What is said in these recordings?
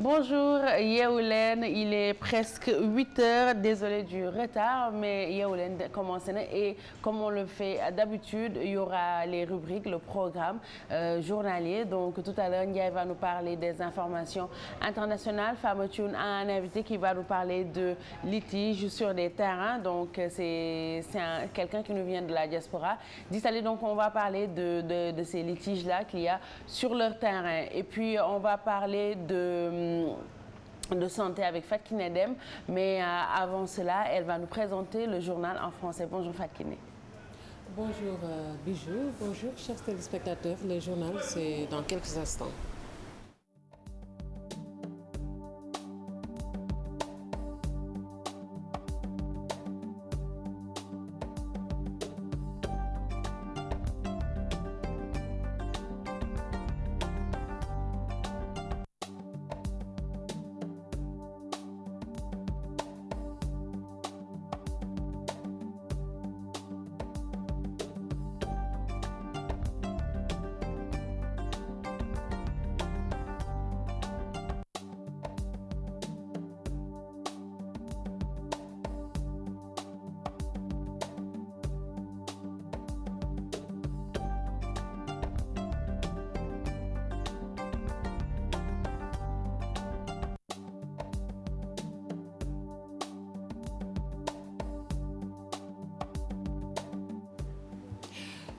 Bonjour Yeewu Leen il est presque huit heures désolé du retard mais Yeewu Leen commencé na et comme on le fait d'habitude il y aura les rubriques le programme euh, journalier donc tout à l'heure Ndiaye va nous parler des informations internationales Fama Thioune a un invité qui va nous parler de litige sur des terrains donc c'est c'est quelqu'un qui nous vient de la diaspora d'Italie donc on va parler de de de ces litiges là qu'il y a sur leur terrain et puis on va parler Euh, de santé avec Fatkine Dem mais euh, avant cela elle va nous présenter le journal en français bonjour Fatkine bonjour euh, Bijou bonjour chers téléspectateurs le journal c'est dans quelques instants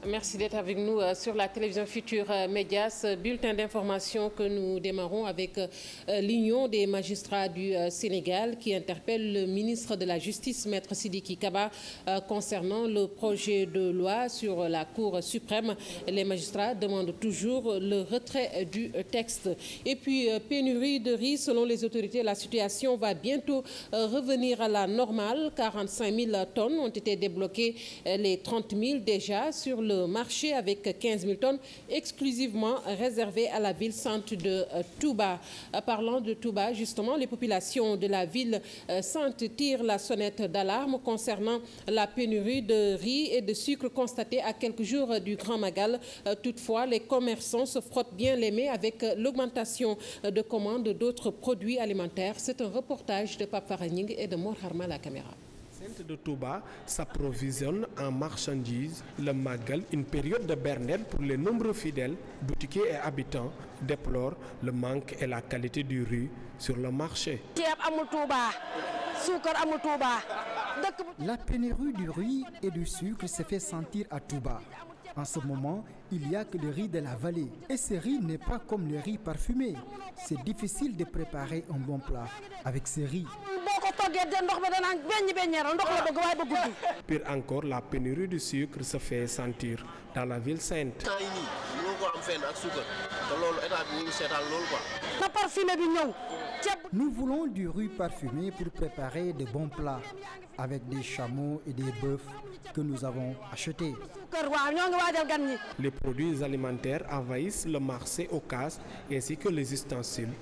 Merci d'être avec nous euh, sur la télévision Futur euh, Médias. Euh, bulletin d'information que nous démarrons avec l'Union des magistrats du Sénégal qui interpelle le ministre de la Justice, Maître Sidiki Kaba, concernant le projet de loi sur la Cour suprême. Les magistrats demandent toujours le retrait du texte. Et puis, pénurie de riz, selon les autorités, la situation va bientôt revenir à la normale. 45 000 tonnes ont été débloquées, les 30 000 déjà ce marché avec 15 000 tonnes exclusivement réservées à la ville centre de euh, Touba. Euh, parlant de Touba, justement, les populations de la ville centre euh, tirent la sonnette d'alarme concernant la pénurie de riz et de sucre constatée à quelques jours du Grand Magal. Toutefois, les commerçants se frottent bien les mains avec l'augmentation de commandes d'autres produits alimentaires. C'est un reportage de Pape Faraning et de Morharma à la caméra. de Touba s'approvisionne en marchandises. Le Magal, une période de bernelle pour les nombreux fidèles, boutiquiers et habitants, déplore le manque et la qualité du riz sur le marché. La pénurie du riz et du sucre se fait sentir à Touba. En ce moment, il n'y a que le riz de la vallée. Et ce riz n'est pas comme le riz parfumé. C'est difficile de préparer un bon plat avec ce riz. Pire encore, la pénurie de sucre se fait sentir dans la ville sainte. Nous voulons du riz parfumé pour préparer de bons plats avec des chameaux et des bœufs que nous avons achetés. kër waaw ñoo ngi waajal gan les produits alimentaires envahissent le marché aux cases ainsi que les ustensiles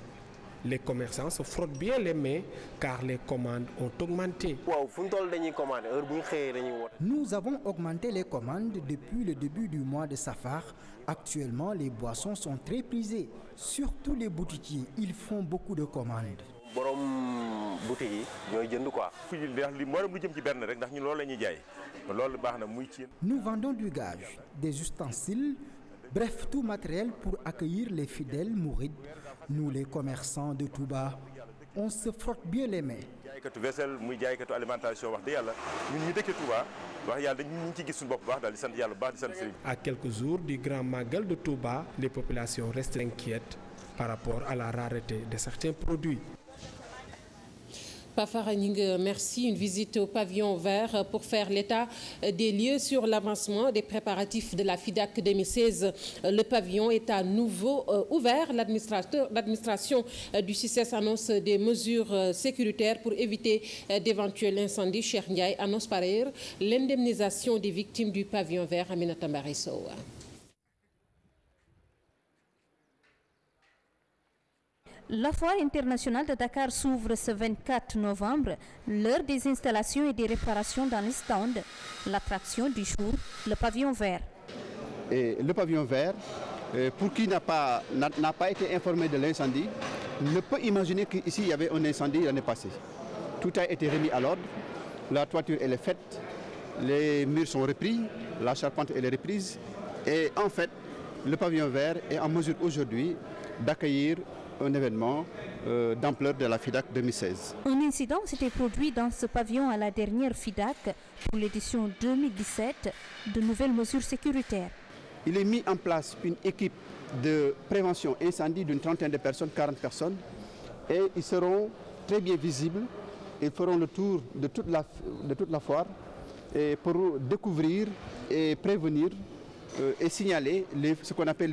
les commerçants se frottent bien les mains car les commandes ont augmenté. waaw fu ñu heure bu xëyee dañuy woote. nous avons augmenté les commandes depuis le début du mois de Safar actuellement les boissons sont très prisées surtout les boutiquiers ils font beaucoup de commandes. borom boutique yi ñooy jënd ko fii ndax li mboolem lu jëm ci benn rek ndax ñu loolu la ñuy jaay loolu baax na muy ci. nous vendons du gage des ustensiles bref tout matériel pour accueillir les fidèles mourides nous les commerçants de Touba on se frotte bien les mains. jaaykatu vaisselle muy jaaykatu alimentation wax dëgg yàlla ñun ñu dëkkee Touba. wax yàlla dañu ñu ci gis suñu bopp baax daal di sant yàlla baax di sant Serigne. à quelques jours du grand magal de Touba les populations restent par rapport à la rareté de certains produits. Pafara Ning, euh, merci. Une visite au pavillon vert euh, pour faire l'état euh, des lieux sur l'avancement des préparatifs de la FIDAC 2016. Le pavillon est à nouveau ouvert. L'administration du CICES annonce des mesures sécuritaires pour éviter d'éventuels incendies. Cher Ndiaye annonce par ailleurs l'indemnisation des victimes du pavillon vert. Aminata Mbaresso. La foire internationale de Dakar s'ouvre ce 24 novembre, l'heure des installations et des réparations dans les stands. L'attraction du jour, le pavillon vert. Et le pavillon vert, euh, pour qui n'a pas, n'a pas été informé de l'incendie, ne peut imaginer qu'ici il y avait un incendie l'année passée. Tout a été remis à l'ordre, la toiture elle est faite, les murs sont repris, la charpente elle les reprise. Et en fait, le pavillon vert est à mesure aujourd'hui d'accueillir un événement euh, d'ampleur de la FIDAC 2016. Un incident s'était produit dans ce pavillon à la en place une équipe de prévention incendie d'une trentaine de personnes, 40 personnes, et ils seront très bien visibles et feront le tour de toute la, de la foire et pour découvrir et prévenir euh, les, ce qu'on appelle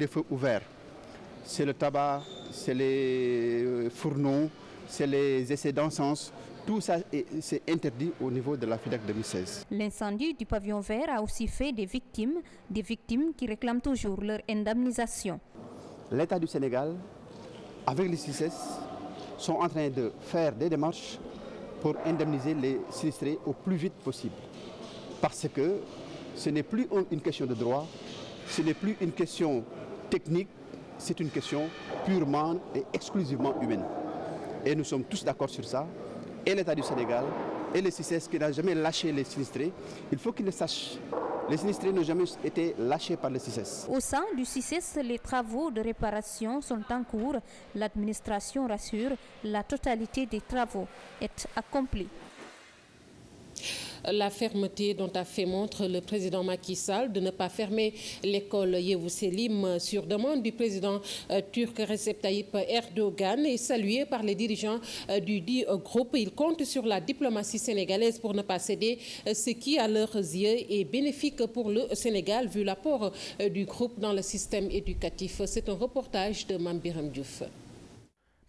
c'est le tabac, c'est les euh, fournon c'est les essais d'encens. Tout ça, c'est interdit au niveau de la FIDAC 2016. L'incendie du pavillon vert a aussi fait des victimes, des victimes qui réclament toujours leur indemnisation. L'État du Sénégal, avec les e CICES, sont en train de faire des démarches pour indemniser les sinistrés au plus vite possible. Parce que ce n'est plus une question de droit, ce n'est plus une question technique, c'est une question purement et exclusivement humaine. Et nous sommes tous d'accord sur ça. Et l'État du Sénégal, et le CICES qui n'a jamais lâché les sinistrés, il faut qu'ils le sachent. Les sinistrés n'ont jamais été lâchés par le CICES. Au sein du CICES, les travaux de réparation sont en cours. L'administration rassure, la totalité des travaux est accomplie. La fermeté dont a fait montre le président Macky sal de ne pas fermer l'école Yevou Selim sur demande du président euh, turc Recep Tayyip Erdogan est salué par les dirigeants euh, du groupe. Il compte sur la diplomatie sénégalaise pour ne pas céder, euh, ce qui à leurs yeux est bénéfique pour le Sénégal vu l'apport du groupe dans le système éducatif. C'est un reportage de Mambiram Diouf.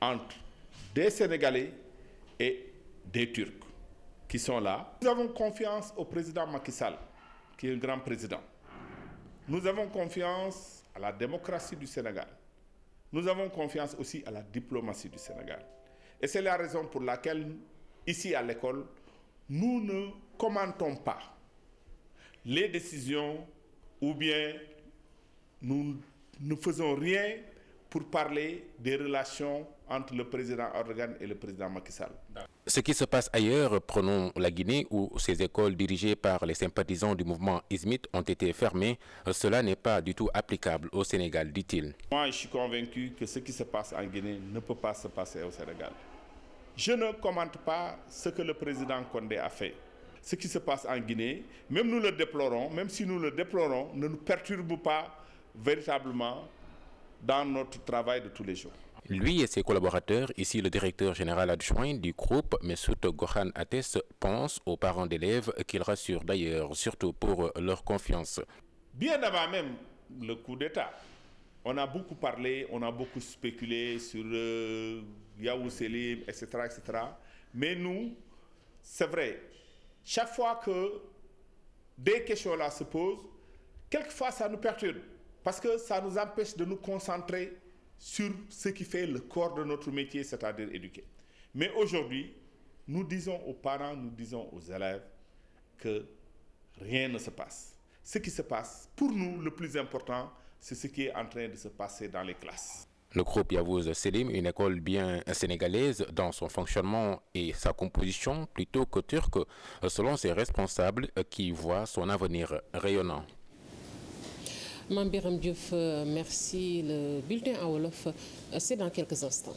entre des Sénégalais et des Turcs qui sont là. Nous avons confiance au président Macky Sall, qui est un grand président. Nous avons confiance à la démocratie du Sénégal. Nous avons confiance aussi à la diplomatie du Sénégal. Et c'est la raison pour laquelle, ici à l'école, nous ne commentons pas les décisions ou bien nous ne faisons rien pour parler des relations entre le président Erdogan et le président Macky Sall. Ce qui se passe ailleurs, prenons la Guinée, où ces écoles dirigées par les sympathisants du mouvement ismite ont été fermées, cela n'est pas du tout applicable au Sénégal, dit-il. Moi, suis convaincu que ce qui se passe en Guinée ne peut pas se passer au Sénégal. le président Condé a fait. Ce qui se passe en Guinée, même nous le déplorons, même si nous le déplorons, ne nous perturbe pas véritablement dans notre travail de tous les jours. Lui et ses collaborateurs, ici le directeur général adjoint du groupe Messout Gohan Ates, pensent aux parents d'élèves qu'ils rassurent d'ailleurs, surtout pour leur confiance. Bien avant même le coup d'État, on a beaucoup parlé, on a beaucoup spéculé sur euh, etc., Mais nous, c'est vrai, chaque fois que des questions là se posent, quelquefois ça nous perturbe. parce que ça nous empêche de nous concentrer sur ce qui fait le corps de notre métier, c'est-à-dire éduquer. Mais aujourd'hui, nous disons aux parents, nous disons aux élèves que rien ne se passe. Ce qui se passe, pour nous, le plus important, c'est ce qui est en train de se passer dans les classes. Le groupe Yavuz Selim, une école bien sénégalaise dans son fonctionnement et sa composition plutôt que turque, selon ses responsables qui voient son avenir Mame Birame Diouf euh, merci le bulletin en wolof euh, c'est dans quelques instants.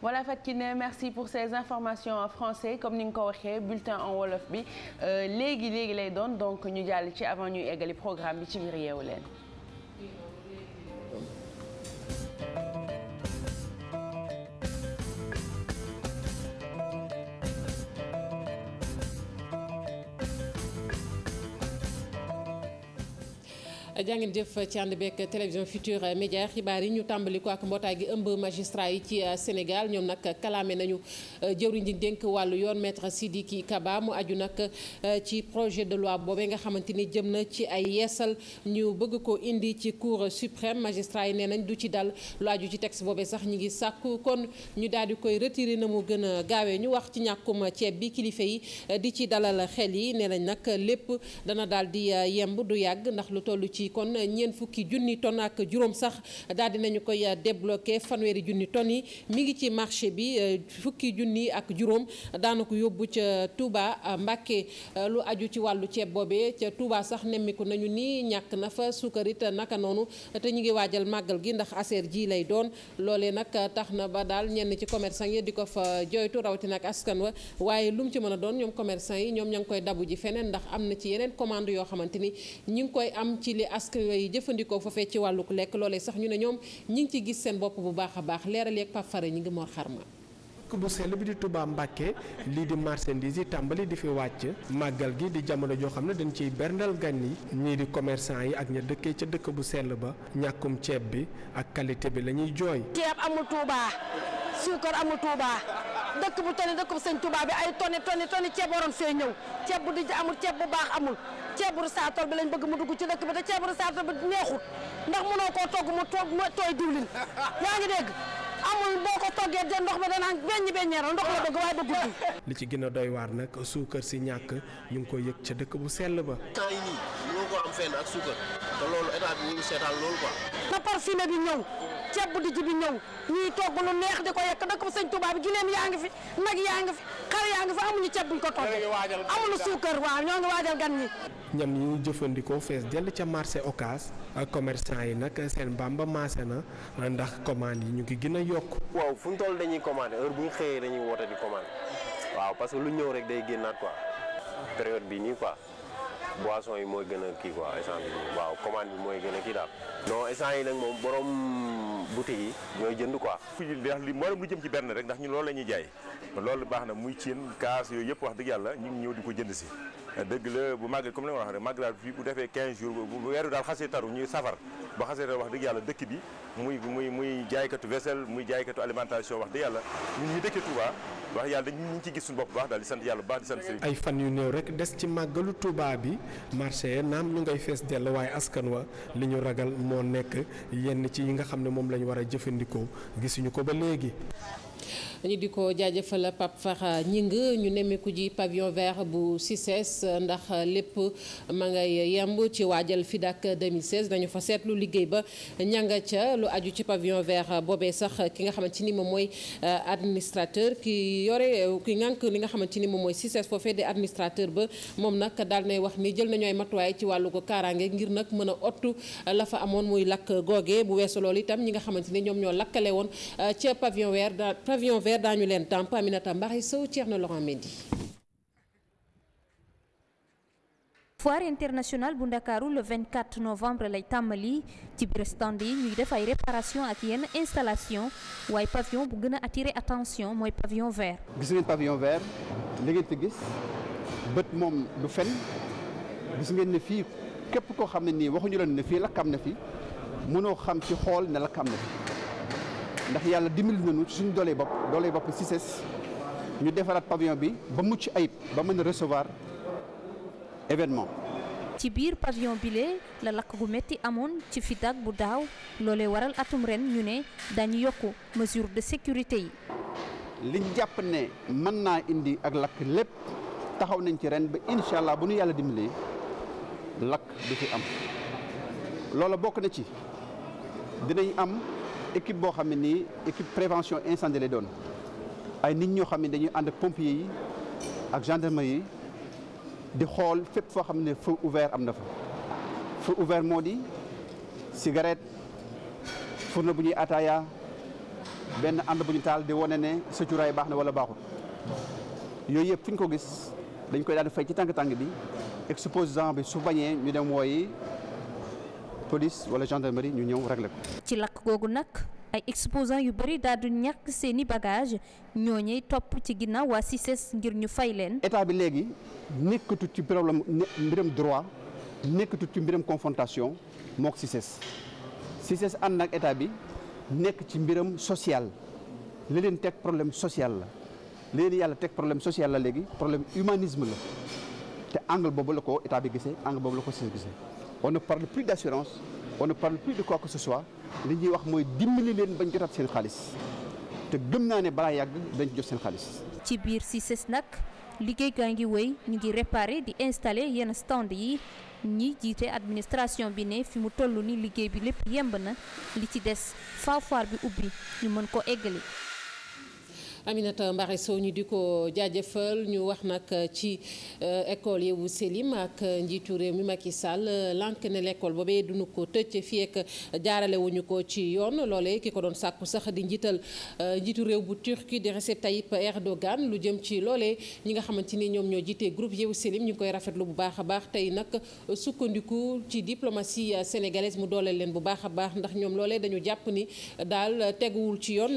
voilà Fatou merci pour ces informations en français comme ni nga ko waxee bulletin en wolof bi euh, léegi léegi lay doon donc ñu jàll ci avant ñu eggali programme bi ci biir leen. jàngeen jëf ci ànd beeg télévision Futur Média xibaar yi ñu tàmbali ko ak mbootaay gi ëmb magistrat yi ci euh, Sénégal ñoom nag kalaame nañu euh, jëwriñ ji dénk wàllu yoon maître Sidiki Kaba mu aju nag euh, ci projet de loi boobee nga xamante ni jëm na ci ay yeesal ñu bëgg ko indi ci cour suprême magistrat yi nee nañ du ci dal lu aju ci texte boobe sax ñu ngi sàkku kon ñu daal di koy retiré na mu gën gaawee ñu wax ci ñàkkum ceeb bi kilifa yi di ci dalal xel yi nee nañ nag lépp dana daal di yemb yàgg yi kon ñeent fukki junni tonne ak juróom sax daal dinañu koy débloqué fanweeri junni tonne yi mi ngi ci marché bi euh, fukki junni ak juróom daana ko yóbbu ca Touba Mbacké euh, lu aju ci wàllu ceeb boobee ca Touba sax nemmiku nañu ni ñàkk na fa suukarit naka noonu te ñu ngi waajal màggal gi ndax aseer ji lay doon loolee nag tax na ba daal ñenn ci commerçant yi di ko fa joytu rawatina ak askan wa waaye lu mu ci mën a doon ñoom commerçant yi ñoom ña ngi koy dabu ji feneen ndax am na ci yeneen commande yoo xamante ni askan yooyu jëfandikoo foofee ci wàlluk lekk loolee sax ñu ne ñoom ñi ngi ci gis seen bopp bu baax a baax leeral yeeg Pape Fara ñi ngi Mor Xarma dëkk bu sell bi di Touba Mbacke lii di marchandise yi tàmbali di fi wàcc màggal gi di jamono joo xam ne dañ ciy berndal gan yi ñii di commerçant yi ak ña dëkkee ca dëkk bu sell ba ñàkkum ceeb bi ak qualité bi la ñuy jooy. ceeb amul Touba suukar amul Touba dëkk bu toni dëkk bu sëñ Touba bi ay toni toni toni ceeb waroon ceeburu saatol bi lañ bëgg mu dugg ci dëkk bi te ceeburu saatol bi neexut ndax mënoo koo togg mu tooy diwlin yaa ngi dégg amul boo ko toggee de ndox ba danaa beññ beññeeral ndox la bëgg waaye bëggul li ci gën a doy nag suukar si ñàkk ñu ngi koy yëg ca dëkk bu sell ba temps yi bi ñëw ceeb bu dijj bi ñëw ñuy togg lu neex di ko yekk dëkk bu sëñ Tuubaa bi gileem yaa ngi fi nag yaa ngi fi xar yaa ngi fi amuñu ceeb buñ ko toggee amuñu suukar waaw ñoo ngi waajal gan ñi ñam yi ñu jëfandikoo fees dell ca marché Ocass commerçant yi nag seen bamba maase na ndax commande yokk. waaw fu ñu toll dañuy commandé heure bu ñu xëyee dañuy woote di commandé waaw parce que lu ñëw rek day génnaat ko période bi nii quoi boisson yi mooy gën a kii quoi instant bi waaw commande bi mooy gën a kii daal. non instant yi nag moom borom boutique yi ñooy jënd quoi. fu ñu ndax li mboolem lu jëm ci benn rek ndax ñu loolu la ñuy jaay loolu baax na muy cin kaas yooyu yëpp wax dëgg yàlla ñu ñëw di ko jënd si. dëgg la bu màggal comme li ma wax rek màggal fii bu defee 15 jours bu weeru daal xasee taru ñuy safar ba xasee taru wax dëgg yàlla dëkk bi muy muy muy jaaykatu vaisselle muy jaaykatu alimentation wax dëgg yàlla ñun ñi dëkkee Touba wax yàlla dañu ci gis suñu bopp baax daal di sant yàlla bu baax di sant sëriñ ay fan yu néew rek des ci màggalu Touba bi marché naam ñu ngay fees dell waaye askan wa li ñu ragal moo nekk yenn ci yi nga xam ne moom la ñu war a jëfandikoo gisuñu ko ba léegi ñu di ko jaajëfal Pape Fara ñing ñu nemmeeku ji pavillon vert bu CICES ndax lépp ma ngay yemb ci waajal FIDAK 2016 dañu fa seetlu liggéey ba ñanga ca lu aju ci pavillon vert boobee sax ki nga xamante ni moom mooy euh, administrateur ki yore ki ngànk li nga xamante ni moom mooy CICES foofee di administrateur ba moom nag daal nay wax ni jël nañooy matuwaay ci wàllu ko kaaraange ngir nag mën a ottu la fa amoon muy lakk googe bu weesu loolu itam ñi nga xamante ni ñoom ñoo lakkale woon euh, ca pavillon vert vert daañu leen tàmp Aminata Mbaye Sow Thierno Laurent Mendy foire internationale bu ndakaaru le 24 novembre lay tàmbali ci biir yi ñuy def ay réparation ak yenn installation waaye pavillon bu gën a attention mooy pavillon vert gis ngeen pavillon vert li gis bët moom du fen gis ngeen ne fii képp koo xam ne nii waxuñu leen ne fii lakk am na fi mënoo xam ci xool ne lakk am na fi ndax yàlla dimbali nañu ci suñu doolee bopp doolee bopp si ses ñu defaraat pavillon bi ba mucc ayib ba mën a recevoir événement. ci biir pavillon bile la lakk gu métti amoon ci FIDAK bu daaw loolee waral atum ren ñu ne dañu yokk mesure de sécurité yi. liñ jàpp ne mën naa indi ak lakk lépp taxaw nañ ci ren ba incha allah bu nu yàlla dimbalee lakk du fi am loola bokk na ci dinañ am. équipe boo xam ne nii équipe prévention incendie lay doon ay nit ñoo xam ne dañuy ànd ak pompiers yi ak gendarmerie yi di xool fépp foo xam ne feu ouvert am na fa. feu ouvert moo di cigarette na bu ñuy ataaya benn ànd bu ñu taal di wane ne sa cuuraay baax na wala baaxul yooyu yëpp fu ñu ko gis dañ koy daal di fay ci tàng tàng bi exposant su bañee ñu dem wooyi. police wala gendarmerie ñu ñëw régler ko. ci lakk googu nag ay exposants yu bëri daal di ñàkk seen i bagage ñooñuy topp ci ginnaaw waa CICES ngir ñu fay leen. état bi léegi nekkatu ci problème mbiram droit nekkatu ci mbiram confrontation mook CICES CICES ànd nag état bi nekk ci mbiram social li leen teg problème social la li leen yàlla teg problème social la léegi problème humanisme la te angle boobu la ko état bi gisee angle boobu la ko CICES gisee. on ne le plus d' assurance on ne parle plus de quoi que ce soit li ñuy wax mooy dimbali leen bañ jotaat seen xaalis te gëm naa ne balaa yàgg dañ jot seen xaalis. ci biir CICES nag liggéey gaa ngi wéy ñu ngi réparé di installé yenn stand yi ñi jiite administration bi ne fi mu toll ni liggéey bi lépp yemb na li ci des faafaar bi ubbi ñu mën ko eggale. Aminata Mbaare Sow ñu di ko jaajëfal ñu wax nag ci euh, école Yeewu Selim ak njiitu réew mi mag Macky Sall lank ne l'école boobee duñu ko tëj fii ak jaarale wuñu ko ci yoon loolee ki ko doon sàkku sax di njiital euh, njiitu réew bu Turquie di Recep Tayyip Erdogan lu jëm ci loolee ñi nga xamante ni ñoom ñoo jiitee groupe Yeewu Selim ñu ngi koy rafetlu bu baax a baax tey nag sukkandiku ci diplomatie sénégalaise mu dooleel leen bu baax a baax ndax ñoom loolee dañu jàpp ni daal teguwul ci yoon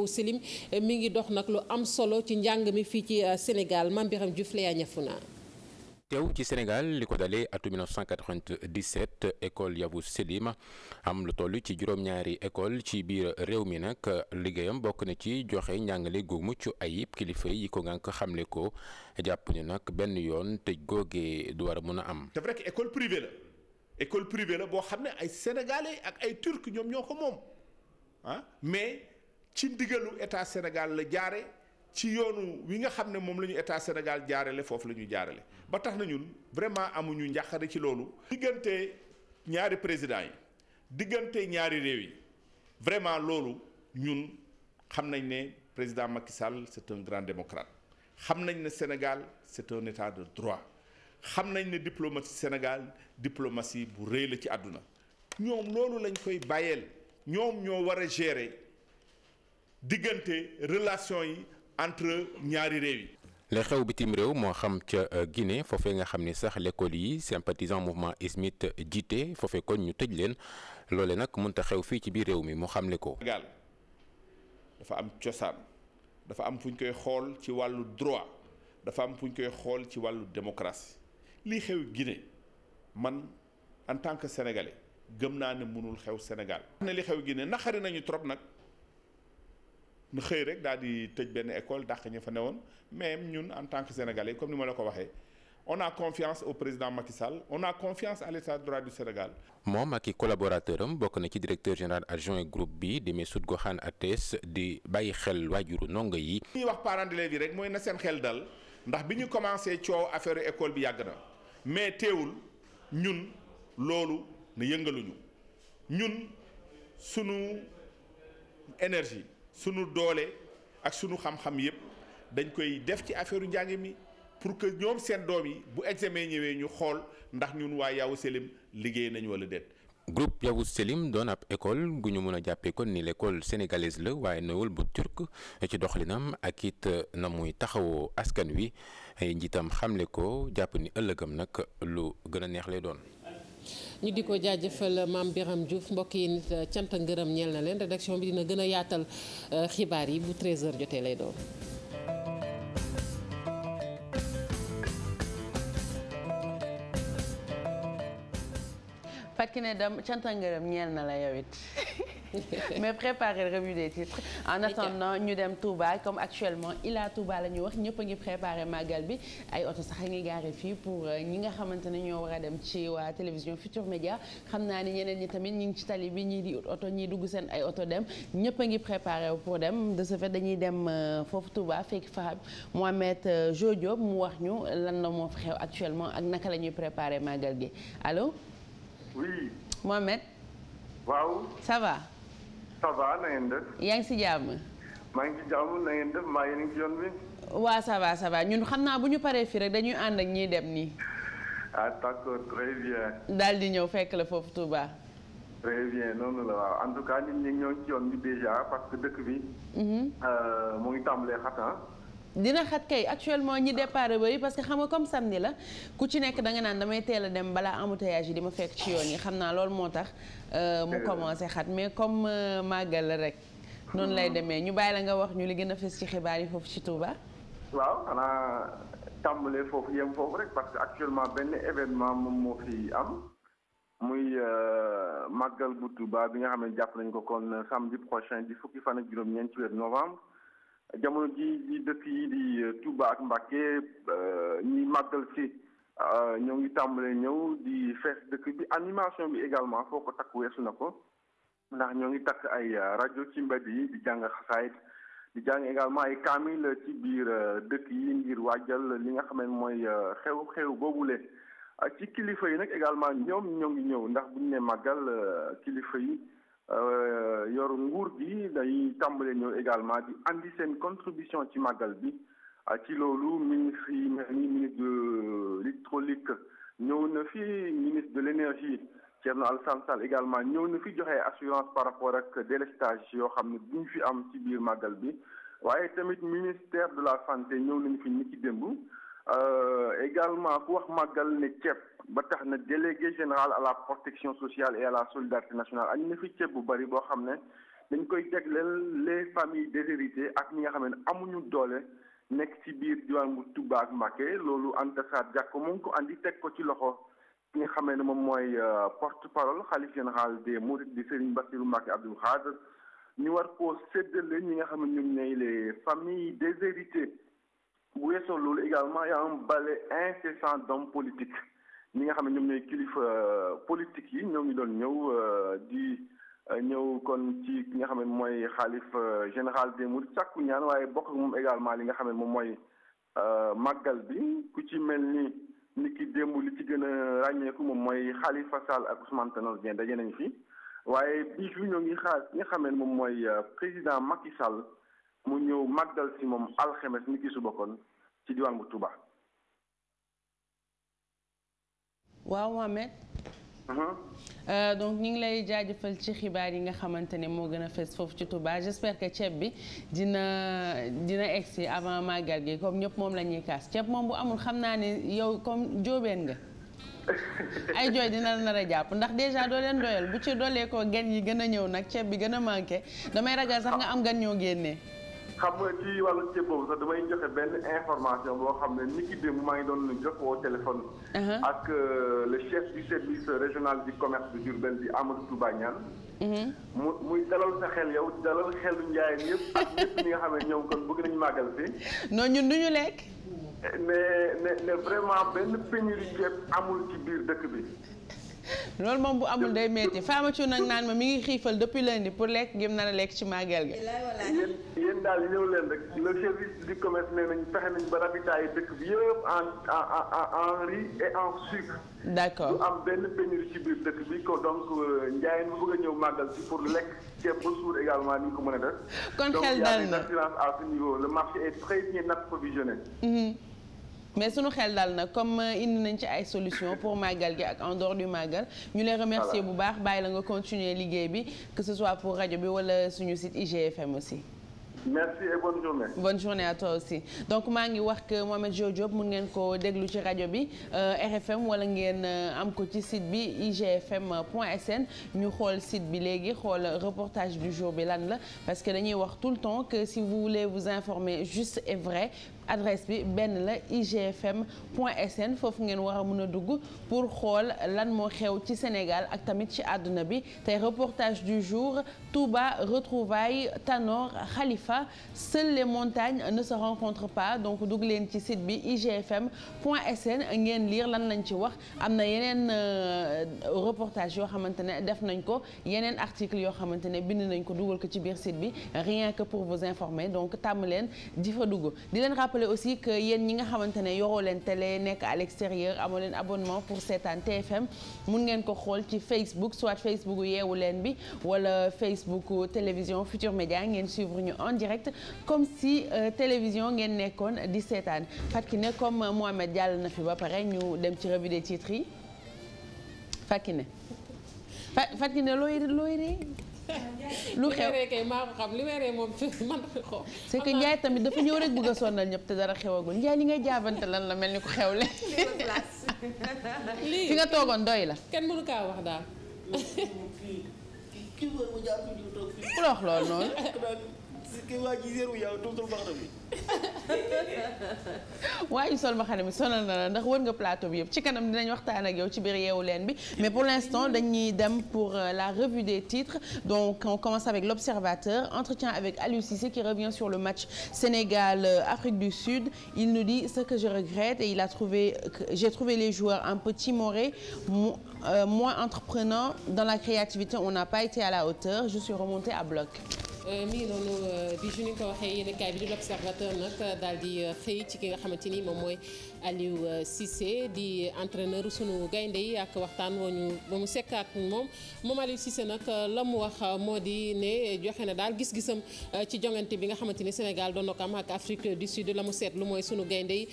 yow Selim mi ngi dox nag lu am solo ci njàng mi fii ci euh, Sénégal Mame Birame Diouf la yaa ñafu naa teew ci Sénégal li ko dalee atu 1997 école Yavuz Selim am lu toll ci juróom-ñaari école ci biir réew mi nag liggéeyam bokk na ci joxe njàngale gu mucc ay ayib kilifa yi ko ngànk xamle ko jàpp ni nag benn yoon tëj googee du war a mën a am. c'est vrai que école privée la école privée la boo xam ne ay sénégalais ak ay turcs ñoom ñoo ko moom ah, mais ci ndigalu état Sénégal la jaare ci yoonu wi nga xam ne moom la ñu état Sénégal jaarale foofu la ñu jaarale ba tax na ñun vraiment amuñu njàqare ci loolu. diggante ñaari président yi diggante ñaari réew yi vraiment loolu ñun xam nañ ne président Macky Sall c' un grand démocrate xam nañ ne Sénégal c' est un état de droit xam nañ ne diplomatie Sénégal diplomatie bu rëy la ci àdduna ñoom loolu lañ koy bàyyeel ñoom ñoo war a gérer. diggante relation yi entre ñaari réew yi. li xew bitim réew moo xam ca euh, Guinée foofee nga xam ni sax lekkool yi sympathisant mouvement ismite jiite foofee kon ñu tëj leen loole nag mënta xew fii ci biir réew mi mu xamle ko. Sénégal dafa am cosaan dafa am fu ñu koy xool ci wàllu droit dafa am fu ñu koy xool ci wàllu démocratie lii xew Guinée man en tant que sénégalais gëm naa ne mënul xew Sénégal. ne li xew Guinée naxari nañu trop nag. na xëy rek daal di tëj benn école dàq ña fa woon même ñun en tant que sénégalais comme ni ma la ko waxee on a confiance au président Macky Sall on a confiance à l'état de droit du Sénégal. moom ak i collaborateur am bokk na ci directeur général adjoint groupe bi di Messoud Goxaan Ates di bàyyi xel waajuru ndongo yi. li ñuy wax parents d'élèves yi rek mooy na seen xel dal ndax bi ñu commencé coow affaire école bi yàgg na mais teewul ñun loolu na yëngaluñu ñun sunu énergie. sunu doole ak sunu xam-xam yëpp dañ koy def ci affaire njàng mi pour que ñoom seen doom yi bu examen ñëwee ñu xool ndax ñun waaye Yavuz Selim liggéey nañu wala déet. groupe Yavuz Selim doon ab école gu ñu mën a jàppee kon ni l'école sénégalaise la waaye nawal bu turc ci doxalinam ak it na muy taxawoo askan wi ay njiitam xamle ko jàpp ni ëllëgam nag lu gën a neex lay doon. ñu di ko jaajëfal maam Biram Diouf mbokk yi nit cant ngërëm ñeel na leen rédaction bi dina gën a yaatal euh, xibaar yi bu 13h jotee lay doon. Pakiné ne dem ak ngërëm ñeel na la yow it mais préparer revue des titres en attendant ñu dem Touba comme actuellement Ila Touba la ñu wax ñëpp ngi préparer màggal bi ay oto sax a ngi gaare fii pour euh, ñi nga xamante ne ñoo war a dem ci waa télévision Futur Média xam naa ni ñeneen ñi tamit ñi ngi ci tali bi ñii di oto ñii dugg seen ay oto dem ñëpp a ngi préparer pour dem de ce fait dañuy dem euh, foofu Touba fekk fa Mohamed euh, Jo Diop mu wax ñu lan la moo fa xew actuellement ak naka la ñuy préparer màggal gi allo. oui. Mohamed. waaw. ça va. ça va def. yaa ngi si jàmm. maa ngi si jàmm na ngeen def maa ngi si yoon bi. waaw ça va ñun xam naa bu ñu paree fii rek dañuy ànd ak ñiy dem nii. ah d'accord di ñëw fekk la foofu Touba. très bien noonu la waaw en tout cas nit ñi ñoo ngi ci yoon bi déjà parce que dëkk bi. Mhm. Euh, mu ngi tàmbalee xataa. Ah. dina xat kay actuellement ñi départ bëri parce que xam nga comme samedi la ku ci nekk da naan damay teel a dem balaa embouteillage yi di ma fekk ci yoon yi xam naa loolu moo tax euh, mu commencé xat mais comme euh, màggal la rek noonu lay demee ñu bàyyi la nga wax ñu li gën a fës ci xibaar yi foofu ci Touba. waaw xanaa tàmbalee foofu yem foofu rek parce que actuellement benn événement moom moo am muy euh, màggal bu Touba bi nga xam ne jàpp nañ ko kon samedi prochain di fukki fan ak juróom-ñeent ci weer novembre jamono ji di dëkk yi di euh, Touba ak Mbacké euh, ñuy màggal si euh, ñoo ngi tàmbalee ñëw di fees dëkk bi animation bi également foo ko takk weesu na ko ndax ñoo ngi takk ay rajo ci mbedd yi di jàng xasaayit di jàng également ay kaamil ci biir dëkk yi ngir waajal li nga xam ne mooy xew-xew boobule ci kilifa yi nag également ñoom ñoo ngi ñëw ndax bu ñu ne màggal kilifa yi Euh, yor nguur gi dañuy tàmbalee ñëw également di indi seen contribution ci màggal bi ah, ci loolu ministre yi mel ni ministre de euh, l'électronique ñëw na fi ministre de l'énergie Thierno al Sall également ñëw na fi joxe assurance par rapport ak délestage yoo xam ne duñ fi am ci biir màggal bi waaye tamit ministère de la santé ñëw nañu fi ni ci démb Euh, également ku wax màggal ne ceeb ba tax na délégué général à la protection sociale et à la solidarité nationale añ na fi ceeb bu bari boo xam ne dañ koy jagleel les familles déshéritées ak ñi nga xam ne amuñu doole nekk ci biir diwaan bu Touba ak Mbacké loolu Anta Sarr Diack mu ngi ko andi teg ko ci loxo ki nga xam ne moom mooy euh, porte-parole xalif général des Mourides di Serigne Bassirou Mbacké Abdoul Khadr ñu war koo séddale ñi nga xam ne ñoom ñooy les familles bu weesoo loolu également y a un ballet incessant d'hommes politiques ñi nga xam ne ñoom ñooy kilifa euh, politique yi ñoo ngi doon ñëw euh, di euh, ñëw kon ci ki nga xam ne mooy xaalif général des mourides sàkku ñaan waaye bokk moom également li nga xam ne moom mooy màggal bi ku ci mel ni nit ki démb li ci gën a ràññeeku moom mooy Khalifa Sall ak Ousmane Tanor Dieng daje nañ fi waaye bii ñoo ngi xaar ki nga xam ne moom mooy président Macky Sall. mu ñëw màggal si moom alxemes ni ki suba kon ci diwaan bu Touba. waaw Mohamed. Mhm. Euh, donc ñu ngi lay jaajëfal ci xibaar yi nga xamante ne moo gën a fees foofu ci Touba j'espère que ceeb bi dina dina egsi avant màggal gi comme ñëpp moom lañuy kaas ceeb moom bu amul xam naa ne yow comme jóobeen nga. ay jooy dina nar a jàpp ndax déjà doo leen doyal bu ci doolee ko gan yi gën a ñëw nag ceeb bi gën a manqué damay ragal sax nga am gan ñoo génnee xam nga ci wàllu ceeb boobu sax damay joxe benn information boo xam ne ni ki démb maa ngi doon jox woo téléphone. Uh-huh. ak euh, le chef du service régional du commerce de Diourbel bi Amadou Touba Niane. Uh-huh. mu muy dalal sa xel yow dalal xelu njaayeen yëpp ak ñëpp ñi nga xam ne ñoom kon bëgg nañu màggal si. non ñun du ñu lekk. ne ne ne vraiment benn pénurie ceeb amul ci biir dëkk bi. loolu moom bu amul day metti Fama Thioune nag naan ma mi ngi xiifal depuis lundi pour lekk gëm na la lekk ci màggal ga. yéen yéen daal ñëw leen rek le service du commerce nee nañ fexe nañ ba ravitaay dëkk bi yëpp en en en en riz et en sucre. d'accord du am benn pénurie ci biir dëkk bi ko donc euh, njaay mi bëgg ñëw màggal ci pour lekk ceeb ba suur également ni ko mën a def. kon xel dal na a mais sunu xel dal na comme euh, indi nañ ci ay solution pour màggal gi ak en dehors du màggal ñu lay remercier bu baax bàyyi la nga continuer liggéey bi que ce soit pour rajo bi wala suñu site IGFM aussi. bon et bonne journée. bonne journée aussi donc maa ngi wax que Mohamed Jo Diop ngeen ko déglu ci rajo bi euh, RFM wala ngeen euh, am ko ci site bi igfm.sn ñu xool site bi léegi xool reportage du jour bi lan la parce que dañuy wax tout le temps que si vous voulez vous informer juste et vrai adresse bi benn la igfm point sn foofu ngeen war a mën a dugg pour xool lan moo xew ci Sénégal ak tamit ci àdduna bi tey reportage du jour Touba retrouvailles Tanor xalifa seules les montagnes ne se rencontrent pas donc dugg leen ci sit bi igfm point sn ngeen lire lan lañ ci wax am na yeneen euh, reportage yoo xamante ne def nañ ko yeneen article yoo xamante ne bind nañ ko dugal ko ci biir site bi rien que pour vous informer donc tàmm leen di fa dugg rappeler aussi que yéen ñi nga xamante ne yoroo leen télé nekk à l'extérieur amoo leen abonnement pour seetaan TFM mun ngeen ko xool ci Facebook soit Facebook yeewu leen bi wala Facebook télévision Futur Média ngeen suivre ñu en direct comme si euh, télévision ngeen nekkoon di seetaan Fatkine comme Mohamed jàll na fi ba pare ñu dem ci revue des yi Fatkine Fatkine looy looy de lu xew li kay maa xam li weeree moom man ko c'est tamit dafa ñëw rek bëgg a sonnal ñëpp te dara xewagul Ndiaye li ngay jaabante lan la mel ni ku xew lii fi nga toogoon doy la. kenn mënu kaa wax daal. ku la wax loolu noonu. si kii waa ji zéro yow doo sol mbaxana bi. waaye sol mbaxana bi sonal na la ndax wër nga plateau bi yëpp ci kanam dinañ waxtaan ak yow ci biir yeewu leen bi mais pour l'instant dañuy dem pour euh, la revue des titres donc on commence avec l'observateur entretien avec Aliou Cissé qui revient sur le match Sénégal Afrique du Sud il nous dit ce que je regrette et il a trouvé j'ai trouvé les joueurs un peu timorés euh, moins entreprenants dans la créativité on n'a pas été à la hauteur je suis remonté à bloc. Euh, mi ngi noonu euh, bi ju ni ko waxee yéen kaay bi di l'observateur nag euh, daal di xëy ci ki nga xamante ni moom mooy. Aliou euh, Cissé di entraîneur sunu gaynde yi ak waxtaan woo ñu ba mu sekkaat moom moom Aliou Cissé nag euh, la mu wax euh, moo di ne joxe na daal gis-gisam ci jongante bi nga xamante ni Sénégal doon na ko am ak Afrique du Sud la mu seetlu mooy sunu gaynde yi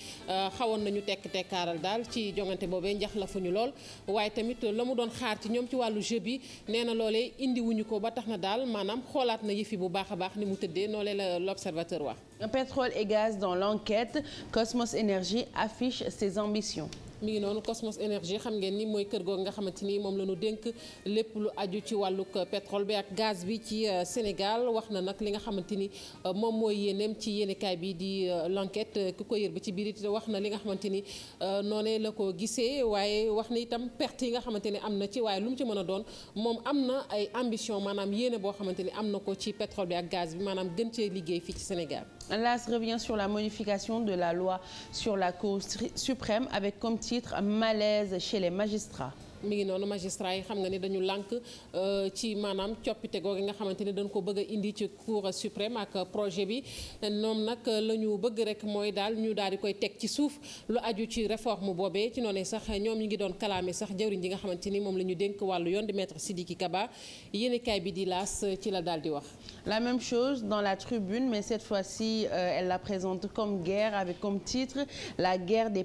xawoon nañu tekk tekkaaral daal ci jongante boobee njax la fu ñu lool waaye tamit la mu doon xaar ci ñoom ci wàllu jeu bi nee na loolee indiwuñu ko ba tax na daal maanaam xoolaat na yëfi bu baax a baax ni mu tëddee noolee la l'observateur wax pétrole et gaz dans l'enquête Cosmos Energy affiche ses ambitions mi ngi noonu Cosmos Énergie xam ngeen ni mooy kër googu nga xamante ni moom la ñu dénk lépp lu aju ci wàllug pétrole bi ak gaz bi ci euh, Sénégal wax na nag li nga xamante ni euh, moom mooy yéeneem ci yéenekaay bi di euh, l'enquête ki ko yër bi ci biir it wax na li nga xamante ni noonee la ko gisee waaye wax na itam perte yi nga xamante ni am na ci waaye lu mu ci mën a doon moom am na ay ambition maanaam yéene boo xamante ni am na ko ci pétrole bi ak gaz bi maanaam gën cee liggéey fii ci Sénégal. L'AS revient sur la modification de la loi sur la Cour suprême avec comme titre « Malaise chez les magistrats ». mi ngi noonu magistrat yi xam nga ni dañu lànk euh, ci maanaam coppite googu nga xamante ni dañu ko bëgg indi ci cour suprême ak projet bi ñoom nag la ñu bëgg rek mooy daal ñu daal di koy teg ci suuf lu aju ci réforme boobee ci noonu sax ñoom ñu ngi doon kalaame sax jawriñ ji nga xamante ni moom la ñu dénk wàllu yoon di maître Sidiki Kaba yéenekaay bi di laas ci la daal di wax. La même chose dans la tribune mais cette fois-ci euh, elle la présente comme guerre avec comme titre la guerre des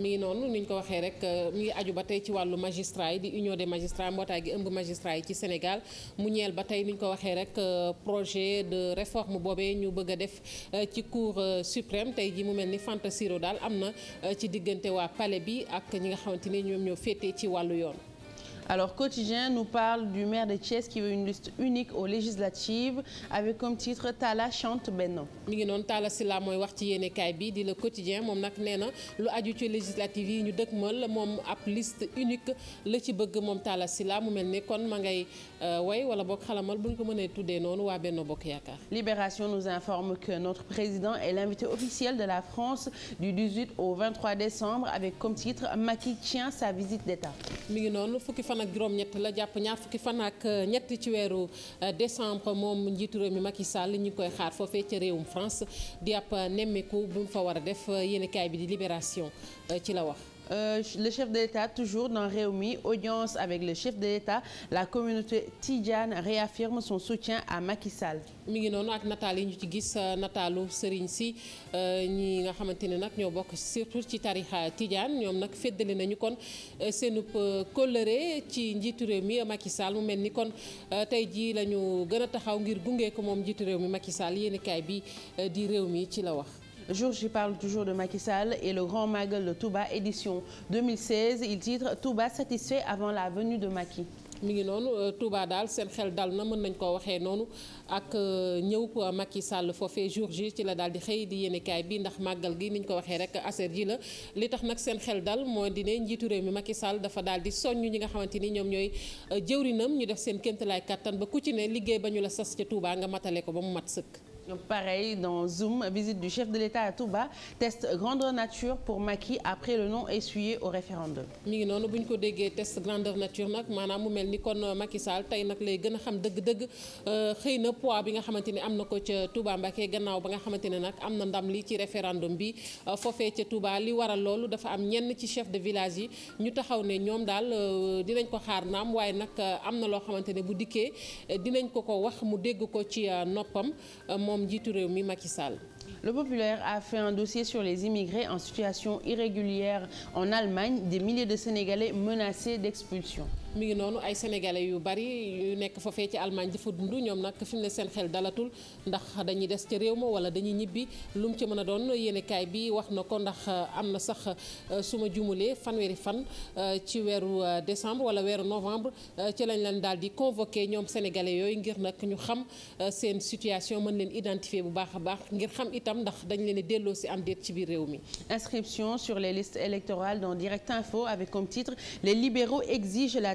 mi ngi noonu ni ko waxee rek euh, mi ngi aju ba tey ci wàllu magistrat yi di union des magistrats mbootaay gi ëmb magistrats yi ci Sénégal mu ñeel ba tey ni ñu ko waxee rek euh, projet de réforme boobee ñu bëgg a def euh, ci cour suprême tey ji mu mel ni Fanta Siro daal am na ci diggante waa pale bi ak ñi nga xamante ni ñoom ñoo féetee ci wàllu yoon. Alors, Quotidien nous parle du maire de Thiès qui veut une liste unique aux législatives avec comme titre tala chante Benno. mi ngi noonu Talla Sylla mooy wax ci yéenekaay bi di le Quotidien moom nag nee na lu aju ci législatives yi ñu dëgmal moom ab liste unique la ci bëgg moom Talla Sylla mu mel ni kon ma ngay euh, way wala boog xalamal bu ñu ko mënee tuddee noonu waa Benno Bokk Yaakaar. Libération nous informe que notre président est l'invité officiel de la France du 18 au 23 décembre avec comme titre Macky tient sa visite d'État. mi fan ak juróom-ñett la jàpp ñaar fukki fan ak euh, ñett ci weeru euh, décembre moom njiitu réew mi Macky Sall ñu ngi koy xaar foofee ca réewum France di àpp euh, nemmeeku bu mu fa war a def yéenekaay bi di Libération ci la wax. Euh, le chef de l'État toujours dans Rewmi audience avec le chef de l'État la communauté tidjane réaffirme son soutien à Macky Sall. mi ngi noonu ak nataal yi ñu ci gis euh, nataalu sëriñ si euh, ñi nga xamante ne nag ñoo bokk surtout ci tarixa tidjane ñoom nag féddali nañu kon seenub kóllëre ci njiitu réew mi Macky Sall mu mel ni kon tey jii lañu ñu gën a taxaw ngir gunge ko moom njiitu réew mi Macky Sall yéenekaay bi di réew mi ci la wax. Jour J parle toujours de Macky Sall et le Grand Magal de Touba édition 2016 il titre Touba satisfait avant la venue de Macky. mi ngi noonu euh, Touba daal seen xel dal na mën nañ koo waxee noonu ak euh, ñëw ko Macky Sall foofee jour ji ci la daal di xëy di yéenekaay bi ndax màggal gi ni ñu ko waxee rek aser ji la li tax nag seen xel dal moo di ne njiitu réew mi Macky Sall dafa daal di soññ ñi nga xamante ni ñoom ñooy euh, jëwrinam ñu def seen kéemtalaay kattan ba ku ci ne liggéey ba ñu la sas ca nga matale ko ba mu mat sëkk. Pareil dans Zoom, visite du chef de l'État à Touba, test grandeur nature pour après non essuyé au mi ngi noonu bu ñu ko déggee test grandeur nature nag maanaam mu mel ni kon Macky Sall tey nag lay gën a xam dëgg-dëgg euh, xëy na poids bi nga xamante ni am na ko ca tubaa Mbacké gannaaw ba nga xamante ne nag am na ndam li ci référendum bi euh, foofee ca Touba li waral loolu dafa am ñenn ci chef de village yi ñu taxaw ne ñoom daal euh, dinañ ko xaar naam waaye nag am na loo xamante ne bu dikkee dinañ ko ko wax mu dégg ko ci noppam moom moom réew mi Macky Sall. Le Populaire a fait un dossier sur les immigrés en situation irrégulière en Allemagne, des milliers de Sénégalais menacés d'expulsion. mi ngi noonu ay sénégalais yu bari yu nekk foofee ci Allemagne dafa dund ñoom nag fi mu ne seen xel dalatul ndax dañuy des ca réew ma wala dañuy ñibbi lu mu ci mën a doon yéenekaay bi wax na ko ndax euh, am na sax euh, suma jumulee fanweeri fan euh, ci weeru décembre wala weeru novembre ci lañ leen daal di convoqué ñoom sénégalais yooyu ngir nag ñu xam seen situation mën leen identifier bu baax a baax ngir xam itam ndax dañ leen delloo si am déet ci biir réew mi. inscription sur les listes électorales dans Direct Info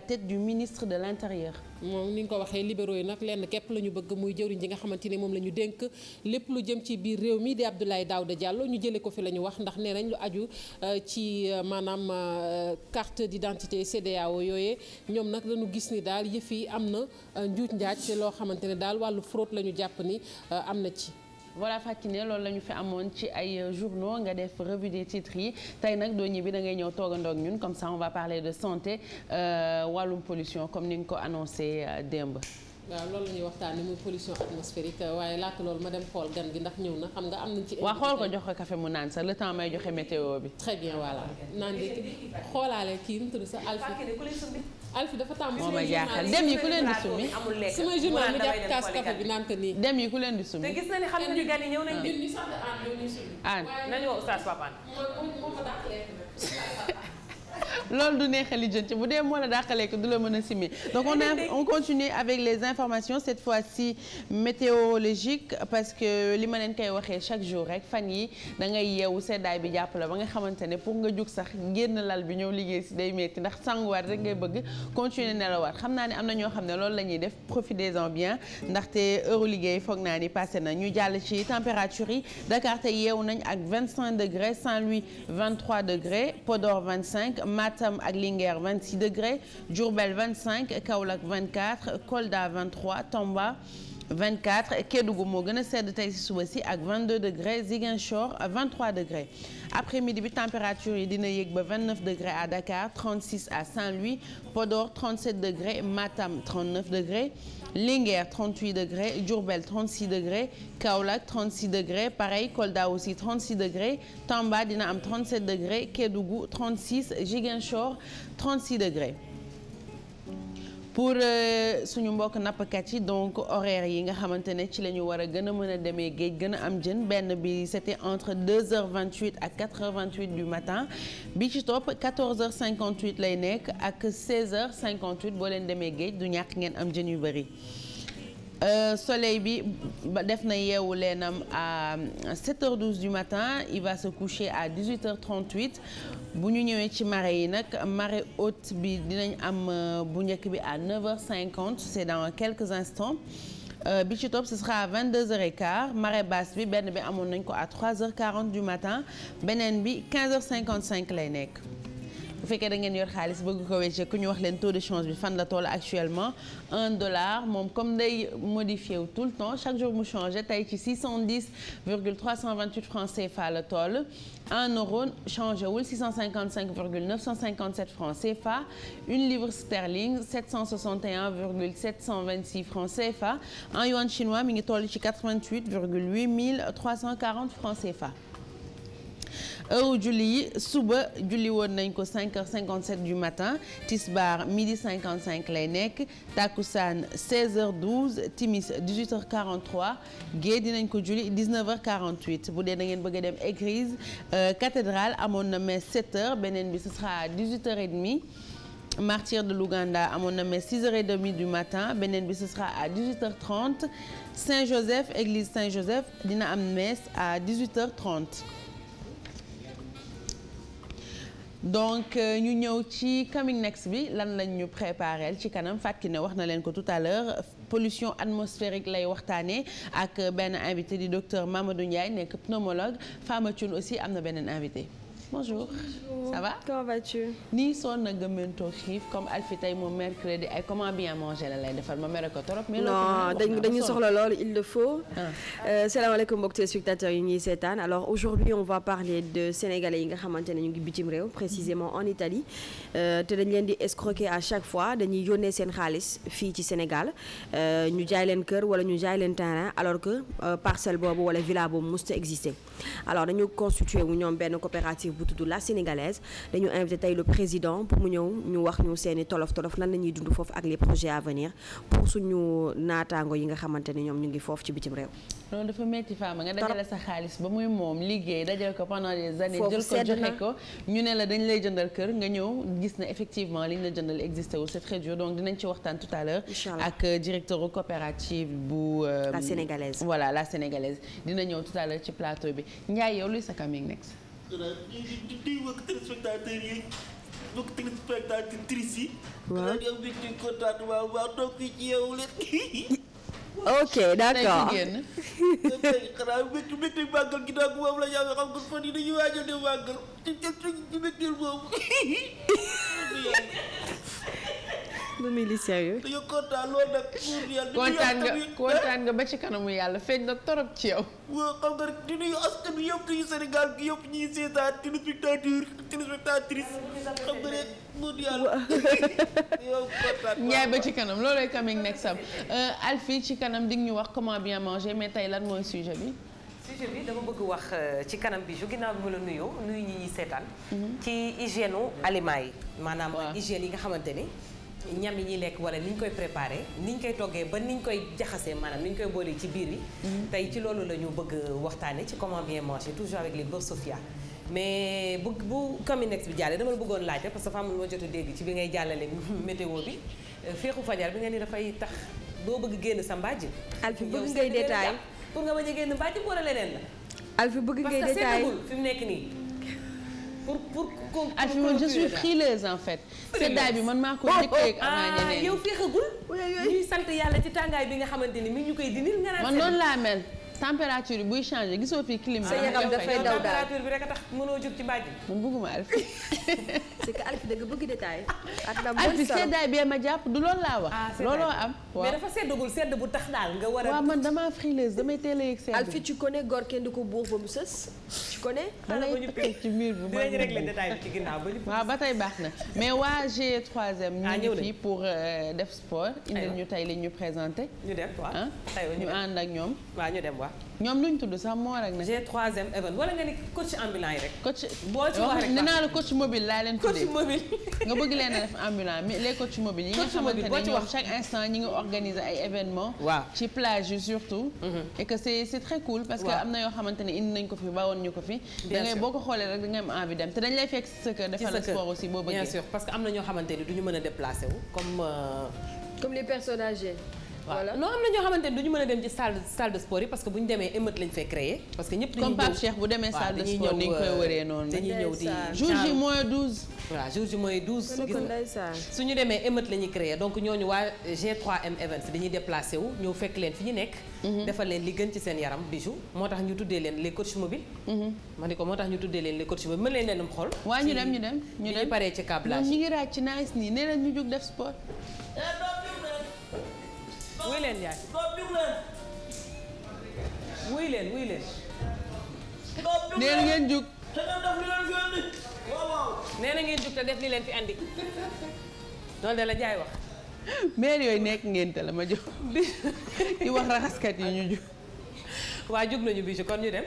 tête du ministre de l'Intérieur. moom ni nga ko waxee libéro yi nag lenn képp la ñu bëgg muy jëwriñ ji nga xamante ne moom la ñu dénk lépp lu jëm ci biir réew mi di Abdoulaye Daouda Diallo ñu jëlee ko fi lañu wax ndax nee nañ lu aju euh, ci euh, maanaam euh, carte d'identité CEDEAO yooye ñoom nag lañu gis ni daal yëf yi am na njuuj njaaj loo xamante ne daal wàllu fraude la ñu jàpp ni am na ci. voilà Fakine lool la ñu fi amoon ci ay euh, journaux nga def revue des titres yi tey nag doo ñibbi da ngay ñëw toogandoog ñun comme ça on va parler de santé euh, wàllum pollution comme ni nga ko annoncé euh, démb. waaw loolu la ñuy waxtaanee muy pollution atmosphérique waaye laata loolu ma dem xool gan gi ndax ñëw na xam nga am nañ ci. waa xool ko jox ko café mu naan sax le temps may joxe météo bi. très bien voilà naan di xoolaale kii nu tudd sa Alfi. Alfi dafa tàmm moo ma jaaxal dem yi ku leen di summi suma journal mi jàpp kaas café bi naan ko nii. dem yi ku leen di summi. te gis na ñëw nañu de. ñun ñu sant Aan Aan. loolu du neexali jën ci bu dee moo la dàqalee ko du la mën a simi donc on a on continue avec les informations cette fois-ci météorologiques parce que li ma leen koy waxee chaque jour rek fan yi dangay yeewu seddaay bi jàpp la ba nga xamante ne pour nga jug sax génn lal bi ñëw liggéey si day metti ndax sanguwaat rek ngay bëgg continuer nelawaat xam naa ne am na ñoo xam ne loolu la ñuy def des en bien ndaxte heure liggéey foog naa ni passé na ñu jàll ci température yi Dakar te yeewu nañ ak 25 degrés Saint-Louis 23 degrés Podor 25 Matam ak Linguère 26 degrés Diourbel 25 Kaolack 24 Kolda 23 Tamba 24 Kédougou moo gën a sedd tey ci suba si ak 22 degrés Ziguinchor 23 degrés après-midi bi température yi dina yéeg ba 29 degrés à Dakar 36 à Saint-Louis Podor 37 degrés Matam 39 degrés Linguère 38 degrés Diourbel 36 degrés Kaolack 36 degrés pareil Kolda aussi 36 degrés Tamba dina am 37 degrés Kédougou 36 Ziguinchor 36 degrés. pour euh, suñu mbokk nappkat yi donc horaire yi nga xamante ne ci la ñu war a gën a mën a demee géej gën a am jën benn bi c'était entre 2 vingt 28 ak 4h28 du matin bi ci topp 14h58 lay nekk ak 16 h boo leen demee géej du ñàkk ngeen am jën yu bëri. Euh, soleil bi def na yeewu leenam à 7h12 euh, du matin il va se coucher à 18h38 bu ñu ñëwee ci marée yi nag marée haute bi dinañ am euh, bu njëkk bi à 9h50 c'est dans quelques instants bi ci topp ce sera à 22h15 marée basse bi benn bi amoon nañ ko à 3h40 du matin beneen bi 15h55 lay nekk. bu fekkee da ngeen yor xaalis bëgg ko wecce ku ñu wax leen taux de change bi fan la toll actuellement un dollar moom tout le temps chaque jour mu changé tey ci 610 virgule 328 francs CFA la toll un euro changé wul 655 virgule 957 francs CFA une livre sterling 761 virgule 726 francs CFA un yuan chinois mi ngi toll ci 88 virgule heure julli yi suba julli woon nañ ko 5 heures 57 du matin tisbaar midi 55 lay nekk takkusaan 16 heures 12 timis 18 heures 43 gée dinañ ko julli 19 heures 48 bu dee da ngeen bëgg a dem église euh, cathédrale amoon na messe 7 heures beneen bi ce sera 18 heures et demie martyrs de l'Ouganda amoon na messe 6 heures et demie du matin beneen bi ce sera à 18 heures 30 Saint-Joseph église Saint-Joseph dina am messe à 18 heures 30 donc euh, ñu ñëw ci coming next bi lan lañ ñu préparel ci kanam fàtki ne wax na leen ko tout à l'heure pollution atmosphérique lay waxtaanee ak benn invité di docteur Mamadou Ndiaye nekk pneumologue Fama Thioune aussi am na beneen invité bonjour. bonjour ça va. comment vas-tu. nii sonn na gëmmentoo xiif comme Alfi tey moom mercredi ay comment bien manger la lay defal ma mere dañu soxla loolu il le faut. Ah. Euh, salaamaaleykum mbokk téléspectateurs yi ñuy seetaan alors aujourd'hui on va parler de sénégalais yi nga xamante ne ñu ngi bitim réew précisément en Italie euh, te dañ leen di escroquer à chaque fois dañuy yónnee seen xaalis fii ci Sénégal euh, ñu jaay leen kër wala ñu jaay leen terrain alors que parcel boobu wala villa boobu mosut a exister dañu constitué wu ñoom benn coopérative bu bu la sénégalaise dañu invité tey le président pour mu ñëw ñu wax ñu seeni tolof tolof lan la ñuy dund foofu ak les projets à venir pour suñu naataango yi nga xamante ne ñoom ñu ngi foofu ci bitim réew. loolu dafa metti faama nga dajale sa xaalis ba muy moom liggéey dajale ko pendant des années. jël ko joxe ko ñu ne la dañu lay jëndal kër nga ñëw gis na effectivement liñ la jëndal existé wu c'est très dur donc dinañ ci waxtaan tout à l'heure ak euh, directeur coopérative bu. Euh, la sénégalaise voilà la sénégalaise dina ñëw tout ci plateau bi Ndiaye yow luy sa coming next ñu ngi yi mbokki téléspectatrices yi. waaw rajo bi di kontaan waaw waaw toog fii ci yow leen. ok d'accord tey xanaa mbégte mbégte màggal gi nag moom la ñu amee xam nga fan yii dañuy waaj a dem màggal lu muy li sérieux. dañoo kontaan loolu nag. kontaan nga kontaan eh? ba ci kanamu yàlla feeñ na torop ci yow. waaw xam nga di nuyu askan bi nga moom yàlla. ba ci kanam loolooy coming next up euh, Alfie ci kanam di ñu wax comment bien manger mais tey lan mooy sujet bi. sujet bi dama bëgg wax euh, ci kanam bi ju ginnaaw bi ma la nuyoo nuyu ñi ñuy seetaan. Mhm. ci hygiène aliments yi. maanaam hygiène yi nga xamante ni. ñam yi ñuy lekk wala ni ñu koy préparé ni ñu koy toggee ba ni ñu koy jaxasee maanaam ni ñu koy boolee ci biir bi mm-hmm. tey ci loolu la ñu bëgg waxtaane ci comment bien manger toujours avec les beurres Sofia mais bu bu Cominex bi jàllee dama la bëggoon laaj parce que fa amul ma jot a dégg ci bi ngay jàllale météo bi euh, féexu fajar bi nga ni dafay tax boo bëgg génn sa mbàjj Alfi bëgg ngay détail ah, pour nga bañ a génn mbàjj wala leneen la Alfi bëgg ngay détail fi mu nekk nii pour pour ko pour ah, pour je suis frileuse en fait. seddaay bi man maa ko njëkkee oh, avant ah, ñeneen yow féexagul. ñuy sant yàlla ci tàngaay bi nga xamante ni mi ñu koy dindil. nga naan man noonu laa mel. température yi buy changé gisoo fii climat. sa yaram dafay daw daal température bi rek tax mënoo jóg ci bàjj. man bëgguma Alfi. c'est que Alfi dëgg bëgg détail. ak la Alfi seddaay bee ma jàpp du loolu laa wax. Ah, looloo am waaw dafa seddagul sedd bu tax daal nga war a. waaw man damaa frileuse damay teel a yegg sedd. Alfi tu connais góor ko buux ba mu sës. tu connais. da lay tëj ci mur bi dinañ réglé détail ginnaaw ba ñu. waaw ba tey baax na mais waa G3M. ah ñu ngi fii pour euh, def sport. aywa indil ñu tey li ñu présenté. ñu dem waaw ah, ñu ànd ak ñoom. waaw dem wax. ñoom luñ tudd sax moo rek nag. G3M Event nga ni coach ambulant yi rek. coach boo ci wax rek naa la coach mobile laa leen. tuddee nga bëgg leen a def ambulant yi nga xamante ne ñoom chaque instant ñi ngi organiser ay événements. ci plage yi surtout. Mhm. et que c'est très cool. parce que am na yoo xamante ne indi nañ ko fi bawoon ñu ko fi. da boo ko xoolee rek da ngay am dem te dañ lay fekk sa kër. defal la sport aussi boo bëggee bien voilà non am na ñoo xamante du ñu mën a dem ci salle salle de sport yi parce que bu ñu demee émeute lañ fay créer parce que ñëpp comme Pape bu demee salle de sport ni ñu koy demee émeute la créer donc ñooñu waa G3M Events dañuy déplacé wu ñëw fekk leen fi ñu nekk mhm. defal leen li gën ci seen yaram bijou moo tax ñu tuddee leen les coachs mobiles mhm. ma ko moo tax ñu tuddee leen les coachs mobiles mën leen leen xool waa ñu dem ñu dem ñu dem paree ci ñu ngi ci nice wuy leen yaay. góob déglu leen. wuy leen wuy leen. góob déglu leen nee na ngeen jug. te ngeen na ngeen jug te def li leen fi andi. loolu de la jaay wax. maire yooyu nekk ngénte la ma jóg di wax raxaskat yi ñu jug. waa jug nañu bi ci kon ñu dem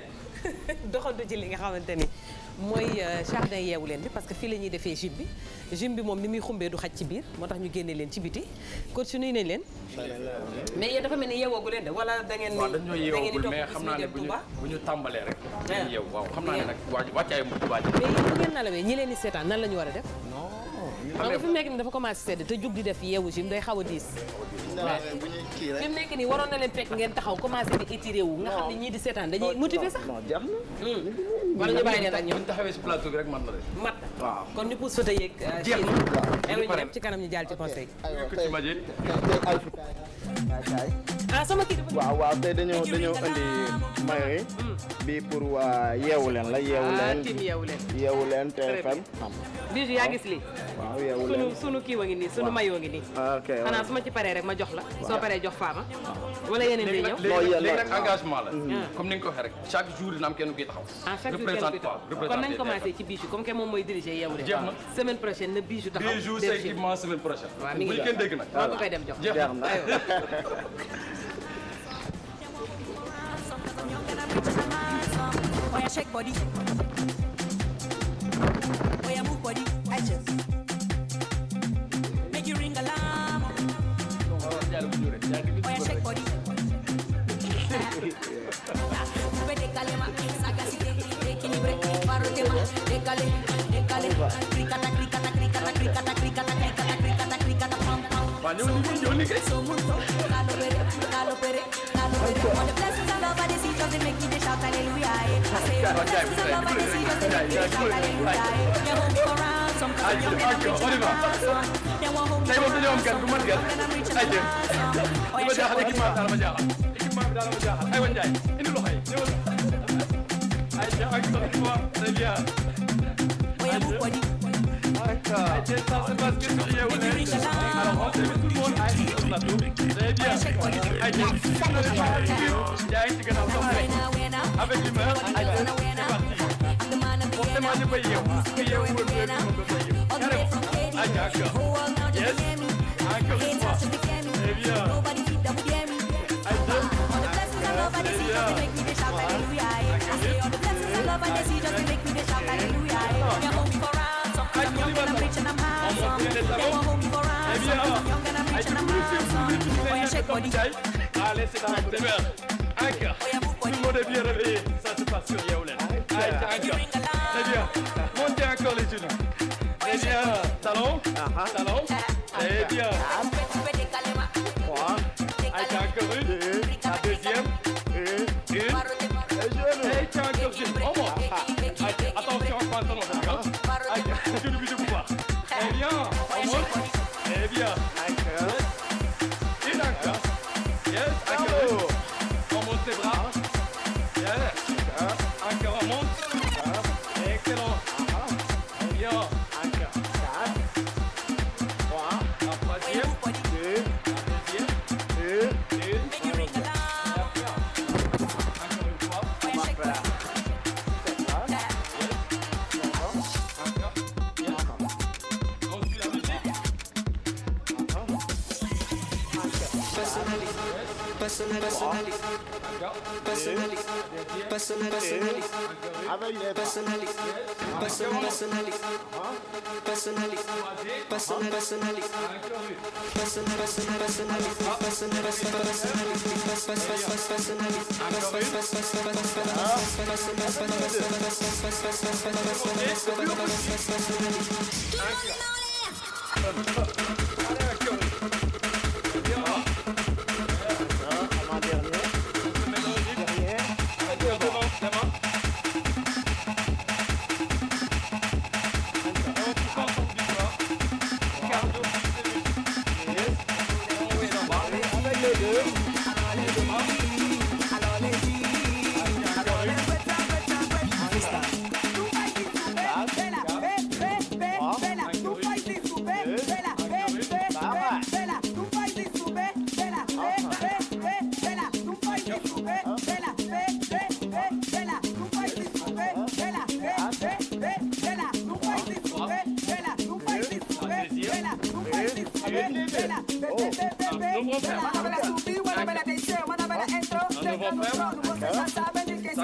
doxantu ci li nga xamante ni. mooy euh, jardin yeewu leen bi parce que fii la ñuy defee gym bi gym bi moom ni muy xumbee du xaj ci biir moo tax ñu génne leen ci biti continué nañ leen. mais yéen dafa mel ni yeewoogu leen de wala da ngeen. waaw dañoo yeewoogul mais xam naa ne bu ñu bu ñu tàmbalee rek. dañuy ah. yeew waaw xam naa ne nag waa wàccaay mu tubaab mais yéen ngeen nalawee ñi leen di seetaan nan la ñu war a def. xam nga fi mu nekk dafa commencé sedd te jug di def yeewu gym day xaw a diis fi mu nekk nii waroon na leen fekk ngeen taxaw commencé di étiré wu nga xam ne ñii di seetaan dañuy motivé sax hmm. wala ñu bàyyi leen ak ñoom taxawee si plateau bi rek mat na de mat waaw kon ñu pousse fa te euh, ñu dem ci kanam ñu jàll ci conseil ah sama kii dafa waaw waaw tey dañoo dañoo indi mayo yi. Hmm. bii pour waa yeewu leen la yeewu ah, leen. ah yeewu leen. yeewu leen TFM. bijou yaa gis lii. waaw yeewu leen sunu sunu kii wa ngi nii sunu mayoo ngi nii. Ah, ok xanaa su ma ci paree rek ma jox la. soo paree jox faama. wala yeneen day ñëw léegi nag engagement la. Hmm. comme ni nga ko waxee rek chaque jour dina am kenn kuy taxaw. ah chaque jour kenn kuy taxaw kon nañ commencé ci bijou comme que moom mooy diriger yeewu leen. jeex na semaine prochaine na bijou taxaw. bijou c'est équipement semaine prochaine. waaw mi ngi jox bu ñu kenn dégg nag. waaw ko koy dem jox jeex na Oh yeah, shake body. Oh yeah, move body. I just make you ring alarm. Oh yeah, shake body. Décale, décale, décale, décale, décale, décale, waaw ñëw liggéey ñëw liggéey. aywa Ndiaye aywa D'accord. T'inquiète, ça c'est parce que tu es au lait. Alors on aime tout le monde à être sur la tour. Très bien. Aïe, on ne pas avec lui. Y'a un qui gagne en Avec l'humeur, aïe, c'est parti. On s'est mangé pas hier. Hier, on peut le faire, on peut pas hier. Carrément. Aïe, encore. Yes. Encore une fois. Très bien. Aïe, Très bien. Hallelujah. I say on the blessings of love and they see just to make me shout hallelujah. body. Allez, c'est dans la demeure. Aïe, tout le monde est bien réveillé. Ça se passe sur personality, personality, personality, personality, personality, personality, personality, personality, personality,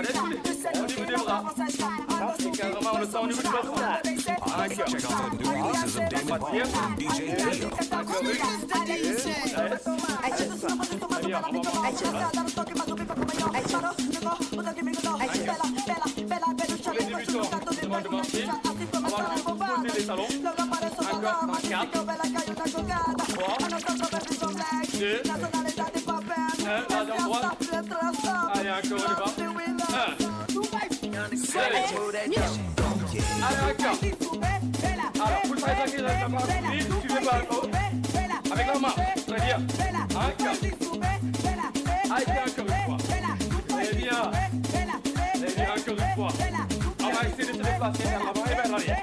Au niveau des bras. C'est carrément le sang au niveau du ventre. Un cœur. Troisième. Les débutants, devant de marcher, on va poser les talons. Encore, un, quatre, trois, deux, un, la jambe droite. Allez, encore. Alors, vous le faites tranquille, ça part vite, suivez pas le Avec la main, c'est-à-dire. Encore. Allez, bien, encore une fois. Allez, bien. Allez, bien, encore une fois. On va essayer de se déplacer vers l'avant et vers l'arrière.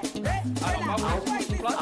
Alors, bravo. Place.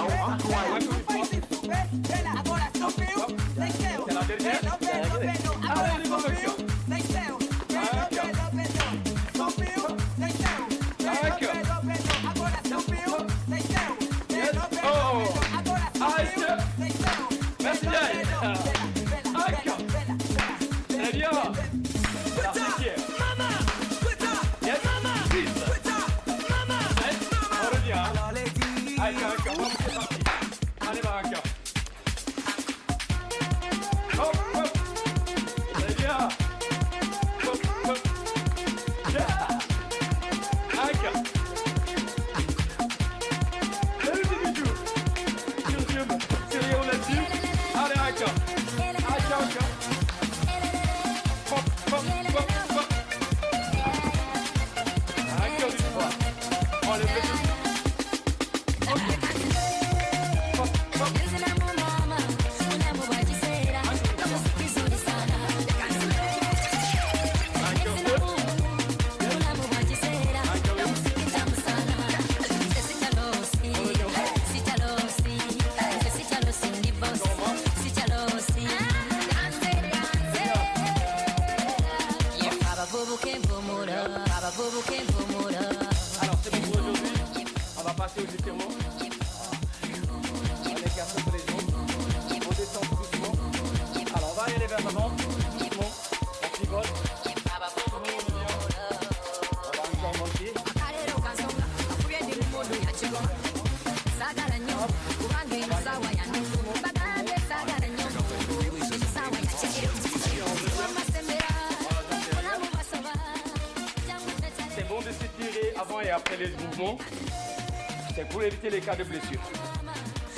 éviter les cas de blessure.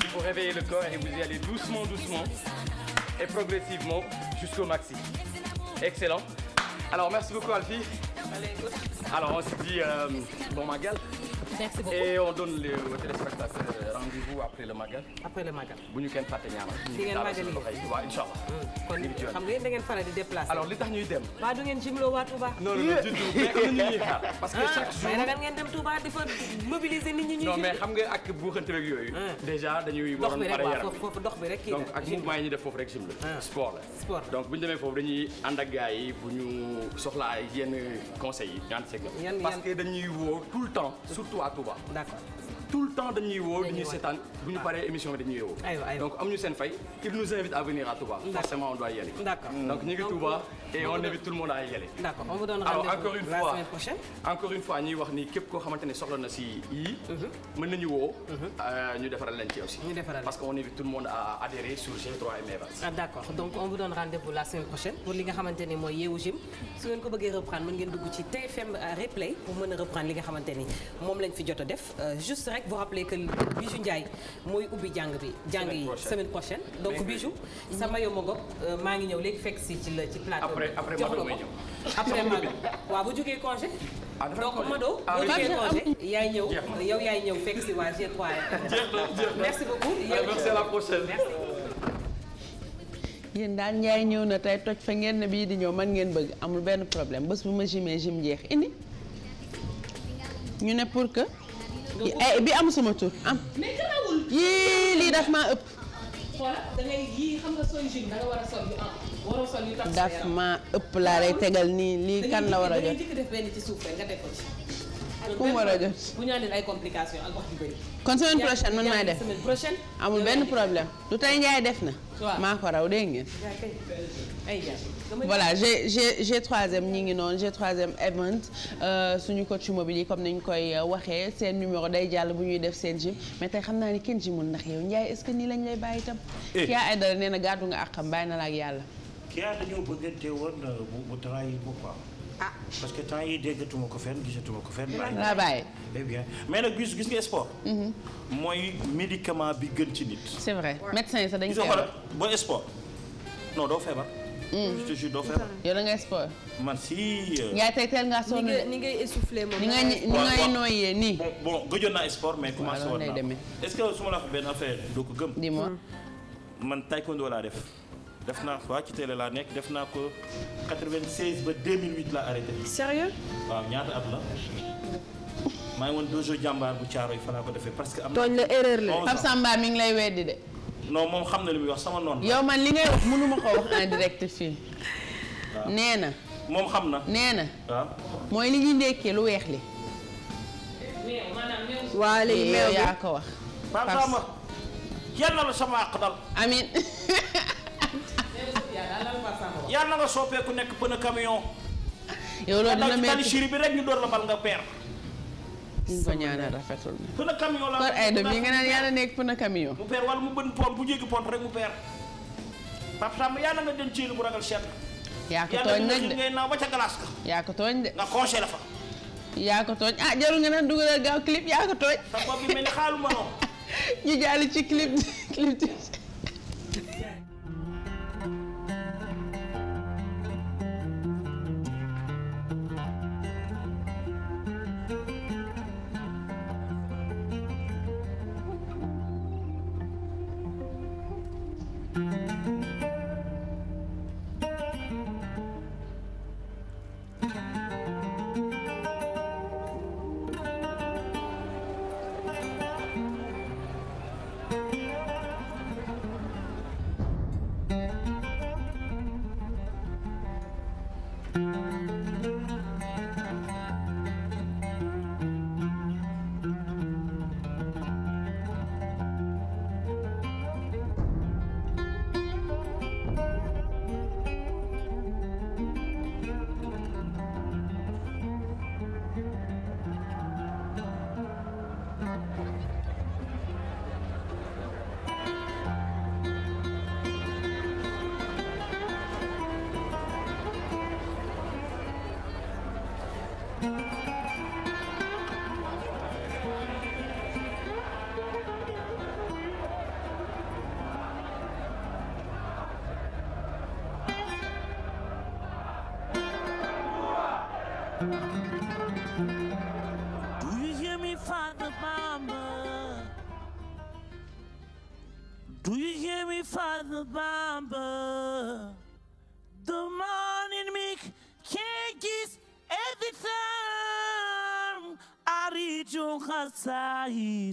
Il faut réveiller le corps et vous y allez doucement, doucement et progressivement jusqu'au maxi. Excellent. Alors, merci beaucoup, Alfie. Alors, on se dit euh, bon magal. Merci beaucoup. Et on donne le, au téléspectateur euh, rendez-vous après le magal. après le magal. bu ñu kenn fàtte ñaanal. di ngeen magal yi waaw incha allah. Hmm. kon xam nga yéen da ngeen faral di déplacer. alors li tax ñuy dem. waa du ngeen jimloo waa Touba. non non du tout mais am na ñu ñuy xaar. parce que chaque jour. mais ragal ngeen dem Touba di fa mobiliser nit ñi. non mais xam nga ak buuxante rek yooyu. Ah. déjà dañuy waroon pare yaram bi dox bi rek donc ak mouvement yi ñuy def foofu rek gym ah. la. sport la donc bu ñu demee foofu dañuy ànd ak gars yi bu ñu soxlaa yenn conseils yi. ñu ànd seeg parce que dañuy woo tout le temps surtout à Touba. d'accord tout le temps dañuy woo dañuy seetaan bu ñu paree émission bi dañuy woo donc am ñu seen fay il nous invite à venir à Touba forcément on doit y mm. donc ñu ngi Touba et on invite tout le monde à y aller encore une fois encore une fois ñuy wax mhm. mhm. euh, ñu defaral leen ci aussi parce que on invite tout le monde à adhérer sur G3M Events ah on vous donne rendez-vous la semaine su ngeen ko bëggee reprendre mën ngeen dugg ci TFM replay a reprendre li boo vous rappelez que Bijou Ndiaye mooy ubbi jàng bi jàng yi semaine prochaine donc Bijou sama yow ma ngoog euh, maa ngi ñëw léegi fekk si ci la ci plateau après après Mado may ñëw après Mado waaw bu jógee congé ah, donc ah, yaay ñëw yow yaay ñëw fekk si waa G3 merci beaucoup yow merci à prochaine yéen daan Ndiaye ñëw na tey toj fa ngeen ne bii di ñëw man ngeen bëgg amul benn problème bés bu ma jimee jim jeex indi ñu ne pour que Eh, bi am sama tur am. mais lii daf ma ëpp. xoolal da ngay yii xam nga sooy jeune da nga a sol ah, daf maa ëpp laa lay tegal nii lii kan la war a jot. da ci suuf rek nga teg ko ci. ku mu war a jot bu kon semaine prochaine man maay def semaine prochaine. amul benn problème lu tey Ndiaye def na. maa ko raw dégg ngeen. voilà G G G3M ñi ngi noonu G3M event euh, suñu coach immobilier comme ñu koy euh, waxee seen numéro day jàll bu ñuy def seen gym mais te xam naa ni kenn gymul ndax yow Ndiaye est nii lañ lay bàyyi itam. Eh. kii ay dara nee na gàddu nga àqam bàyyi na la ak yàlla. kii dañoo bëggante woon euh, mu mu trahir mu quoi. ah parce que temps yi déggatuma ko fenn gisatuma ko fenn. bàyyi la bàyyi. très eh gis gis nga sport. Mhm. mooy médicament bi gën ci nit. c'est vrai médecin yi sax dañu koy wax booy sport non doo feebar. Mm. je te jure mm. ngay man si. Euh, yaa tey teel ngaa sonn ni ngay essoufflé moom. ni ngay ni ngay noyyee nii. bon gëjoon naa sport mais commencé woon naa est-ce que su ma la wax benn affaire doo ko gëm. dis-moi mm. man taekwondo laa def. def naa waa ci télé laa nekk def naa ko 96 ba 2008 laa arrêté. sérieux waaw ñaata at la. maa ngi woon dojo jàmbaar bu caaro yi fa ko defee parce que. am na tooñ la erreur la Pape Samba mi ngi lay weddi de. non moom xam na li muy wax sama noonu. yow li ngay wax ma koo wax en nee na. moom xam na nee na. mooy li ñuy ndekkee lu weex li. waa léegi meew yaa ko wax. Pape Samba yal la sama àq dal. amiin. yàlla na nga soppeeku nekk pneu camion. yow loolu dina métti ci bi rek ñu door la bal nga peer. ñu ko ñaanal rafetul na. pneu camion la Kër Aïda mi nga naan mu peer wala mu bën pont bu jéggi pont rek mu peer. Pape Samb yàlla nga den ci lu bu ragal seet. yaa ko tooñ nañ de ngay naaw ba ca nga conseillé la fa. yaa ko tooñ a ah, jarul nga naan dugalal gaaw clip yaa ko tooñ. sa bopp bi mel ni xaalu ma noonu. ñu jàll ci clip clip.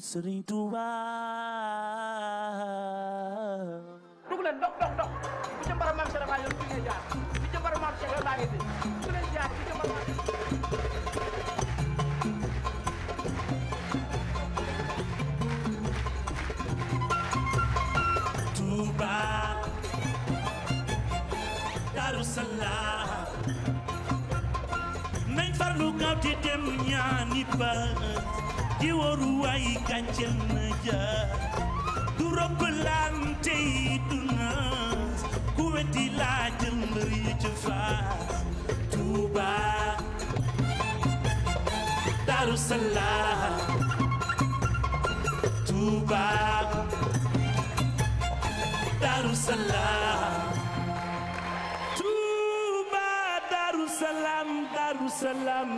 Serigne Touba. dugg leen dox dox dox bu ca dem ñaani ba di waruwaay gàcceel na ja du roppalaante yi duna ku weti laa jël mbër yi ca faas Tuuba Daaru Salaam Tuuba Daaru Salaam Tuuba Daaru Salaam Daaru Salaam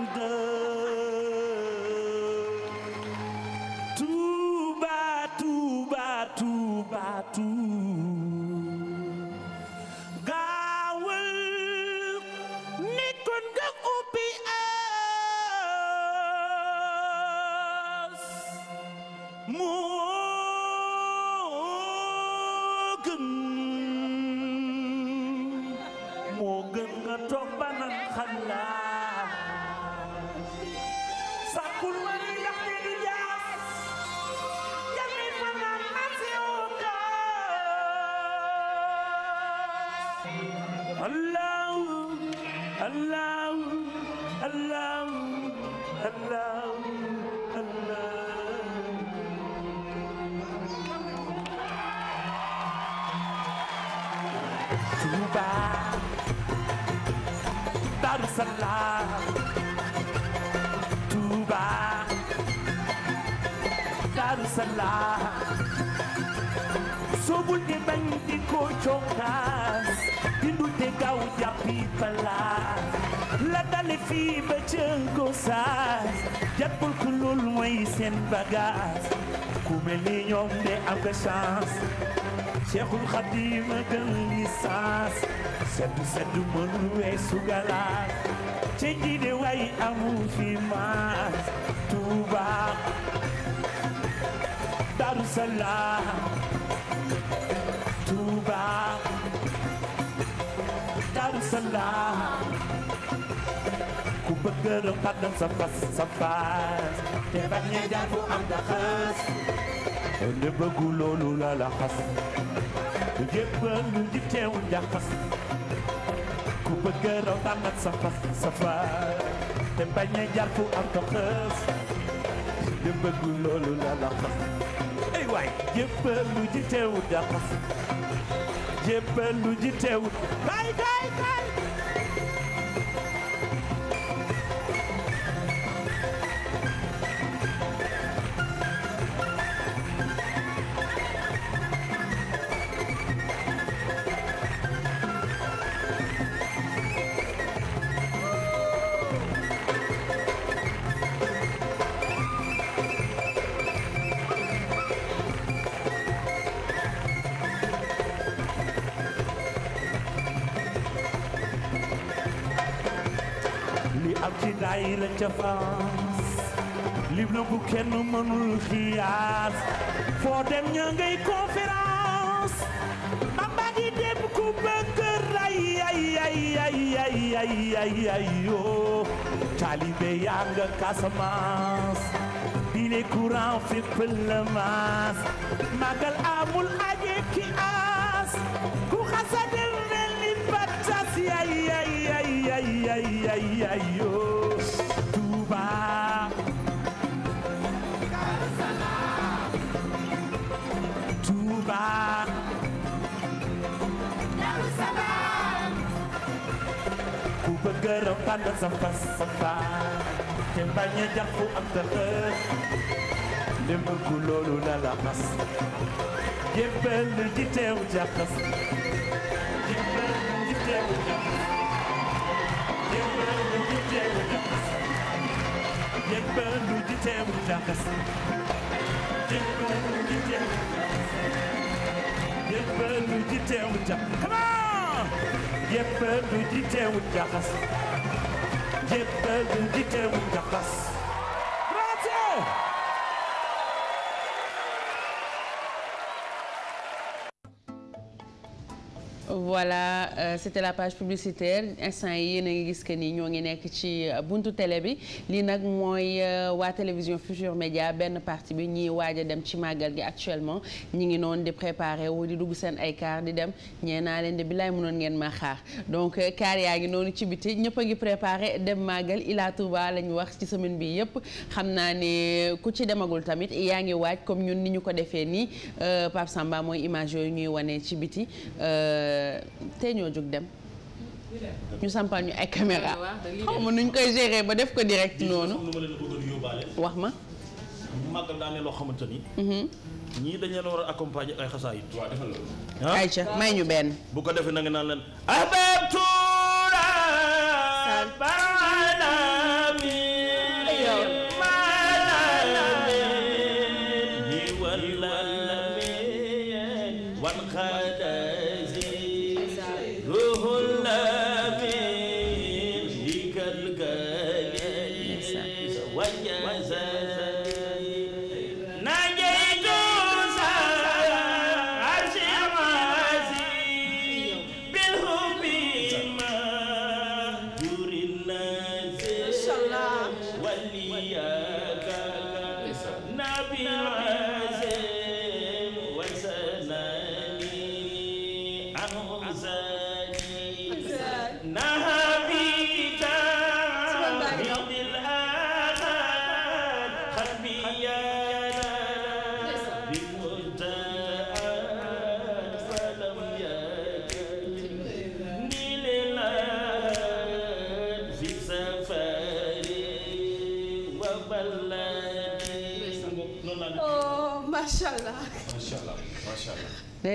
xadima gën licence seddu seddu mënul weesu galaas ca jiide way amu fi maas Tuuba Daru Salaam Tuuba ku bëgg rëqadam sa fas te bañ a jaar am daxas ne bëggu loolu la la yépp ñu ngi teewu njaxas ku bëgg raw tànnat sa fas sa far a jar fu am ko xës te bëggul la la xas ay waay yépp ñu ngi teewu njaxas yépp kay kay kay ca France lim la bu kenn mënul xiyaas foo dem ña ngay conférence bamba di dem ku bëgg ray ay ay ay ay ay ay ay yoo oh. taalibe yaa nga Casamance bi le courant fépp la maas magal amul aj bëgg rëppand sa fas sa faa te bañ a am sa xër li bëgg loolu la xas jébbal ji teew jàqas jébbal ji teew jàqas jébbal ji teew jàqas jébbal ji teew jàqas jébbal ji teew jàqas jébbal du ji teewul voilà euh, c'était la page publicitaire instant yi yéen a ngi gis que nii ñoo ngi nekk ci euh, buntu tele bi lii nag mooy euh, waa télévision Futur Média benn partie bi ñiy waaja dem ci màggal gi actuellement ñi ngi noonu di préparer wu di dugg seen ay kaar di dem ñee naa leen de bilaay mënoon ngeen ma xaar donc kaar yaa ngi noonu ci biti ñëpp a ngi préparer dem màggal Ila Touba la ñu wax ci semaine bi yëpp xam naa ne ku ci demagul tamit yaa ngi waaj comme ñun ni ñu ko defee nii Pape Samba mooy image yooyu ñuy wane ci biti tey ñoo jóg dem. ñu sampal ñu ay caméra xaw ma nuñ koy gérer ba def ko direct noonu. wax ma. màggal daa ne loo ni. Mhm. ñii dañu leen war a accompagner ay xasaayit. waaw defal la ah? ayca may ñu benn. bu ko defee na nga naan leen.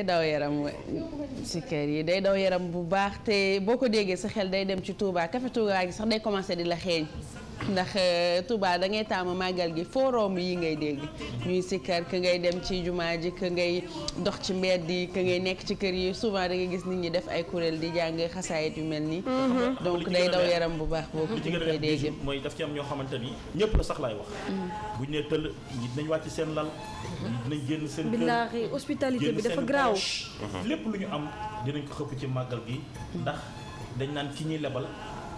daw yaram si kër yi day daw yaram bu baax te boo ko déggee sa xel day dem ci Touba café Touba gi sax day commencé di la xeeñ ndax eh, Touba da ngay taamu màggal gi foo romb yi ngay dégg ñuy sikkar ka ngay dem ci jumaa ji ka ngay dox ci mbedd yi ka ngay nekk ci kër yi souvent da ngay gis nit ñi def ay kuréel di jàng xasaayit yu mel nii. Mhm. donc day daw yaram bu baax boobu ñu koy dégg. mooy daf ci am ñoo xamante ni ñëpp la sax wax. Mhm. bu ñu nee tëll ñi dinañ wàcc seen lal. Mhm. dinañ génn seen kër billaahi hospitalité bi dafa garaaw lépp lu ñu am dinañ ko xëpp ci màggal gi. ndax dañ naan ki ñuy lebal.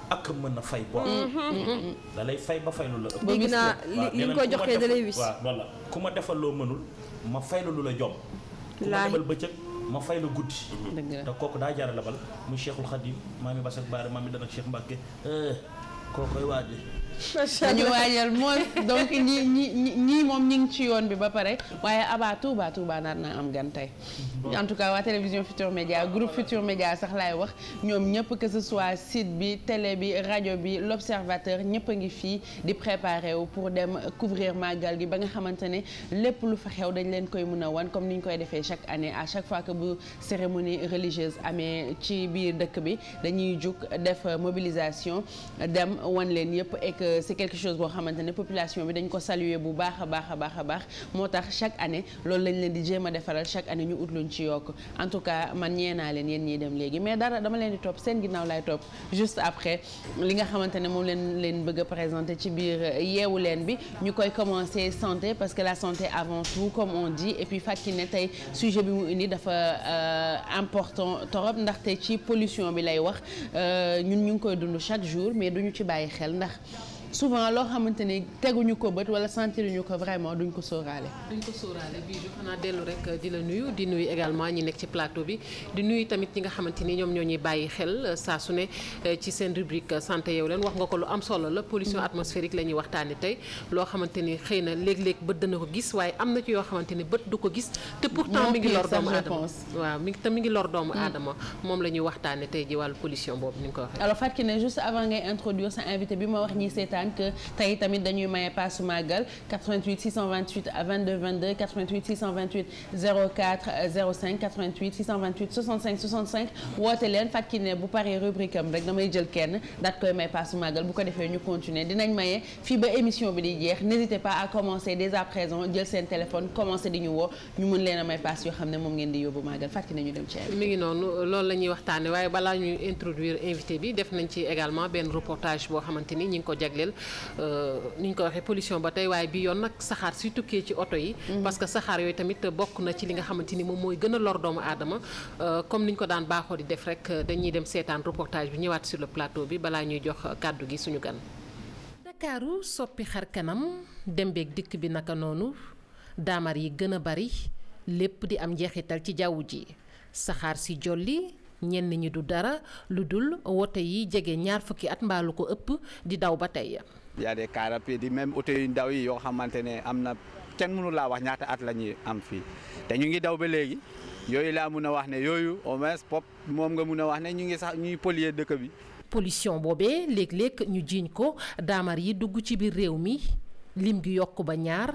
ak mën a fay bor. Mm-hmm. Mm-hmm. da fay ba fay lu la ëpp. dégg naa li ñu ko joxee da wis waaw voilà ku ma defaloo loo mënul ma fay la lu la jom. laay ku ma demal bëccëg ma fay la guddi. Mm-hmm. te kooku daa la jaar lebal muy Cheikhul Khadim maami Basak Baare maami Dana Cheikh Mbacke eh, kookoy waaj. dañu waajal moom donc ñi ñi ñii moom ñi ngi ci yoon bi ba pare waaye Aba Touba Touba naat naa am gan tey en tout cas waa télévision Futur Média groupe Futur Média sax laay wax ñoom ñëpp que ce soit site bi télé bi rajo bi l'observateur ñëpp a ngi fii di préparer wu pour dem couvrir màggal gi ba nga xamante ne lépp lu fa xew dañ leen koy mun a wan comme ni ñu koy defee chaque année à chaque fois que bu cérémonie religieuse amee ci biir dëkk bi dañuy jug def mobilisation dem wan leen yëpp Euh, c' est quelque chose boo xamante ne population bi dañ ko saluer bu baax a baax a baax a baax moo tax chaque année loolu lañ leen di jéem a defaral chaque année ñu ut luñ ci yokk en tout cas man ñee naa leen yéen ñiy dem léegi mais dara dama leen di topp seen ginnaaw laay topp juste après li nga xamante ne moom leen leen bëgg a présenter ci biir yeewu leen bi ñu koy commencer santé parce que la santé avant tout comme on dit et puis fàttali ne tey sujet bi mu indi dafa euh, important torop ndaxte ci pollution bi lay wax euh, ñun ñu ngi koy dund chaque jour mais duñu ci bàyyi xel ndax souvent loo xamante ni ñu ko bët wala sentiruñu ko vraiment duñ ko sóoraale. duñ ko sóoraale bii je xanaa dellu rek di nuyu di nuyu également ñi nekk ci plateau bi di nuyu tamit ñi nga xamante ni ñoom ñoo ñuy bàyyi xel saa su ne eh, ci seen rubrique santé yow leen wax nga ko lu am solo la. pollution atmosphérique la ñuy waxtaanee tey loo xamante ni xëy na léeg-léeg bët dana ko gis waaye am na ci yoo xamante ni bët du ko gis. te pourtant mi ngi lor doomu aadama mm. waaw mi ngi mi ngi lor doomu aadama moom la ñuy waxtaanee tey ji wàllu pollution boobu ni ko waxee. sànq tey tamit dañuy maye paasu màggal 88 628 22 22 88 628 04 05 88 628 65 65 woote leen fàttali bu paree rubrique rek damay jël kenn daat koy may paasu màggal bu ko defee ñu continuer dinañ maye fii ba émission bi di jeex n'hésitez pas à commencer dès à présent jël seen téléphone commencer di ñu woo ñu mën leen may paas yoo xam ne moom ngeen di yóbbu màggal fàttali nañu dem ci jël euh, ni ñu ko waxee pollution ba tey waaye bi yoon nag saxaar suy tukkee ci oto yi. Mhm. parce que saxaar yooyu tamit bokk na ci li nga xamante ni moom mooy gën a lor doomu aadama euh, comme ni ñu ko daan baaxoo di def rek dañuy dem seetaan reportage bi ñëwaat sur le bi balaa ñuy jox kàddu gi suñu gan. Ndakaaru soppi xar kanam dem beeg dikk bi naka noonu daamar yi gën a bari lépp di am njeexital ci jaww ji saxaar si jolli. ñenn ñi du dara lu dul wote yi jege ñaar fukki at mbaalu ko ëpp di daw ba tey. y a des cars rapides même oto yu ndaw yi yoo xamante ne am na kenn mënu laa wax ñaata at la ñuy am fii te ñu ngi daw ba léegi yooyu laa mun a wax ne yooyu au moins pop moom nga mun a wax ne ñu ngi sax ñuy polluer dëkk bi. pollution boobee léeg-léeg ñu jiiñ ko daamar yi dugg ci biir réew mi lim gi yokk ba ñaar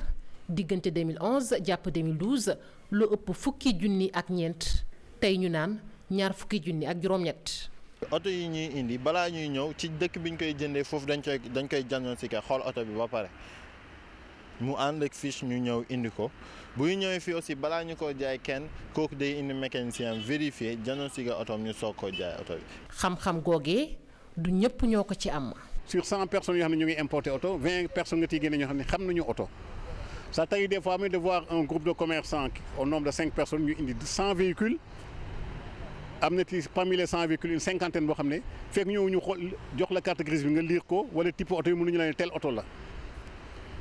diggante 2011 jàpp 2012 lu ëpp fukki junni ak ñeent tey ñu naan. ñaar fukki junni ak juróom-ñett. oto yi ñuy indi balaa ñuy ñëw ci dëkk bi ñu koy jëndee foofu dañ koy dañ koy diagnostiqué xool oto bi ba pare mu ànd ak fiche ñu ñëw indi ko buy ñëwee fi aussi balaa ñu ko jaay kenn kooku day indi mécanicien vérifié diagnostiqué otoom ñu soog ko jaay oto bi. xam-xam googee du ñëpp ñoo ko ci am. sur cent personnes yoo xam ne ñu ngi importé oto vingt personnes nga ciy génne ñoo xam ne xam nañu oto ça t'arrive des fois même de voir un groupe de commerçants cinq personnes ñu indi cent véhicules. am na ci parmi les cent véhicules une cinquantaine boo xam ne fekk ñëw ñu xool jox la carte grise bi nga liir ko wala type oto yi mënuñu la oto la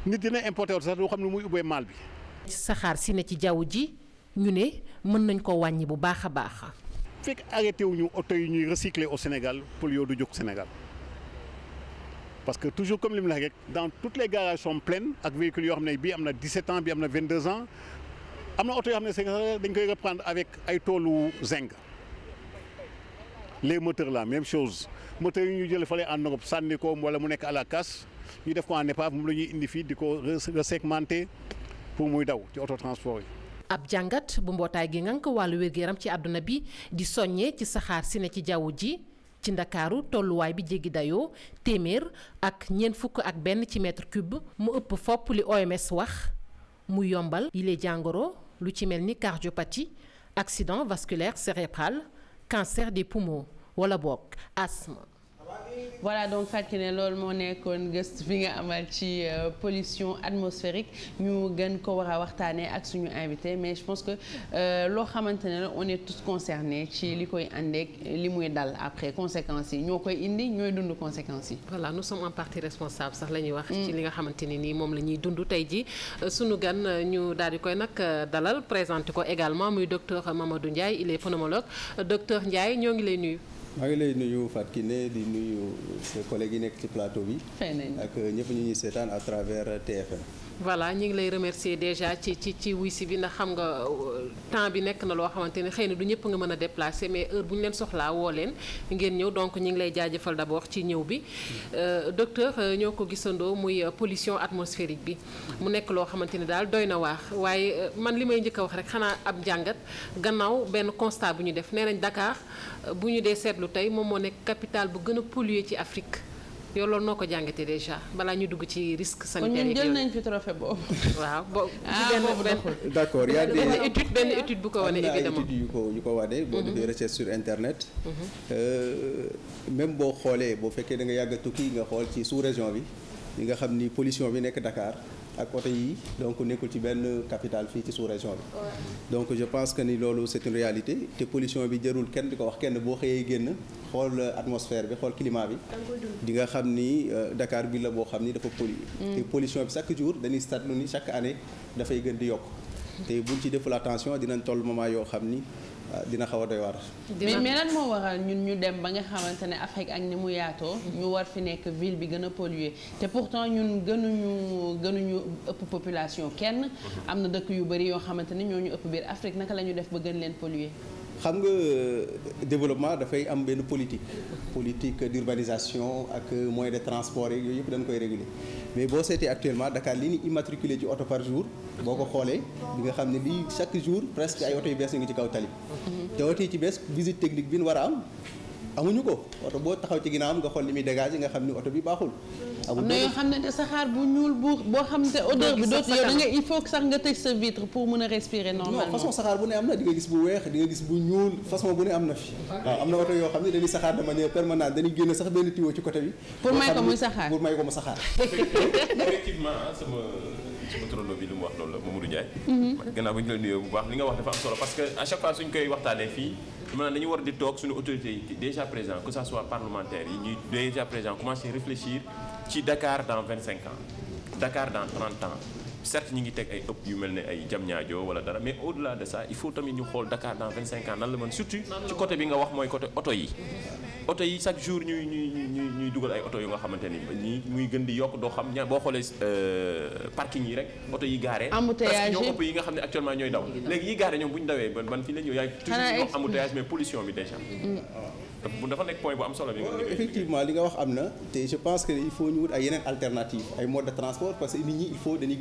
nit dina importé oto sax doo xam ne muy ubbee maal bi. saxaar si ne ci jaww ji ñu ne mën nañ ko wàññi bu baax a baax. fekk arrêté wuñu oto yi ñuy recycler au Sénégal pour polio du jóg Sénégal parce que toujours comme li mu la rek dans toutes les garages sont pleines ak véhicules yoo xam ne bii am na 17 ans bii am na 22 ans am na oto yoo xam ne dañ koy reprendre avec ay toolu zinc. les moteurs la même chose moteurs yi ñu jëlee fale en Europe sànni ko wala mu nekk à la ñu def ko en épave moom la ñuy indi fii di ko resegmenté pour muy daw ci auto transport yi. ab jàngat bu mbootaay gi ko wàllu wér-gu-yaram ci àdduna bi di soññee ci saxaar si ne ci jaww ji. ci ndakaaru tolluwaay bi jéggi dayoo téeméer ak ñeent fukk ak benn ci mètre cube mu ëpp fopp li OMS wax mu yombal yile jàngoro lu ci mel ni cardiopathie accident vasculaire cérébral cancer des poumons wala boog asthme voilà donc fàttali ne loolu moo nekkoon gëstu bi nga amal ci euh, pollution atmosphérique ñu gën ko war a waxtaanee ak suñu invité mais je pense que euh, loo xamante ne la on est tous concernés ci li koy àndeek li muy dal après conséquences yi ñoo koy indi ñooy dund conséquences yi. voilà nous sommes en partie responsables sax la ñuy wax. Mm. ci li nga xamante ne nii moom la ñuy dund tey jii euh, suñu gan ñu daal di koy nag dalal présenté ko également muy docteur Mamadou Ndiaye il est phénomènologue docteur Ndiaye ñoo ngi lay nuyu. maa ngi lay nuyu ki ne di nuyu ses collègues yi nekk ci plateau bi. ak ñëpp ñu ñuy seetaan à travers TFM. voilà ñu ngi lay remercier déjà ci ci ci wuy si bi ndax xam nga euh, temps bi nekk na loo xamante ne xëy na du ñëpp nga mën a déplacer mais heure bu ñu leen soxlaa woo leen ngeen ñëw donc ñu ngi lay jaajëfal d'abord ci ñëw bi euh, docteur euh, ñoo ko gisandoo muy pollution atmosphérique bi mu nekk loo xamante ni daal doy na waax waaye man li may njëkk a wax rek xanaa ab jàngat gannaaw benn constat bu ñu def nee nañ dakaar bu ñu dee seetlu tey moom moo nekk capitale bu gën a polluer ci Afrique yow loolu noo ko jàngatee déjà balaa ñu dugg ci risque sanitaire yi. kon ñun jël nañ fi trophée boobu. waaw ah, boobu benn d'accord y a benn étude bu ko wane évidemment am na étude yu ko yu ko wane. boo mhm. defee recherche sur internet. Mhm. Euh, même boo xoolee boo fekkee da nga yàgg tukki nga xool ci sous région bi. yi nga xam ni pollution bi nekk Dakar. ak oto yi donc nekkul ci benn capitale fii ci sous-région bi donc je pense que ni loolu c'est une réalité te pollution bi jërul kenn di ko wax kenn boo xëyee génn xool atmosphère bi xool climat bi di nga xam ni euh, Dakar bi la boo xam ni dafa pollué mm. te pollution bi chaque jour dañuy seetlu ni chaque année dafay gën di yokk mm. te buñ ci deful attention dinañ toll moment yoo xam ni Ah, dina xaw a doy waar. mais lan moo waral ñun ñu dem ba nga xamante ne Afrique ak ni mu yaatoo. ñu war fi nekk ville bi gën a pollué te pourtant ñun gënuñu gënuñu ëpp population kenn. Mhm. am na dëkk yu bari yoo xamante ne ñoo ñu ëpp biir Afrique naka la ñu def ba gën leen pollué. xam nga développement dafay am benn politique politique d'urbanisation ak moyen de transport yeeg yooyu yëpp dañ koy réguler mais boo seetee actuellement Dakar li ñu immatriculé ci oto par jour boo ko xoolee di nga xam ne lii chaque jour presque ay oto yu bees ñu ngi ci kaw tali mhm. te oto yi ci bees visite technique bi nu war a am amuñu ko oto boo taxaw ci ginnaawam nga xool li muy dégagé nga xam ni oto bi baaxul. amul na yoo xam ne saxaar bu ñuul bu boo xam te odeur bi dootu yow da nga il faut que sax nga tëj sa vitre pour mën a respirer normalement. non façon saxaar bu ne am na di nga gis bu weex di nga gis bu ñuul façon bu ne am na fi. waaw am na oto yoo xam ne dañuy saxaar de manière permanente dañuy génn sax benn tuyau ci côté bi. pour may ko muy saxaar pour may ko mu saxaar. effectivement ah, mhm. parce que à chaque koy waxtaanee fii maanaam dañu war di toog suñu autorité yi déjà présent que ça soit parlementaire yi ñuy déjà présent commencer réfléchir ci Dakar dans vingt cinq ans Dakar dans trente ans certes ñi ngi teg ay ëpp yu mel ne ay Diamniadio wala dara mais au delà de ça il faut tamit ñu xool Dakar dans 25 ans nan la mën surtout ci côté bi nga wax mooy côté oto yi oto yi chaque ñuy dugal ay oto yu nga xamante ni ñi muy gën di yokk doo xam ña boo xoolee euh, parking yi rek oto yi gaare embouteillage ñoo ëpp yi nga xam ne actuellement ñooy daw léegi yi gaare ñoom bu ñu dawee ban ban fii la ñu yaay toujours ñoo embouteillage mais pollution bi déjà mm. dafa nekk point bu am solo bi. nga wax am na te je pense que il faut ñu wut ay yeneen alternative ay mode de transport parce que nit ñi il faut dañuy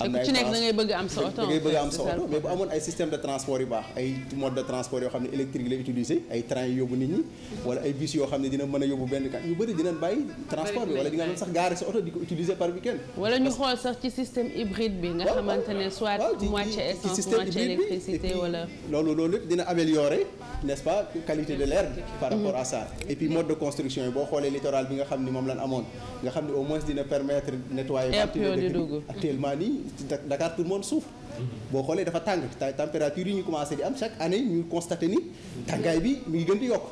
am na ay da ngay bëgg am sa oto da ngay bëgg am mais bu amoon ay système de transport yu baax ay mode de transport yoo xam ne électrique la utiliser ay train yu yóbbu nit ñi wala ay bus yoo xam ne dina mën a yóbbu benn kat ñu bëri dinañ bàyyi transport bi wala di mën sax gaare sa oto di ko utiliser par weekend wala ñu xool sax n'est-ce pas qualité de l'air par rapport à ça et puis mode de construction yi boo xoolee littoral bi nga xam ni moom lan amoon nga xam ni au moins dina permettre nettoyer bâtiment actuellement nii Dakar tout le monde souffre boo xoolee dafa tàng température yi ñu commencé di am chaque année ñu constaté ni tàngaay bi mu ngi gën di yokk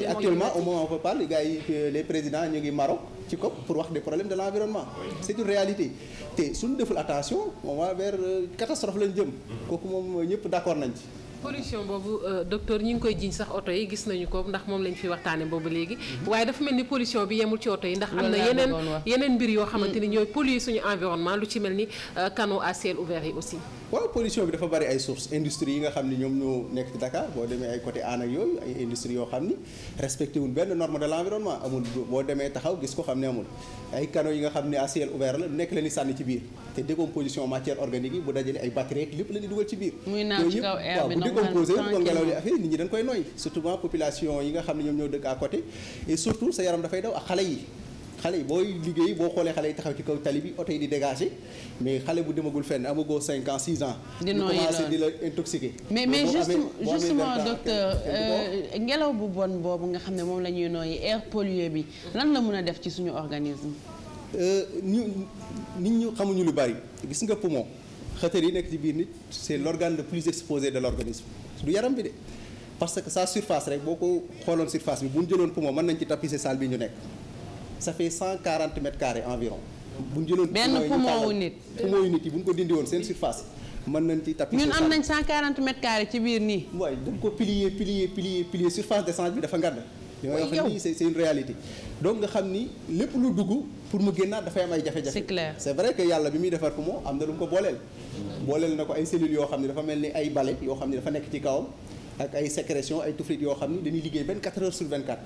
te au moment où on peut parler gars yi les présidents ñu ngi Maroc ci COP pour wax des problèmes de l'environnement c'est une réalité te suñu deful attention on va vers euh, lañ jëm kooku moom ñëpp d'accord nañ ci pollution boobu euh, docteur ñu ngi koy jiñ sax oto yi gis nañu ko ndax moom lañ fi waxtaane boobu léegi mhm. waaye dafa mel ni pollution bi yemul ci oto yi ndax am na yeneen yeneen mbir yoo xamante ni mm. ñooy polluer suñu environnement lu ci mel ni euh, canaux à ciel ouvert yi aussi waaw pollution bi dafa bari ay sources industrie yi nga xam ni ñoom ñoo nekk ci Dakar boo demee ay côté aan ak yooyu ay industrie yoo xam ni respecté wul benn norme de l'environnement amul boo demee taxaw gis ko xam ne amul ay canaux yi nga xam ne à ciel nekk la ñuy sànni ci biir te décomposition matière organique yi bu dajale ay batterie ak lépp la ñuy dugal ci biir yooyu yëpp waaw bu décomposé ba ngelaw li affaire nit ñi dañ koy nooy surtout population yi nga xam ne ñoom ñoo dëkk à côté et surtout sa yaram dafay daw ak xale yi xale yi booy liggéey boo xoolee xale yi taxaw ci kaw tali bi oto yi di dégagé mais xale bu demagul fenn amagoo 5 ans 6 ans. di nooyi loolu commencé di la intoxiqué. mais mais juste justement docteur euh, ngelaw bu bon boobu nga xam ne moom la ñuy nooyi air polier bi lan la mën a def ci suñu organisme. Euh, ñu nit ñu xamuñu lu bari gis nga poumon xëtër yi nekk ci biir nit c' est l' organe le plus exposé de l' organisme du yaram bi de. parce que sa surface rek boo ko xooloon surface bi bu ñu jëloon poumon nañ ci tapisser salle bi ñu nekk. ça fait cent quarante mètres carrés environ. bu ñu jëloon benn poumon wu yi bu ko dindi woon seen surface. mën nañ ci tapis ñun am nañ cent quarante mètres carrés ci biir nii. waaye dañ ko plier bi dafa ngàdd. li may wax nii réalité. donc nga xam ni lépp lu dugg pour mu génnaat dafay am ay jafe-jafe. c'est clair que yàlla bi muy defar poumon am na lu mu ko booleel. booleel na ko ay cellules yoo xam ne dafa mel ni ay bale yoo xam ne dafa nekk ci kawam. ak ay sécrétion ay tuflit yoo xam ni dañuy liggéey 24 heures sur 24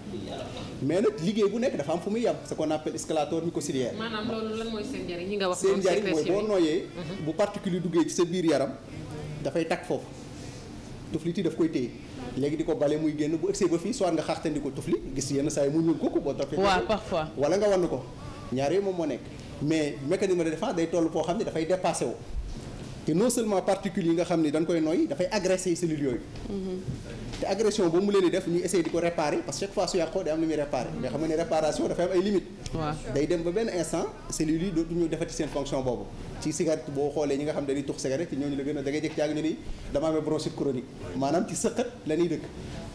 mais nag liggéey bu nekk dafa am fu muy yam ce qu'on appelle escalator mucociliaire. maanaam mooy seen njariñ ñi nga wax. mooy boo nooyee. Mhm. bu particules duggee ci sa biir yaram dafay takk foofu tuflit yi daf koy téye. léegi di ko bale muy génn bu ëgsee ba fii soit nga xaxtandi ko tufli gis yenn saa yi mu ñuul kooku boo toppee. waaw parfois wala nga wann ko ñaar yooyu moom moo nekk mais mécanisme de day toll foo xam ne dafay dépassé wu. te non seulement particules yi nga xam ni dañ koy noyyi dafay agressé cellules yooyu. Mhm. te agression boobu mu leen di def ñu essayé di ko réparer parce que chaque fois su yàqoo day am lu muy réparer. mais xam nga ne réparation dafay am ay limites. waaw day dem ba benn instant cellules yi dootuñu defati seen fonction boobu. ci cigarette boo xoolee ñi nga xam dañuy tux cigarette ci ñooñu la gën a da ngay ñu ni dama amee bronchite chronique maanaam ci sëqat la dëkk.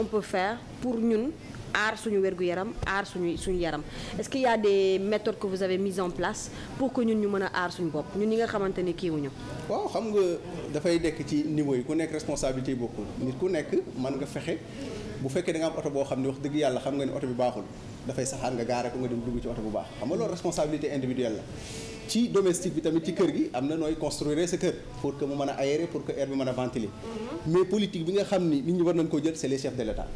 on peut faire pour ñun aar suñu wergu yaram aar suñu suñu yaram est-ce qu'il y a des méthodes que vous avez mises en place pour que ñun ñu mën a aar suñu bopp ñun ñi nga xamante ni kiiwuñu waaw xam nga dafay dekk ci niveau yi ku nekk responsabilité yi bokkul nit ku nekk mën nga fexe bu fekkee da nga am oto boo xam ne wax dëgg yàlla xam nga ne oto bi baaxul dafay saxaar nga gaare ko nga dem dugg ci oto bu baax xam nga loolu responsabilité individuelle la ci domestique bi tamit ci kër gi am na nooy construire sa kër pour que mu mën a aérer pour que air bi mën a ventiler mhm. mais politique bi nga xam ni nit ñi war nañ koo jël c'est les de l'État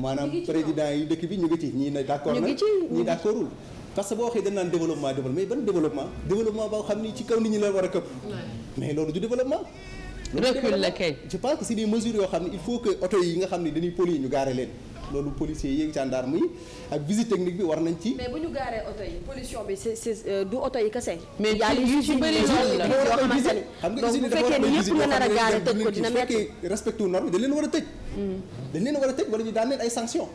maanaam président yi dëkk bi ñu ngi ci ñii ne d'accord na ñii d'accordul parce boo waxee dañ développement développement boo xam ni ci kaw nit ñi la war a këpp mais loolu du développement recul la kay je pense que c'est yoo xam ne il faut que oto yi nga xam loolu policiers yi gendarme yi ak visite technique bi war nañ ci. mais bu ñu gaaree oto yi pollution bi c'est c'est euh, du oto yi kese. a nga usine dafa war a visite boo xam ne fekkee respecté wu leen war a tëj. Hmm. dañ leen war a tëj wala ñu daan leen ay sanctions.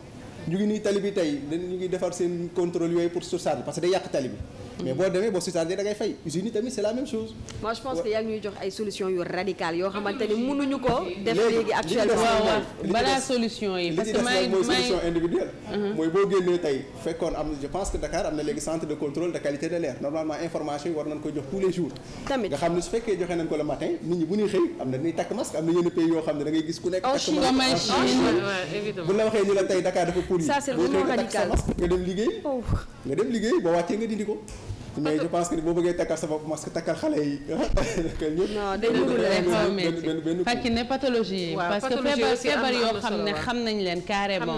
ñu ngi nii tali bi tey dañ ñu ngi defar seen contrôle yooyu pour surcharge parce que day yàq tali bi mais boo demee boo sitandee da ngay fay usines tamit c'est la même chose moi je pense que yaa ñuy jox ay solution yu radicales yoo xamante ni mënuñu ko def léegi actuellement balaa solution yi parce que may mhm. boo génnee tey fekkoon am je pense que Dakar am na léegi centre de contrôle de qualité de l'air normalement information yi war nañ koy jox tous les jours nga xam ne su fekkee joxe nañ ko le matin nit ñi bu ñuy xëy am na ñuy takk masque am na yenn pays yoo xam ne da gis ku nekk takk ko mais je pense que boo bëggee takkal sa bopp masque takkal xale yi. non day dugg rek xaw metti fekk parce que feebar yoo xam ne xam nañ leen carrément.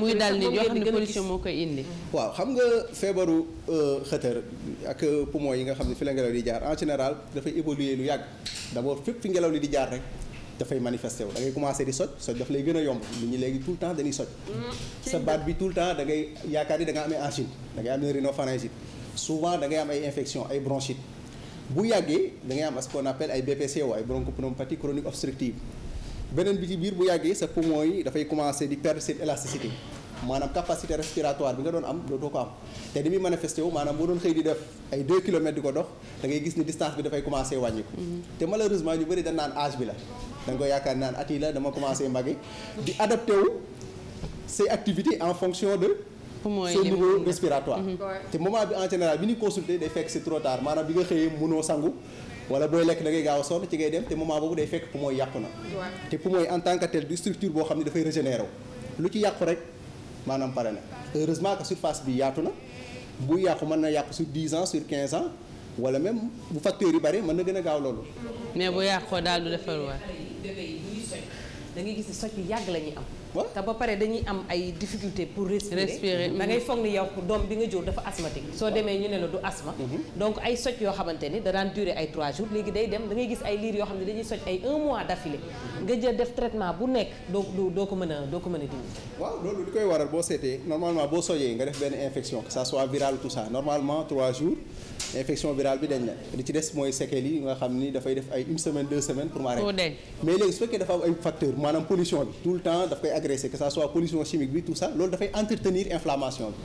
muy dal nit yoo xam ne pollution moo koy indi. waaw xam nga feebaru euh, xëtër ak euh, poumon yi nga xam ne fi la ngelaw di jaar en général dafay évoluer lu yàgg d'abord fépp fi ngelaw li di jaar rek. dafay manifesté wu da ngay commencé di soj soj daf lay gën a yomb nit ñi léegi tout le temps dañuy soj. Mm, sa baat bi tout temps da ngay yaakaar ni danga nga amee angine da amee rhinopharyngite souvent da ngay am ay infection ay bronchite bu yàggee da ngay am ce qu'on appelle ay BPCO ay bronchopneumopathie chronique obstructive beneen bi ci biir bu yàggee sa poumon yi dafay commencer di per cette élasticité maanaam capacité respiratoire bi nga doon am dootoo ko am te ni muy manifesté wu maanaam boo doon xëy di def ay 2 kilomètres di ko dox da gis ni distance bi dafay commencer wàññiku mm-hmm. te malheureusement ñu bëri dañ naan âge bi la da yaakaar naan at yi la dama commencer màgge di adapté wu ses activités en fonction de seen niveau respiratoire mhm. te moment bi en général bi ñuy consulter day fekk c'est trop tard maanaam bi nga xëyee mënoo sangu wala booy lekk da gaaw a sonn ci ngay dem te moment boobu day fekk poumon yi yàqu na te poumon yi en tant que tel du structure boo xam ne dafay régénérer lu ci yàqu rek maanaam pare na heureusement que surface bi yaatu na bu yàqu mën na yàqu sur 10 ans sur 15 ans wala même bu facteurs yi bari mën na gën a gaaw loolu mais bu yàqoo daal da ngay gis ne socc yu yàgg la ñuy am. te ba pare dañuy am ay difficulté pour respirer. da ngay mm. foog ni yow doom bi nga jur dafa asthmatique. soo demee ñu ne la du asthme. Mm-hmm. donc ay socc yoo xamante ni da daan durer ay trois jours léegi day dem dangay ngay gis ay liir yoo xam ne dañuy socc ay 1 mois d'affilée. Mm-hmm. nga jël def traitement bu nekk doo doo ko mën a doo ko mën a dimbali. waaw loolu li koy waral boo seetee normalement boo sojee nga def benn infection que ça soit virale tout ça normalement infection virale bi dañ na li ci des mooy séquelles nga xam ni dafay def ay une semaine deux semaines pour mu arrêter mais léegi su fekkee dafa am ay facteur maanaam pollution bi tout le temps daf koy agresser que ça soit pollution chimique bi tout ça loolu dafay entretenir inflammation bi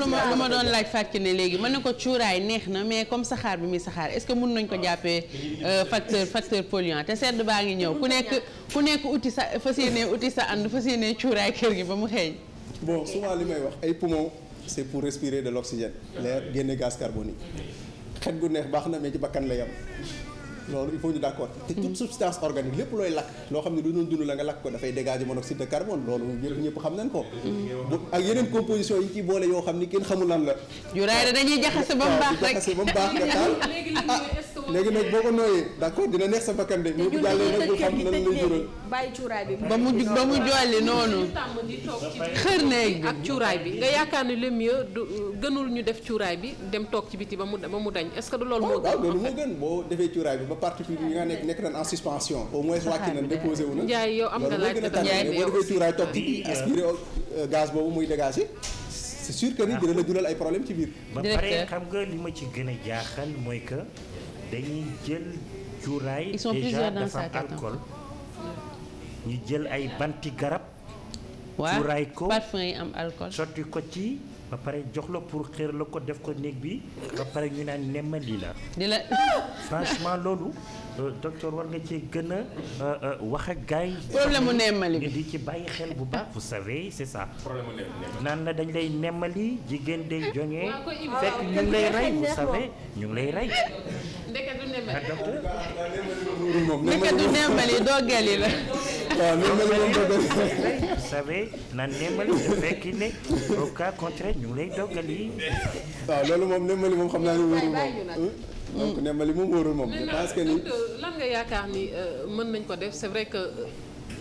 lu ma lu ma doon laaj fàcc ne léegi mën na ko cuuraay neex na mais comme saxaar bi muy saxaar est-ce que mën nañ ko jàppee euh, facteur facteur polluant te sedd baa ngi ñëw ku nekk ku nekk uti sa fas yéenee uti sa ànd fas yéenee cuuraay kër gi ba mu xeeñ bon souvent li may wax ay poumon c'est pour respirer de l'oxygène l'air génne gaz carbonique xet gu neex baax na mais ci bakkan la yam loolu il faut ñu d'accord te toute substance lépp looy lakk loo xam ne du doon dund la nga lakk ko dafay dégager monoxyde de carbone loolu ñëpp ñëpp xam nañ ko ak yeneen composition yi ci boole yoo xam ni kenn xamul lan la yu raay dañuy jaxase ba mu ah, boo ko nooyee d'accord dina neex sa bakkan de mais bi ba mu ba mu jolli noonu xër neeg ak cuuraay bi nga yaakaar ne le mieux gënul ñu def cuuraay bi dem toog ci biti ba mu ba mu dañ est-ce que du loolu oh, moo gën boo defee cuuraay bi ba particulier yi nga nekk nekk nañ en suspension au moins wàcc nañ déposé wu na Ndiaye yow am nga laaj boo defee tuuraay toog ci aspiré euh, gaz boobu muy dégagé que ni dina la jural ay problème ci pare xam nga li ci gën a jaaxal mooy que dañuy jël cuuraay déjà dafa ñu jël ay banti garab cuuraay ko parfum yi am alcool sotti ko ci ba pare jox la pour xër la ko def ko néeg bi ba pare ñu naan nemmandi la. di la franchement loolu. Euh, docteur war nga ci gën a euh, euh, wax ak gars problème mu nemmali bi di ci bàyyi xel bu baax. vous savez c'est ça. problème naan la dañ lay nemmali jigéen day joŋee. fekk ñu ngi lay rey vous savez ñu lay rey. ndeket du nemmali. ah la. waaw léeg vous na naan Némali fekk ne au cas contraire ñu lay dogal waaw loolu moom Némali moom xam naa ne wóorul moom. Hmm? donc Némali moom wóorul moom. je pense que ni lan nga yaakaar ni euh, mën nañ ko def c'est vrai que. Euh,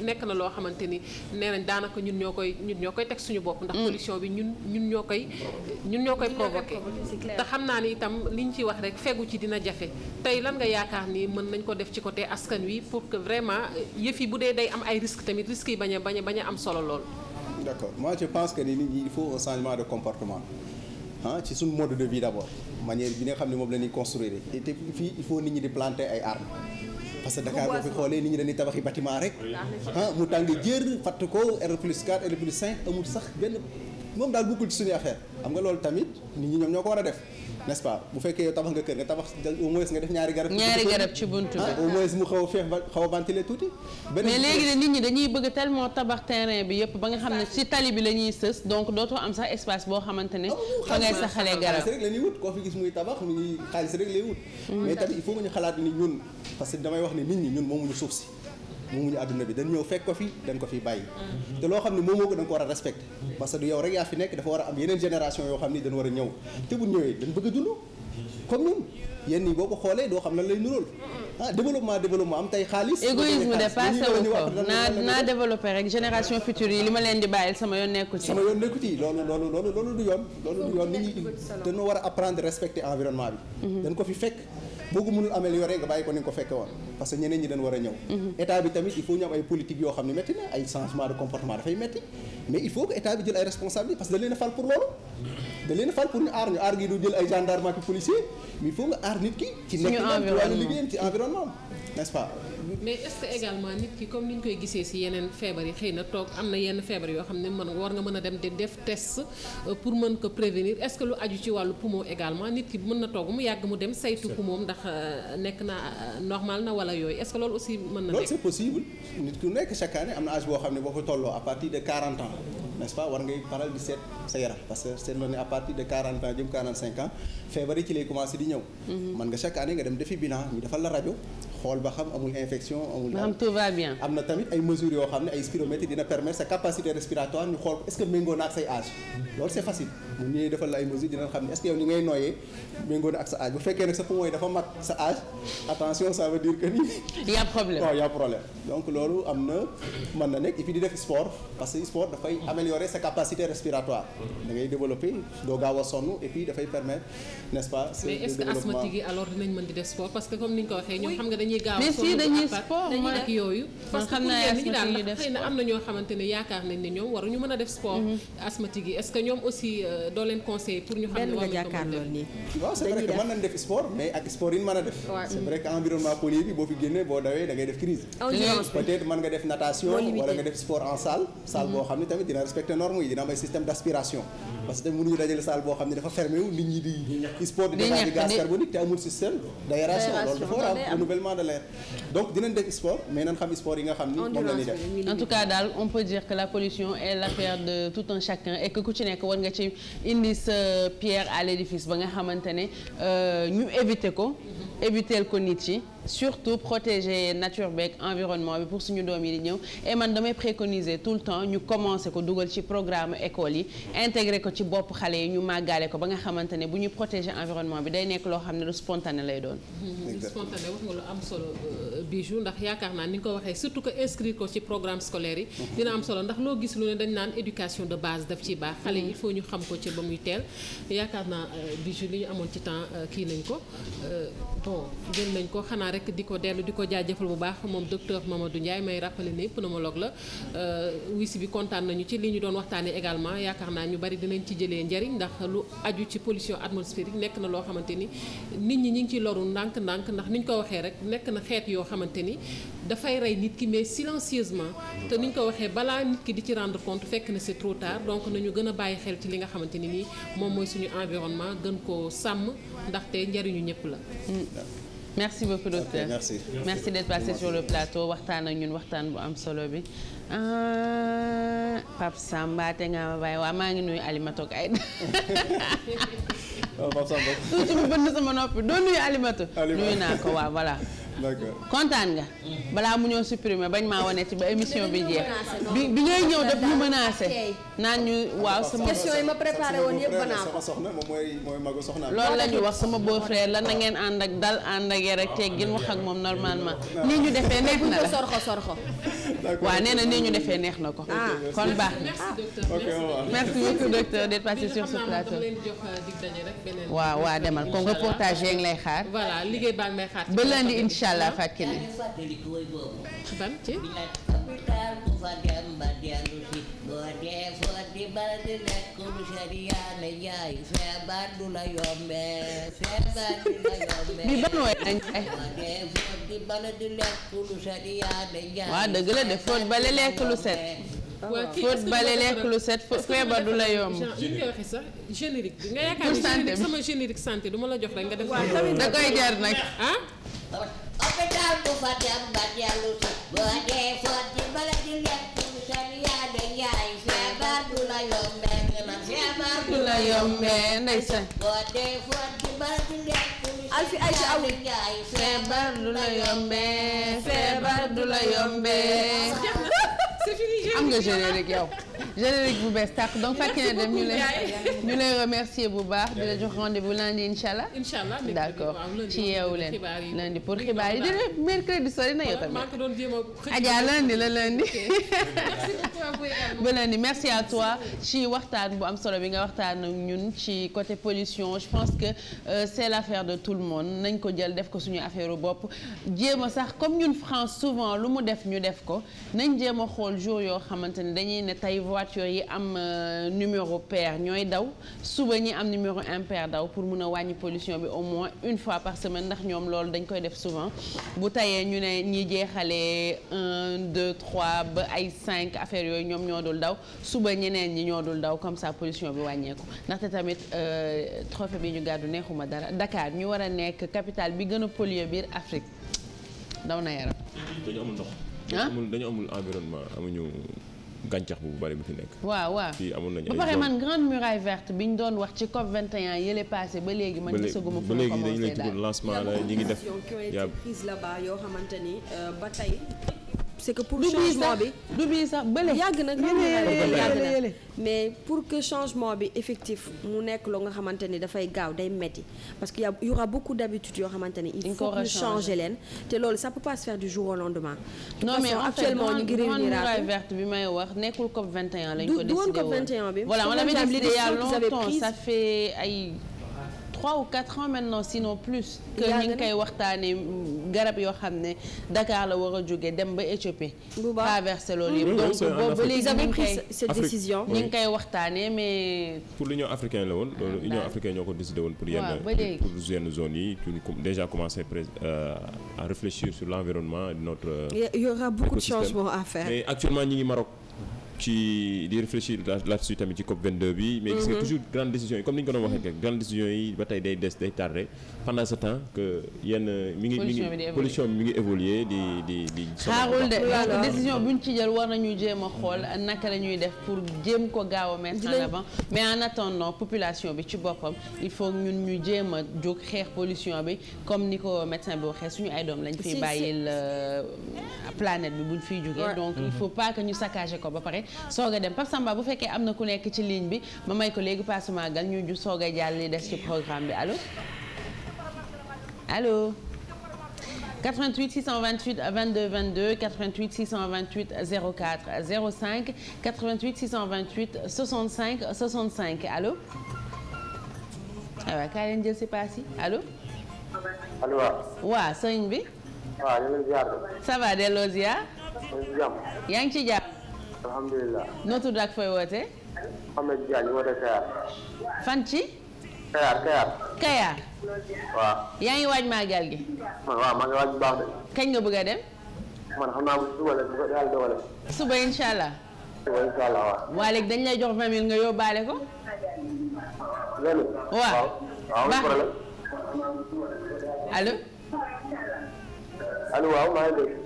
nekk na loo xamante ni nee nañ daanaka ñun ñoo koy ñun ñoo koy teg suñu bopp. ndax mm. pollution bi ñun ñun ñoo koy. ñun ñoo koy provoqué te xam naa ni itam liñ ci wax rek fegu ci dina jafe tey lan nga yaakaar ni mën nañ ko def ci côté askan wi pour que vraiment yëf yi bu dee day am ay risques tamit risques yi bañ a bañ bañ am solo lool. d'accord moi je pense que ni nit ñi il faut un changement de comportement ah, ci suñu mode de vie d'abord manière bi nga xam ne moom la ñuy construire te fii il faut nit ñi di ay arbres. parce que Dakar boo fi xoolee nit ñi dañuy tabaxi bâtiment rek ah mu tàng jër fatt ko R plus 4 R plus 5 amul sax benn moom daal bokkul ci suñu affaire xam nga loolu tamit nit ñi ñoom ñoo ko war a def nest bu fekkee tabax nga kër nga tabax au moins nga def ñaari garab. ñaari garab ci buntu bi ah, au moins xaw a feex xaw a ventiler mais léegi de nit ñi dañuy bëgg tellement tabax terrain bi yëpp ba nga xam ne ci tali bi la ñuy sës donc dootoo am sax espace boo xamante ne. Ah, fa ngay saxalee garab xaalis rek wut koo fi gis muy tabax mu ngi xaalis rek lay wut. Mm. mais tamit il ñu xalaat ni ñun parce que damay wax ne nit ñi ñun moomuñu suuf si moomuñu àdduna bi dañ ñëw fekk ko fi dañ ko fi bàyyi te loo xam ne moo ko da nga ko war a respecté parce que du yow rek yaa fi nekk dafa war a am yeneen génération yoo xam ni a ñëw te ko xoolee doo xam lan lay nuróol ah développement développement am tey xaalis. égoïsme de passé wu ko naa yi li ma leen di bàyyil sama yoon nekku ci. sama yoon nekku ci loolu loolu loolu loolu du yoon. bi. Mhm. dañ ko fi fekk. boo ko mënul améliorer nga bàyyi ko ni nga ko fekke woon parce ñeneen ñi dañ war a ñëw mhm. état bi tamit il faut ñu am ay politique yoo xam ne métti na ay changement de comportement dafay métti mais il faut que état bi jël ay responsabilité parce que da leen a fal pour loolu da leen fal pour ñu aar ñu aar gi du jël ay gendarme ak policier mais il faut nga aar nit ki ci nekk comme ni ñu koy gisee si yeneen feebar xëy na toog am na yenn feebar yoo xam ne mën war mën dem di def test euh, pour mën ko prévenir est ci wàllu poumon également nit mën na toog mu yàgg mu dem saytu poumon ndax euh, nekk na euh, normal na wala yooyu est-ce que loolu aussi mën na nekk loolu c'est possible nit ku nekk chaque année am na âge boo xam ne boo ko tolloo à de 40 ans n'est-ce pas war ngay faral di seet sa yaram parce que seet loolu ne à partir de 40 ans jëm 45 ans feebar yi ci lay commencé di ñëw mhm. mën nga chaque année nga dem defi bilan ñu defal la rajo xool ba xam amul infection amul na tamit ay mesures yoo xam ne ay spirométrie dafa mat sa âge attention ça veut dire que ni a problème donc loolu am na mën na nekk et di def sport parce que sport dafay améliorer sa capacité respiratoire. da ngay doo gaaw a sonn et puis dafay permettre n'est-ce ce que asthmatique yi alors dinañ mën di def sport parce que comme ni ñu ko waxee. ñoom xam nga dañuy gaaw a sonn dañuy def sport. Mhm. asthmatique yi est ñoom aussi euh, doo leen conseiller pour ñu xam ne war nañu ko mën a def waaw c'est mën nañ def sport mais ak sport yi ñu mën a def. c'est vrai environnement pollué bi boo fi génnee boo dawee da def crise ah tamit dina respecter normes yi dina am ay système d' aspiration mm-hmm. parce que tamit mënuñu dajale salle boo xam ne dafa fermé wu di sport di defar di gaz carbonique te amul système d' aération loolu dafa war a am renouvellement def sport mais nañ xam sport yi nga xam ni moom la ñuy def en tout cas daal on peut dire que la pollution est l' affaire de tout un chacun et que ku ci nekk war nga ci indi sa pierre à l' ba nga xamante ne euh, ñu éviter ko mm-hmm. éviter ko nit yi surtout protéger nature beeg environnement bi pour suñu doom yi di ñëw et man damay préconiser tout le temps ñu commencer ko dugal ci programme école yi intégrer ko ci bopp xale yi ñu màggaale ko ba nga xamante ne bu ñuy protéger environnement bi day nekk loo xam ne lu spontané lay am solo euh, bijou ndax yaakaar naa ni nga ko waxee surtout que inscrire ko ci programme scolaire yi. Mhm. dina am solo ndax loo gis lu ne dañ naan éducation de base def ci baax. xale yi il ñu xam ko ci ba muy teel yaakaar naa euh, bijou li ñu amoon ci temps euh, kii nañ ko bon nañ ko xanaa rek nag di ko dellu di ko jaajëfal bu baax moom docteur du Ndiaye may rappelé ne pneumologue la euh, wis bi kontaan nañu ci li ñu doon waxtaanee également yaakaar naa ñu bari dinañ ci jëlee njariñ ndax lu aju ci pollution atmosphérique nekk na loo xamante ni nit ñi ñi ngi ci loru ndànk-ndànk ndax ni ñu ko waxee rek nekk na xeet yoo xamante ni dafay rey nit ki mais silencieusement te ni ko waxee balaa nit ki di ci rendre compte fekk na c'est trop tard donc nañu gën a bàyyi xel ci li nga xamante ni nii moom mooy suñu environnement gën koo sàmm ndaxte njariñu ñëpp la merci beaucoup docteur merci merci d'être passé sur le plateau waxtaan ak ñun waxtaan bu am solo bi ah, Pape Samba nga ma bàyyi waaw maa ngi nuyu Alimatou ak Aïda Pape Samba tuuti bu bënn sama noppi doo nuyu Alimatou nuyu naa ko waaw voilà kontaan nga balaa mu ñëw supprimer bañ maa wane ci ba émission bi jeex bi bi ngay ñëw daf ñu menacé naan ñu waaw sama question yi ma préparé woon yëpp ba naa ko loolu la ñu wax sama beau frère ngeen ànd ak dal ànd ak yar teggin wax ak moom normalement nii ñu defee neex na la sorxo na nii ñu defee neex na ko ah. kon baax ah. merci beaucoup docteur d'être passé sur ce plateau euh, waaw demal kon reportage yaa ngi lay xaar ba lundi incha incha allah fàkki li ban ci bi ban woy nañ ay waaw dëgg la de fóot bale lekk lu set fóot bale lekk lu set feebar du la yomb li nga waxee sax générique bi nga yaakaar ni sama générique santé du ma la jox rek nga def da koy jar nag ah? a bu a ba dellu si boo dee fotti bala di lekk sa yaada yaay feebar du la yombee man feebar du la yombee ndeysaan boo alfi ayca awul feebar du la yombee feebar du la yombee. c'est fini am nga générique yow générique bu bees tàq donc fàkk na dem ñu lay ñu lay remercier bu baax di la jox rendez-vous lundi incha allah. incha allah d'accord ci yeewu leen lundi pour xibaar yi dina mercredi sori la lundi. ba merci à toi ci waxtaan bu am solo bi nga waxtaan ñun ci côté pollution je pense que euh, c'est l'affaire de tout le monde nañ ko jël def ko suñu affaire bopp jéem a sax comme ñun France souvent lu mu def ñu def ko nañ jéem a xool jour yoo xamante ne dañuy ne tey voiture yi am euh, numéro pair ñooy daw suba ñi am numéro impair daw pour mun a wàññi pollution bi au moins une fois par semaine ndax ñoom loolu dañ koy def souvent bu tayee ñu ne ñi jeexale un deux trois ba ay cinq affaires yooyu ñoom ñoo dul daw suba ñeneen ñi ñoo dul daw comme ça polition bi wàññeeku ndaxte tamit euh, trophée bi nekk capital bi gën a pollué biir Afrique daw na yaram. dañu amul ndox. Ah? dañu amul environnement amuñu gàncax bu bari bu fi nekk. waaw waa fii amoon nañu ay ba pare man bi ñu doon wax ci COP 21 yële passé ba léegi. man gisaguma fu léegi dañu lay tudd lancement la ñu ngi def. y' a yoo xamante ni euh, ba tey c'est que pour changement bi du bii sax bële yàgg na yàgg na mais pour que changement bi effectif mu nekk loo nga xamante ni dafay gaaw day metti parce que y a y aura beaucoup d'habitudes yoo xamante ni il faut ñu change leen te loolu ça peut pas se faire du jour au lendemain non mais actuellement ñu ngi réunir bi may wax nekkul COP 21 lañ ko bi voilà on l'avait décidé il y a ay trois ou quatre ans maintenant sinon plus. que ñu ngi koy waxtaanee garab yoo xam ne dakaar la war a jóge dem ba Éthiopie. bu baax traversé loolu mm-hmm. yëpp. donc boobu ba léegi ñu ngi koy cette décision. ñu waxtaanee mais. pour l'union africaine la woon loolu ah, union africaine ñoo ko décidé woon. pour yenn pour yenn zones yi pour déjà commencer euh, à réfléchir sur l'environnement notre. Euh, il y mais actuellement ñu ngi Maroc. ci di réfléchir là-dessus tamit ci COP 22 bi. mais gis nga mhm. toujours grande décision yi comme ni ñu ko doon waxee rek grande décision yi ba tey day des day tardé pendant ce temps que yenn mi ngi mi ngi pollution bi di di di. xaarul de décision bu ñu ci jël war nañu jéem a xool naka la ñuy def pour jéem ko gaaw a mettre en avant mais en attendant population bi ci boppam il faut ñun ñu jéem a jóg xeex polition bi comme ni ko médecin bi waxee suñu ay doom lañ fiy bàyyil euh, planète bi buñ fiy jógee donc il ko ba pare soog a dem Pape Samba bu fekkee am na ku nekk ci ligne bi ma may ko léegi passe màggal ñu ju soog a jàll li des ci programme bi allo allo 88 628 22 22 88 628 04 05 88 628 65 65 allo. waaw kaa leen jël si paas yi allo. allo waaw. waaw sëñ bi. waaw ñu ngi ziar. ça va delloo ziar. yaa ngi ci alhamdulilah. noo tudd fooy wootee. Mohamed Diagne woote Kayar. fan ci. Kayar Kayar. Kayar. waaw. yaa ngi waaj màggal gi. kañ nga bëgg dem. man xam suba la bu ko yàlla suba incha waa léegi dañ lay jox vingt mille nga yóbbaale ko. loolu. waaw waaw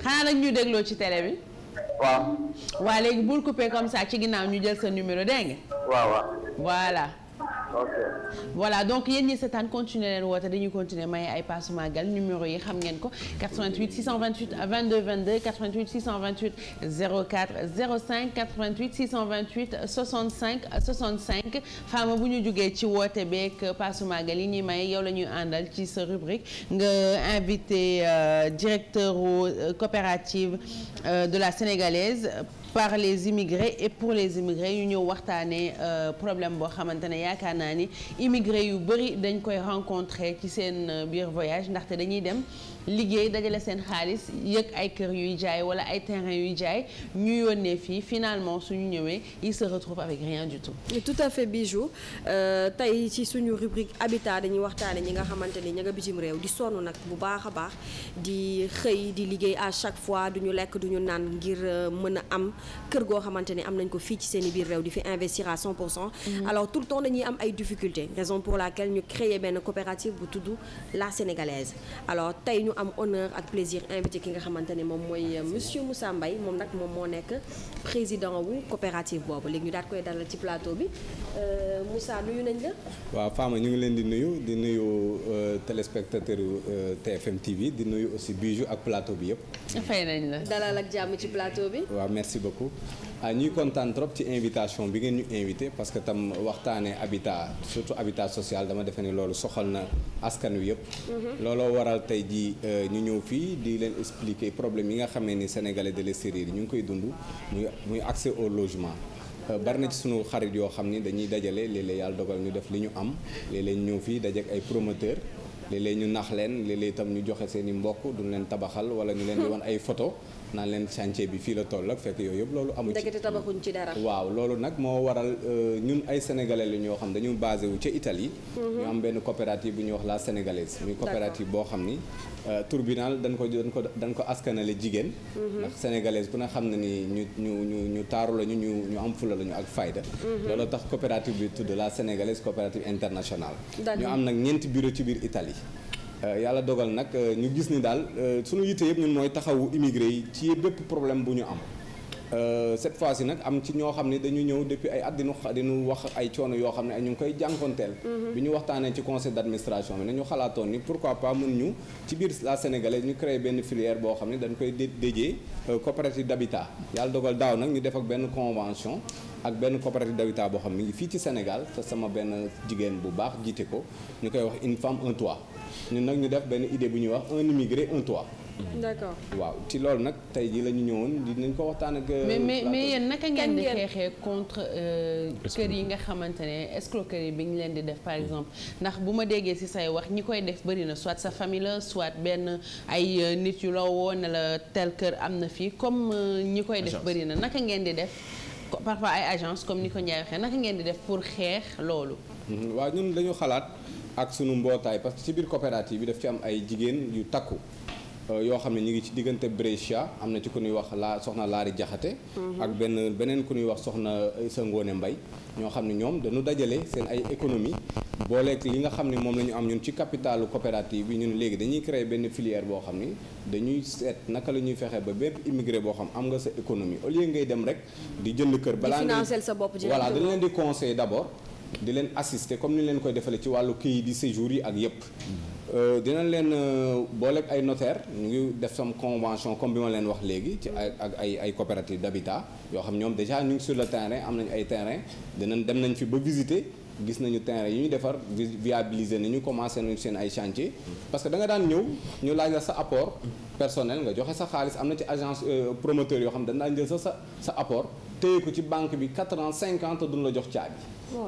xanaa nag ñu dégloo ci télé bi. waaw. waa léegi bul coupé comme ça ci ginnaaw ñu jël sa numéro dégg nga. waaw waaw. voilà. voilà donc yéen ñi seetaan continuer leen woote dañuy continuer maye ay passu màggal numéro yi xam ngeen ko 88 628 22 22 88 628 04 05 88 628 65 65 femme bu ñu jugee ci woote beeg passu màggal yi ñuy maye yow la ñuy àndal ci sa rubrique nga invité euh, directeur euh, coopérative euh, de la sénégalaise. par les immigrés et pour les immigrés yu ñëw waxtaanee euh, problème boo xamante ne yaakaar naa ni immigré yu bëri dañ koy rencontrer ci seen euh, biir voyage ndaxte dañuy dem liggéey dajale seen xaalis yëg ay kër yuy jaay wala ay terrain yuy jaay ñu yónnee fii finalement suñu ñëwee ils se retrouvent avec rien du tout. tout à fait Bijou euh, tey ci suñu rubrique habitat dañuy waxtaane ñi nga xamante ni ña nga bitim réew di sonn nag bu baax a baax di xëy di liggéey à chaque fois duñu lekk duñu naan ngir euh, mën a am kër goo xamante ni am nañ ko fii ci seen i biir réew di fi investir à 100 pour cent. Mhm. alors tout le temps dañuy am ay difficultés raison pour laquelle ñu créer benn coopérative bu tudd la sénégalaise am honneur ak plaisir invité ki nga xamante ne moom mooy euh, monsieur Moussa mbay moom nag moom moo nekk président wu coopérative boobu léegi ñu daal koy dalal ci plateau bi euh, Moussa nuyu nañ la. waaw Fama ñu ngi leen di nuyu di nuyu euh, téléspectateur TFM TV di nuyu aussi Bijou ak plateau bi yëpp. fay nañ la dalal ak jàmm ci plateau bi. waaw merci beaucoup. ah ñuy kontaan trop ci invitation bi ngeen ñu invité parce que tam waxtaanee habitat surtout habitat social dama defe ne loolu soxal na askan wi yëpp. Mhm. looloo waral tey jii euh, ñu ñëw fii di leen expliquer problème yi nga xamee ni sénégalais de l'extérieur yi ñu ngi koy dund muy muy accès au logement. Euh, bari na ci suñu xarit yoo xam ni dañuy dajale léeg yàlla dogal ñu def li ñu am léeg ñu ñëw fii dajeek ay promoteur léeg ñu nax leen léeg itam ñu joxe seen i mbokk duñ leen tabaxal wala ñu leen di ay photo naa leen chantier bi fii la toll ak fekk yooyu yëpp loolu amu ci ndekete tabaxuñ ci dara waaw loolu nag moo waral euh, ñun ay sénégalais la ñoo xam dañu basé wu ca Italie mhm. ñu am benn coopérative bu ñuy wax la sénégalaise muy coopérative boo xam ni euh, tur dañ ko dañ ko dañ ko askanale jigéen mhm. ndax sénégalaise ku ne xam na ni ñu ñu ñu ñu taaru la ñu ñu ñu am fula la ñu ak fayda mhm. loolu tax coopérative bi tudd la sénégalaise coopérative internationale ñu am nag ñeenti bureau ci biir Italie Euh, yàlla dogal nag euh, ñu gis ni daal euh, suñu yitte yëpp ñun mooy taxawu immigré yi ci bépp problème bu ñu am cette fois ci nag am ci ñoo xam ne dañu ñëw depuis ay at dinu dinu wax ay coono yoo xam ne ñu ngi koy jànkonteel mhm. bi ñu waxtaanee ci conseil d' administration bi ne ñu xalaatoon ni pourquoi pas mën ñu ci biir la sénégalaise ñu créé benn filière boo xam ne dañ koy déjee coopérative d' yàlla dogal daaw nag ñu def ak benn convention ak benn coopérative d'habitat boo xam ne mi ngi fii ci Sénégal sama benn jigéen bu baax jiite ko ñu koy wax une femme un toit ñun ñu def benn idée bu ñuy wax un immigré un toit. d'accord waaw ci loolu nag tey jii lañu ñu ñëwoon dinañ ko waxtaan ak. mais mais euh, mais yéen naka ngeen di xeexee contre. Euh, kër yi nga xamante ne escroquerie bi ñu leen di def par exemple ndax bu ma déggee ci say wax ñi koy def bari na soit sa famille soit benn ay euh, nit yu la woo ne la tel kër am na fii comme ñi koy def bari na naka ngeen di def parfois ay agence comme ni ko Ndiaye waxee naka ngeen di def pour xeex loolu. xalaat. ak sunu mbootaay parce que ci biir coopérative bi daf ci am ay jigéen yu takku euh, yoo xam ne ñu ngi ci diggante Brescia am na ci ku ñuy wax laa soxna Laari Jaxate mhm. ak benn beneen ku ñuy wax soxna sa Ngoone Mbay ñoo xam ne ñoom dañu dajale seen ay économie boo lekk yi nga xam ne moom la ñu am ñun ci capitalu coopérative bi ñu ne léegi dañuy créer benn filière boo xam ni dañuy seet naka la ñuy fexe ba bépp immigré boo xam am nga sa économie au lieu ngay dem rek di jënd kër balaa nga voilà dañ leen di conseil d'abord di leen assister comme ni leen koy defalee ci wàllu kii di séjour yi ak yépp euh, dinañ leen euh, booleeg ay notaire ñu ngi def sam convention comme bi ma leen wax léegi ci ak ay ay coopérative d'habitat yoo xam ñoom déjà ñu ngi sur le terrain am nañu ay terrain dinañ dem nañ fi ba visité gis nañu terrain yi ñuy defar viabiliser ñu commencé nañu seen ay chantier parce que da nga daan ñëw ñu laaj la sa apport personnel nga joxe sa xaalis am na ci agence euh, promoteur yoo xam dañ daan sa sa sa apport téye ko ci banque bi quatre ans cinq la jox caabi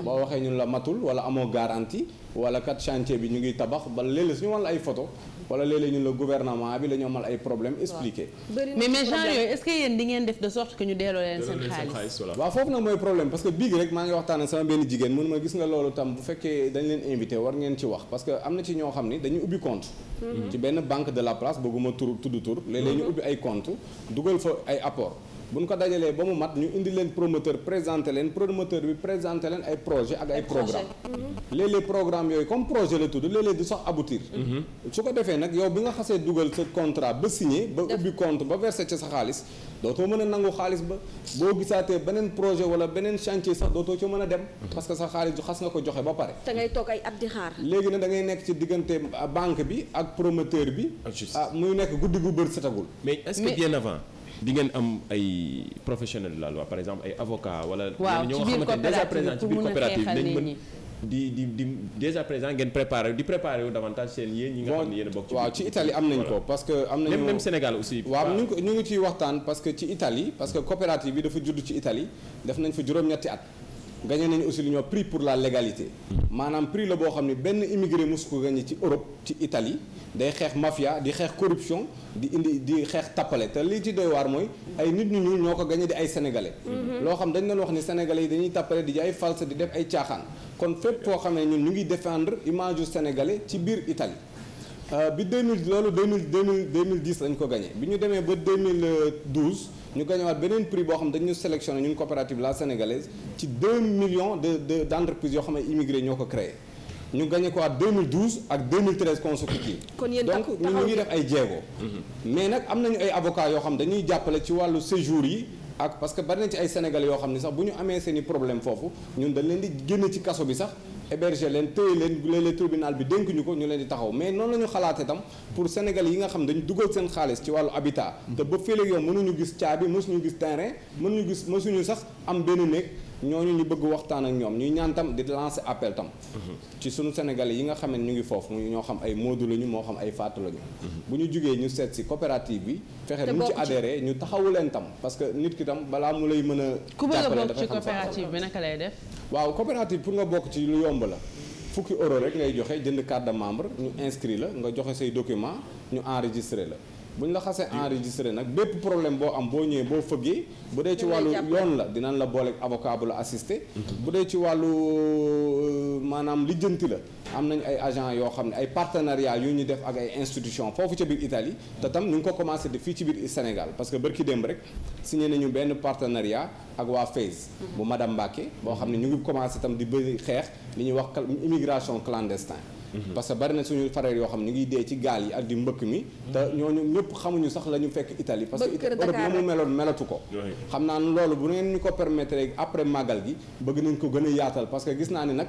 boo waxee ñun la matul wala amoo garantie wala kat chantier bi ñu ngi tabax ba léeg-léeg suñu wan la ay photo wala léeg-léeg ñun la gouvernement bi la ñu ay problème expliqué mais mais yooyu est-ce di ngeen def de sorte que ñu delloo leen seen xaalis waaw foofu nag mooy problème parce que bii rek maa ngi waxtaan sama benn jigéen mun ma gis nga loolu tam bu fekkee dañ leen invité war ngeen ci wax parce que am na ci ñoo xam ni dañuy ubbi compte mhm. ci benn banque de la place bëgguma tur tudd tur léeg ay compte dugal fa ay apport bu ñu ko dajalee ba mu mat ñu indi leen promoteur présenté leen promoteur bi présenté leen ay projet ak ay programme mhm. léeg-léeg programme yooyu comme projet la tudd léeg-léeg du sax aboutir mhm. su ko defee nag yow bi nga xasee dugal sa contrat ba signé ba ubbi compte ba versé ca sa xaalis dootoo mën a nangu xaalis ba boo gisaatee beneen projet wala beneen chantier sax dootoo ca mën a dem mhm. parce que sa xaalis du xas nga ko joxe ba pare te ngay toog ay at di xaar léegi nag da ngay nekk ci diggante banque bi ak promoteur bi ah muy nekk guddi gu bër setagul mais est-ce que bien avant di ngeen am ay professionnels de la loi par exemple ay avocats wala. waaw ñoo xamante ne déjà présent dañ mën di di di déjà présent ngeen préparé di préparé wu davantage seen yéen ñi nga xam ne yéen a bokk. ci waaw ci Italie am nañ ko parce que. am nañu même Sénégal aussi. waaw ñu ngi ñu ngi ciy waxtaan parce que ci Italie parce que coopérative bi dafa judd ci Italie def nañ fa juróom-ñetti at. gañe nañu aussi lu ñoo pris pour la légalité maanaam prix la boo xam ne benn immigré mosu ko gagné ci Europe ci Italie day xeex mafia di xeex corruption di indi di xeex tappale te lii ci doy waar mooy ay nit ñu ñuul ñoo ko gagné di ay sénégalais mhm. loo xam dañ doon wax ne sénégalais yi dañuy tappale di ay false di def ay caaxaan kon fépp foo xam ne ñun ñu ngi defendre image yu sénégalais ci biir Italie euh, bi 2000 loolu 2000 2010 lañ ko gagné bi ñu demee ba 2012 ñu gañewaat beneen prix boo xam dañu ñu ñun coopérative la sénégalaise ci 2 millions de de d' entreprises yoo xam ne immigré ñoo ko créé ñu gagné ko at 2012 ak 2013 consécutive kon yéen donc ñu ngi def ay jéego. Mm-hmm. mais nag am nañu ay avocats yoo xam dañuy jàppale ci wàllu séjour yi. ak parce que bari ci ay sénégal yoo xam ne sax bu ñu amee seen i problème foofu ñun dañ leen di génne ci kaso bi sax. héberger leen téye leen bu leen tribunal bi dénk ñu ko ñu leen di taxaw mais noonu lañu ñu xalaatee pour Sénégal yi nga xam dañu dugal seen xaalis ci wàllu habitat te ba fii léegi mënuñu gis caabi mësuñu gis terrain mënuñu gis mësuñu sax am benn néeg ñooñu ñu bëgg waxtaan ak ñoom ñuy ñaan tam di lancer appel tam. ci suñu sénégalais yi nga xam ne ñu ngi foofu ñoo xam ay Modou ñu moo xam ay Fatou lañu. bu ñu jugee ñu seet si coopérative bi. fexe nu mu ci adhéré ñu taxawu leen tam. parce que nit ki tam balaa mu lay mën a. ku bëgg a bokk ci coopérative bi naka lay def. waaw coopérative pour nga bokk ci lu yomb la. fukki euro rek ngay joxe jënd carte membre ñu inscrit la nga joxe say document ñu enregistré la. bu ñu la xasee enregistré nag bépp problème boo am boo ñëwee boo fëggee bu dee ci wàllu yoon la dinañ la booleeg avocat bu la mm-hmm. bu dee ci wàllu euh, maanaam lijjanti la am nañ ay agent yoo xam ne ay partenariat yu ñu def ak ay institution foofu ci biir Italie mm-hmm. te tam ñu ko commencé def fii ci biir Sénégal parce que bërki démb rek signé nañu benn partenariat ak waa FAISE mm-hmm. bu madame Mbacké boo xam ne ñu ngi commencé tam di bëri xeex li ñuy wax immigration clandestine Mhm. parce que bari na suñu frères yoo xam ñu ngi dee ci gaal yi ak di mbëkk mi mhm. te ñooñu ñëpp xamuñu sax la ñu fekk Italie parce que Europe na mu meloon melatu ko xam naa loolu bu ngeen ñu ko permetre après màggal gi bëgg nañ ko gën a yaatal parce que gis naa ne nag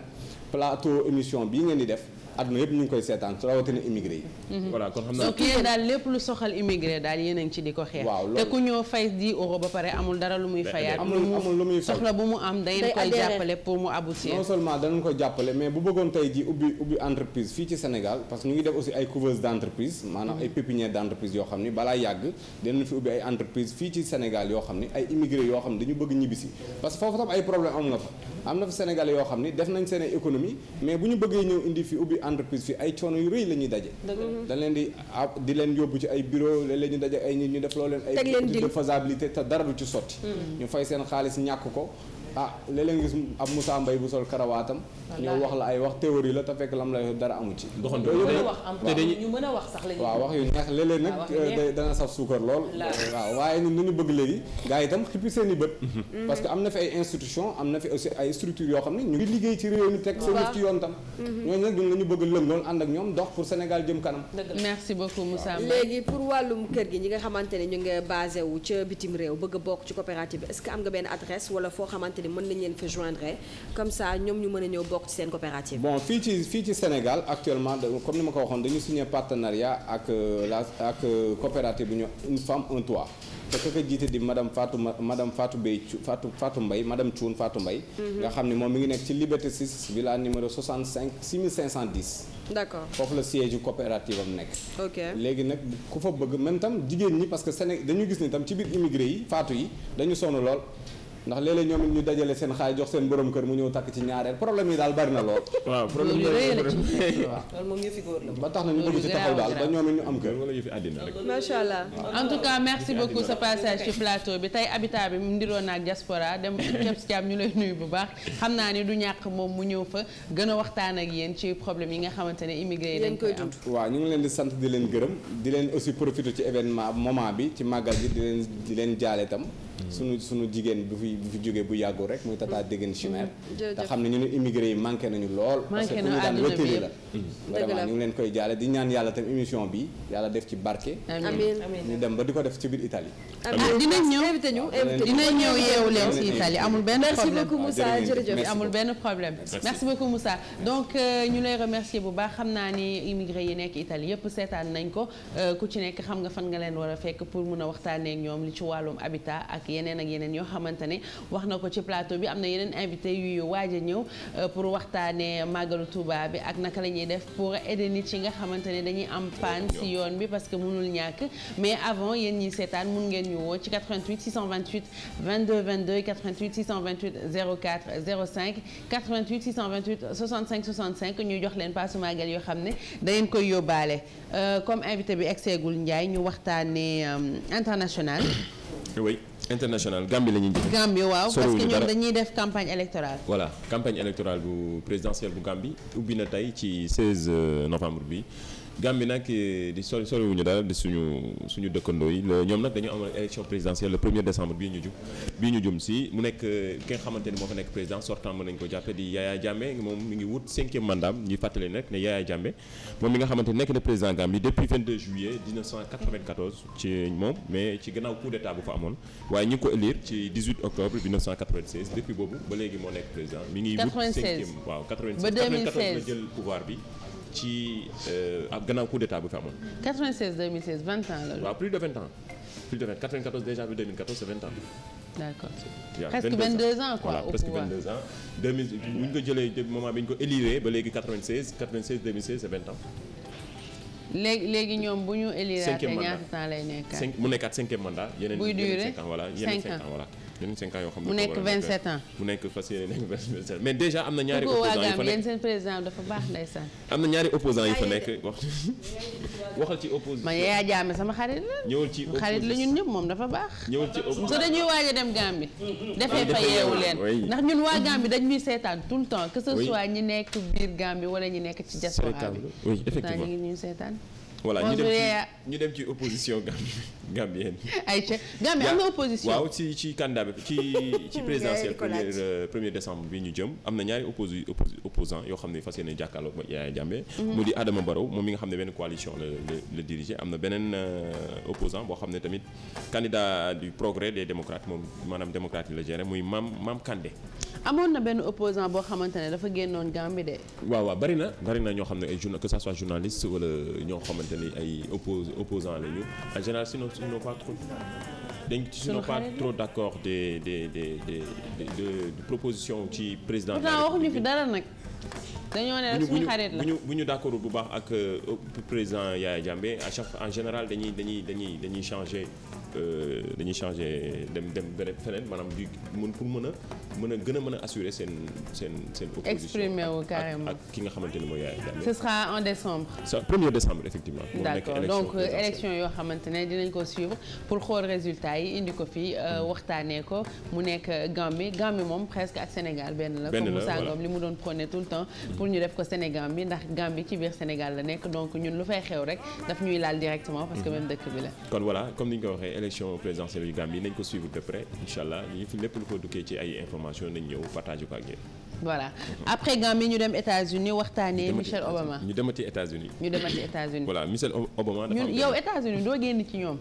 plateau émission bii ngeen di def àdduna yëpp ñu ngi koy seetaan rawatina immigré yi. Mhm. voilà kon xam kii daal lépp lu soxal immigré daal yéen ci di ko xeex. te ku ñoo fay di euro ba pare amul dara lu muy fayaat. amul lu muy fay soxla bu mu am dañu koy jàppale pour mu aboutir. non seulement dañu koy jàppale mais bu bëggoon tey ji ubbi ubbi entreprise fii ci Sénégal parce que ñu ngi def aussi ay couveuse d' entreprise maanaam ay mhm. pépinière d' yoo xam ni balaa yàgg dinañu ni ay entreprise fii ay coono yu rëy la ñuy daje. dañ leen di ah, di leen yóbbu ci ay bureau léeg-léeg ñu daje ay nit ñu def loo leen. ay étude de te dara du ci sotti. Hmm. ñu fay seen xaalis ñàkk ko ah léeg-léeg nga gis ab Moussa Mbaye bu sol karawaatam ñoo wax la ay wax théorie la te fekk lam lay dara amu ci doxantu ñu mën a wax sax lañu waaw wax yu neex léeg-léeg nag euh, dana saf suukar lool waaw waaye ñun dañu bëgg léegi gars yi itam xippi seen i bët mhm. parce que am na fi ay institution am na fi ay structure yoo xam ne ñu ngi liggéey ci réew mi teg seen ci yoon tam mhm. nag ñun la ñu bëgg lëm loolu ànd ak ñoom dox pour Sénégal jëm kanam merci beaucoup Moussa Mbaye léegi pour wàllum kër gi ñi nga xamante ne ñu ngi basé wu ca bitim réew bëgg bokk ci coopérative est-ce que am nga benn wala foo xamante xamante ni mën nañ leen fa joindre comme ça ñoom ñu mën a ñëw bokk ci seen coopérative. bon fii ci fii ci Sénégal actuellement comme ni ma ko waxoon dañu signé partenariat ak euh, la ak euh, coopérative bu ñu une femme un toit. te ka ko jiite di madame Fatou madame faatu Bey Fatou Fatou Mbaye madame Thioune Fatou Mbaye mhm. nga xam ne moom mi ngi nekk ci Liberté 6 villa numéro 65 6510. d'accord foofu la siège yu coopérative am nekk. ok léegi nag ku fa bëgg même tam jigéen ñi parce que Séné dañu gis ni tam ci biir immigré yi faatu yi dañu sonn lool. ndax léeg-léeg ñu dajale seen xaay jox seen boroom kër mu ñëw takk ci ñaareel problème yi daal bari na lool. waaw problème yi ba tax na ñu bëgg ci taxaw daal ba ñoom it ñu am kër. wala yëfi àddina rek. allah en tout cas merci beaucoup sa passage ci plateau bi tey habitat bi mu ndiroon naag diaspora dem Kebs Thiam ñu lay nuyu bu baax xam naa ni du ñàkk moom mu ñëw fa gën a waxtaan ak yéen ci problème yi nga xamante ne immigré yi dañ koy am waa ñu ngi leen di sant di leen gërëm di leen aussi profité ci événement moment bi ci màggal bi di leen di leen sunu sunu jigéen bu fi bu fi jógee bu yàggul rek muy tataa déggeen chimère te xam ne ñu ne immigré yi manqué nañu lool parce que ku ñu daan leen koy jaale di ñaan yàlla tam émission bi yàlla def ci barke ñu dem ba di ko def ci biir Italie ah, dinañ ñëw dinañ ñëw amul benn problème merci beaucoup Moussa jërëjëf amul benn problème merci donc euh, ñu lay remercier bu baax xam naa ni immigré yi nekk Italie yëpp seetaan nañ ko euh, ku ci nekk xam nga fan nga leen war a fekk pour mun a waxtaanee ñoom li ci wàllum habitat ak yeneen ak yeneen yoo xamante ne wax na ko ci plateau bi am na yeneen invité yuy waaj a ñëw euh, pour waxtaanee màggalu Touba bi ak naka la ñuy def pour aider nit yi nga xamante ne dañuy am panne si yoon bi parce que mënul ñàkk mais avant yen ñi seetaan mun ngeen ñu woo ci 88 628 22 22 88 628 04 05 88 628 65 65 ñu jox leen paasu màggal yoo xam ne da ngeen koy yóbbaale euh, comme invité bi egseegul Ndiaye ñu waxtaanee euh, international. international Gambie la ñuy njëkk. Gambie waaw parce que ñoom dañuy def campagne électorale. voilà campagne électorale bu présidentielle bu Gambie ubbi na tey ci 16 euh, novembre bi. Gambie nag eh, di sori soriwuñu dara di suñu suñu dëkkandoo yi ñoom nag dañu amal élection présidentielle le 1 décembre bii ñu jub bii ñu jum si mu nekk eh, ki nga moo fa nekk président sortant mën nañu ko jàppe di Yaya Jammeh moom mi ngi wut cinquième mandat ñuy fàttali nag ne Yaya nga xamante nekk na président Gambie depuis 22 juillet 1994 ci moom mais ci gannaaw coup d'état bu fa amoon waaye ñu ko élire ci octobre depuis boobu ba léegi moo nekk président mi ngi wut ba jël pouvoir bi ci euh, ab gannaaw coup d'état bu fi amoon. 96 2016 20 ans la. waaw plus de 20 ans plus de 20 94 déjà bi 2014 c'est 20 presque 22 ans ans 2000 léegi ñoom bu ñu éliraatee ñaata temps lay nekkaat. cinq mu nekkaat cinquième mandat. buy duré yeneen cinq ans yeneen cinq ans yeneen cinq ans yoo xam ne mu nekk 27 ans mu nekk fas yéene nekk 27 mais déjà am na ñaari opposants yi fa nekk seen am na ñaari opposants yi fa nekk wax waxal ci opposition man yaa jaame sama xarit la ñëwal ci xarit la ñun ñëpp moom dafa baax ñëwal ci opposition su dañuy waaj a dem Gambie defee fa yeewu leen ndax ñun waa Gambie dañ ñuy seetaan tout le temps que ce soit ñi nekk biir Gambie wala ñi nekk ci diaspora bi oui effectivement ñu ngi ñuy seetaan voilà ñu dem ci ñu dem ci opposition gambienne. ayca Gambie am na opposition. waaw ci ci candidat bi ci ci présidentielle premier euh, premier décembre bi ñu jëm am na ñaari opposi opposant yoo xam ne fas yéene jàkkaarloo ak Yaya Jammeh. Mhm. mu di Adama Barrow moom mi nga xam ne benn coalition la la la diriger am na beneen euh, opposant boo xam ne tamit candidat du progrès de démocrates moom maanaam démocrate yi la géré muy Mame maam Kandé. amoon na benn opposant boo xamante ne dafa génnoon Gambie de. waaw waaw bari na bari na ñoo xam ne ay journa que ça soit journaliste wala ñoo xamante ni ay oppos opposant lañu en général sinon sinon pas trop. dañ ci non pas trop d' accord des des des des de proposition ci président. pourtant waxuñu dañoo ne suñu xarit la bu ñu bu d' accord bu baax ak euh, président Yaya Jammeh à chaque en général dañuy dañuy dañuy dañuy changer euh, dañuy changer dem dem beneen feneen maanaam di pour mën a. mën a gën a mën a assurer seen seen seen opposition exprimé ki nga xamante ni mooy Yaya Jammeh ce sera en décembre ça premier décembre effectivement d'accord donc euh, élection yoo xamante dinañ ko suivre pour xool résultat yi indi ko fii euh, mm-hmm. waxtaanee ko mu nekk euh, Gambie Gambie moom presque ak Sénégal benn la comme Moussa Ngom li mu doon prôné tout le temps pour ñu def ko Sénégal bi ndax Gambie ci biir Sénégal la nekk donc ñun lu fay xew rek daf ñuy laal directement information nañ ñëw partagé ko ak yéen. voilà mm-hmm. après Gambie ñu dem États-Unis waxtaanee Michelle Obama. ñu demati États-Unis ñu demati États-Unis voilà Michelle Obama. dafa am yow États-Unis doo génn ci ñoom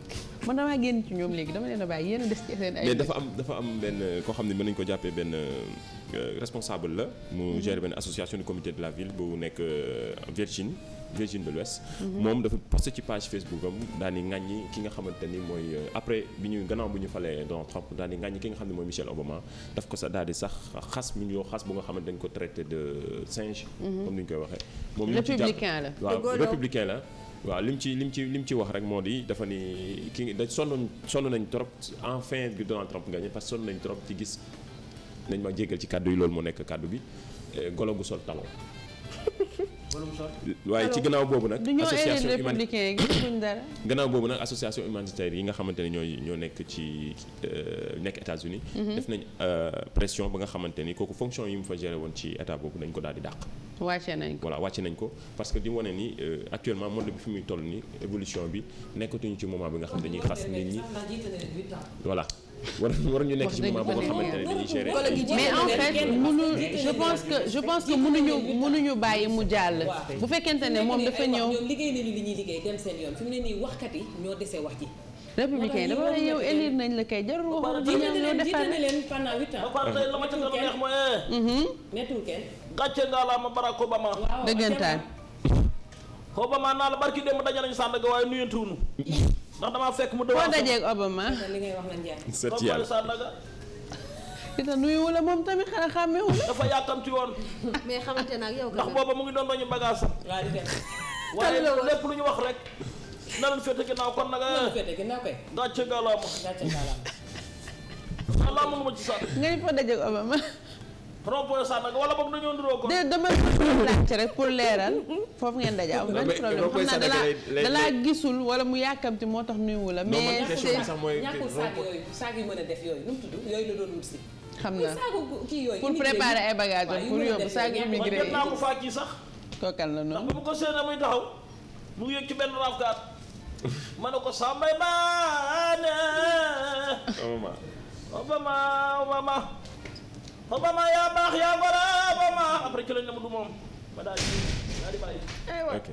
man damaa génn ci ñoom léegi dama leen a bàyyi yéen a des ci seen ay. mais dafa am dafa am benn koo xam ne mën nañ ko jàppee benn euh, responsable la. mu mm-hmm. gère benn association du comité de la ville bu nekk euh, Virginie. Virgin de l'Ouest mhm. moom dafa posté ci page Facebook am daal di ki nga xamante ni mooy euh, après bi ñu gannaaw bu ñu falee Donald Trump daal di ŋàññi ki nga xam ne mooy Michelle Obama daf ko sax daal di sax xas mu ñu xas bu nga xamante dañ ko traité de mhm. ni ñu koy waxee moom républicain la waaw républicain la waaw li mu ci li mu ci li mu ci wax rek moo di dafa ni ki da sonn sonn nañ trop enfin bi Donald Trump gagné parce que sonn nañ trop ci gis nañ ma jéggal ci kàddu yi loolu moo nekk kaddu bi euh, golo gu sol talon waaye ci gannaaw boobu nag. association républicain gi dara. gannaaw boobu nag association humanitaire yi nga xamante ne ñooy ñoo nekk ci euh, nekk États-Unis mm-hmm. def nañ euh, pression ba nga xamante ni kooku fonction yi mu fa géré woon ci état boobu dañ ko daal di dàq. wàcce nañ ko voilà wàcce nañ ko parce que di wane ni euh, actuellement monde bi fi muy toll ni évolution bi nekkatuñu ci moment bi nga xam ne dañuy xas nit ñi. voilà. war waruñu nekk ci moment boo xamante ne dañuy gérer. mais en fait mënu je pense que je pense que mënuñu mënuñu bàyyi mu jàll. bu fekkente ne moom dafa ñëw. ñoom liggéey nañu li ñuy liggéey dem seen yoon fi mu ne wax ji. nañ la kay jarul waxoon di ñëw ñoo defar jiite na leen pendant huit ans. ma a neex mooy. Eh. Mm-hmm. nettul kenn. gàcce nga la ma Barack Obama. dëggantaan. Obama naa la barki démb daje nañu sànd ga waaye nuyantewuñu ndax damaa fekk mu doon. foo dajeeg Obama. li ngay wax la Ndiaye. sët yàlla kita nuyu wala moom tamit xanaa xàmme wu dafa yàkkamti woon. mais xamante na ak yow. ndax booba mu ngi doon bañu bagage. waaw di dem waaye lépp lu ñu wax rek. na leen féete ginnaaw kon nag. na leen féete ginnaaw kay. gàcce gàllaama gàcce gàllaama. nga ni foo dajeeg Obama. proposal nag wala boog dañoo nduróo ko. déedéet dama laajte rek pour leeral foofu ngeen daje am benn problème xam naa dalaa dalaa gisul wala mu yàkkamti moo tax nuyu la. mais c'est ñàkkul saag yooyu saag yu mën a def yooyu nu mu tudd yooyu la doon wut si. xam naa pour préparer ay bagages pour yóbbu saag immigré yi naa ko faa kii sax. kookal la noonu ndax bu ko séenee muy taxaw mu ngi yëg ci benn raafkaat ma ne ko sàmbay baane obama obama papa ma yaa baax yaa bara ba ma après ci lañ la ma du moom ba daal di daal di bàyyi.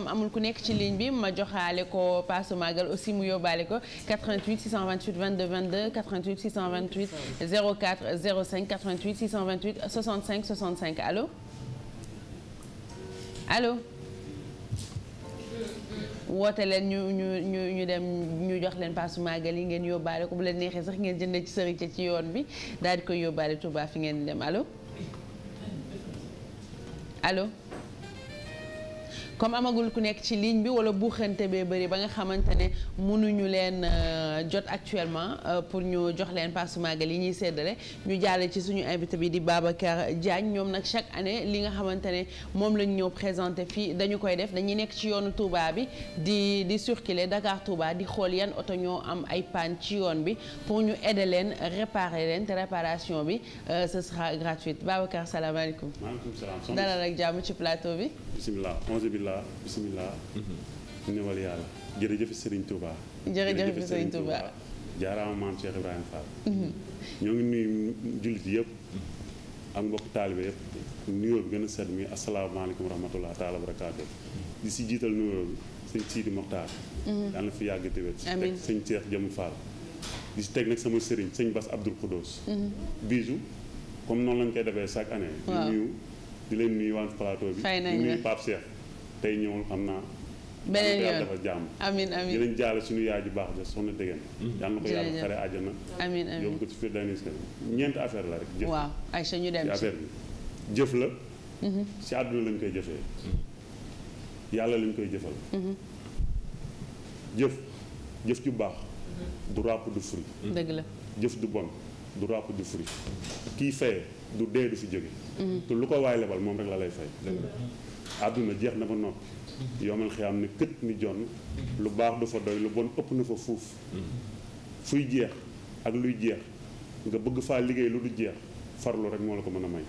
xam amul ku nekk ci ligne bi ma joxaale ko passe magal aussi mu yóbbaale ko 88 628 22 22 88 628 04 05 88 628 65 65 allo allo woote leen ñu ñu ñu ñu dem ñu jox leen paasu màggal yi ngeen yóbbaale ko bu leen neexee sax ngeen jënd ci sëriñ ci yoon bi daal di koy yóbbaale Touba fi ngeen dem allo allo comme amagul ku nekk ci ligne bi wala buuxante bee bëri ba nga xamante ne mënuñu leen euh, jot actuellement euh, pour ñu jox leen paasu màggal yi ñuy séddale ñu jàll ci suñu invité bi di Babacar Diagne ñoom nag chaque année li nga xamante ne moom lañ ñëw présenté fii dañu koy def dañuy nekk ci yoonu Touba bi di di circuler Dakar Touba di xool yan oto ñoo am ay panne ci yoon bi pour ñu aider leen réparer leen te réparation bi euh, ce sera gratuite Babacar salaamaaleykum. salaam dalal bi. bisimilah bisimilah. Mhm. newal yàlla jërëjëf Serigne Touba. jërëjëf Serigne Touba jaaraama maam Cheikh Ibrahima Fall. Mhm. ñoo ngi nuyu jullit yëpp. Mhm. ak mbokk taalibe yëpp nuyoo bi gën a set mi asalaamaaleykum wa rahmatulah taala barakaatu di si jiital nuyoo bi sëñ Sidi Mokhtar. daan fi yàgg te wér. amiin teg sëñ Cheikh di si teg nag sama sëriñ sëñ Bass Abdoul Khoudoss. bisu comme noonu lañ koy defee chaque année. di nuyu di leen nuyu waan plateau bi. fay nañ la di tey ñëwul xam naa. beneen yoon dafa jàmm amin amin dinañ jaale suñu yaay ju baax ja soxna déggan mm-hmm. yàlla na ko yàlla xare àjjana amin amin yóbbu ko ci fiir danis ñeenti affaire la rek jëf waaw ay sa ci jëf la mm-hmm. àdduna lañ koy jëfee mm-hmm. yàlla lañ koy jëfal jëf ju baax du ràpp du furi dëgg la jëf du bon du ràpp du furi kii fayee du dee du fi jóge te lu ko waay lebal moom rek la lay fay àdduna jeex na ba noppi yoomal xiyaam ne kët ni jonn lu baax du fa doy lu bon ëpp na fa fuuf fuy jeex ak luy jeex nga bëgg faa liggéey lu du jeex farlu rek moo la ko mën a may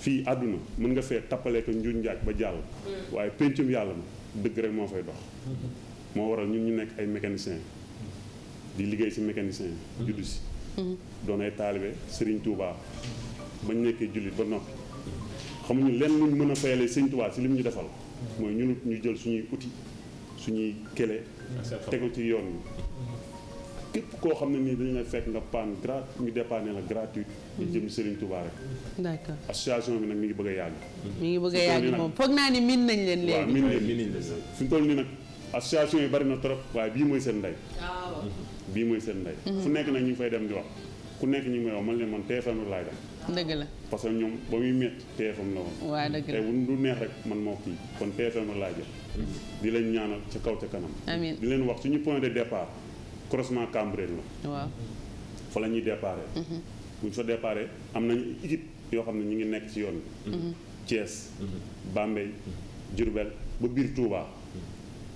fii àdduna mën nga fee tappalee ko njuñ njaaj ba jàll waaye péncum yàlla ma dëgg rek moo fay dox moo waral ñun ñu nekk ay mécanicien di liggéey ci mécanicien juddu si mm-hmm. doon ay taalibe Serigne Touba bañ nekkee jullit ba noppi xam xamuñu lenn luñ mën a fayale sëñ Tuubaa si lim ñu defal mooy ñun ñu jël suñuy outil suñuy kële tegu ci yoon wi képp koo xam ne nii dañu lay fekk nga paan grat ñu dépanne la gratuite mu jëm Serigne Touba rek d'accord association bi nag mi ngi bëgg a yàgg mi ngi bëgg a yàgg moom foog naa ni min nañ leen léegi min leen fi mu toll nag association yi bari na trop waaye bii mooy seen ndey ah, bii mooy seen ndey fu mhm. nekk nag ñu ngi fay dem di wax ku nekk ñu ngi may wax man leen man TFM laay def dëgg la parce que ñoom ba muy métti TFM la woon. waaw dëgg la tey du neex rek man moo kii kon TFM laa jël. di leen ñaanal ca kaw ca kanam. amiin di leen wax suñu point de départ croisement Cambérène la. waaw fa la ñuy déparé. Mhm. bu ñu fa déparé am na yoo xam ne ñu ngi nekk ci yoon bi. Mhm. Thiès. Mhm. Bambey Diourbel ba biir Touba.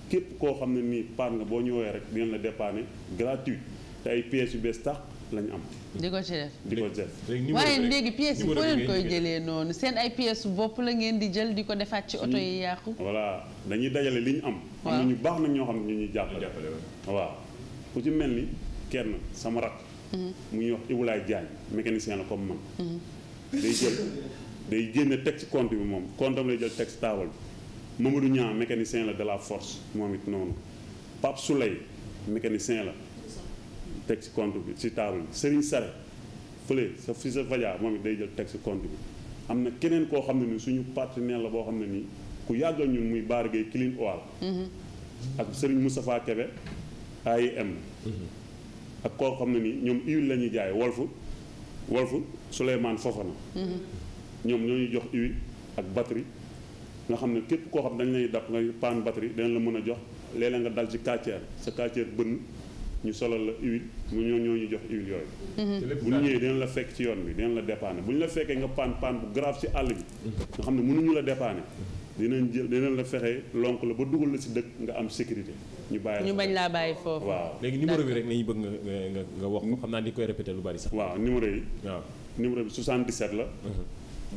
képp koo xam ne nii par nga boo ñëwee rek dinañ la dépanner gratuit te ay pièces yu bees tax. lañu am. di ko ci def di waaye léegi pièces yi leen koy jëlee noonu seen ay pièces bopp la ngeen di jël di ko defaat ci oto yi yàqu. voilà dañuy dajale li ñu am. am na ñu baax nag ñoo xam ne ñu ñuy jàppale. waa ku ci mel ni kenn sama rak. mu mhm. ñuy wax Iboulaye Diagne mécanicien la comme man. Mhm. day jël day génne teg ci compte bi moom compte am lay jël teg ci taabal bi Mamadou Niang mécanicien la de la force moom it noonu Pape Souley la. teg si compte bi si table bi Serigne Sare fële sa fi sa Fadia moom it day jël teg si compte bi am na keneen koo xam ne ni suñu partenaire la boo xam ne nii ku yàggal ñun muy Baar Gueye Clean mm-hmm. ak Serigne Moustapha Kebe mm-hmm. ak koo xam ne nii ñoom huile la ñuy jaay Walfu Walfu Souleymane mm-hmm. ñoo ñuy jox huile ak batterie nga xam koo xam dañ lay dab nga paan batterie dana la mën a jox léeg-léeg nga dal ci quartier sa quartier bënn ñu solal la huile mu ñoo ñoo ñu jox huile yooyu mhm. bu ñu ñëwee dinañ la fekk ci yoon bi dinañ la dépanner bu ñu la fekkee nga paan paan bu grave ci àll bi mhm. nga xam ne mënuñu la dépanner dinañ jël dinañ la fexe lonk la ba dugal la si dëkk nga am sécurité ñu bàyyi ñu bañ laa bàyyi foofu waaw léegi numéro bi rek nañu bëgg nga nga wax ko xam naa di koy répété lu bari sax waaw numéro yi waaw numéro bi 77 la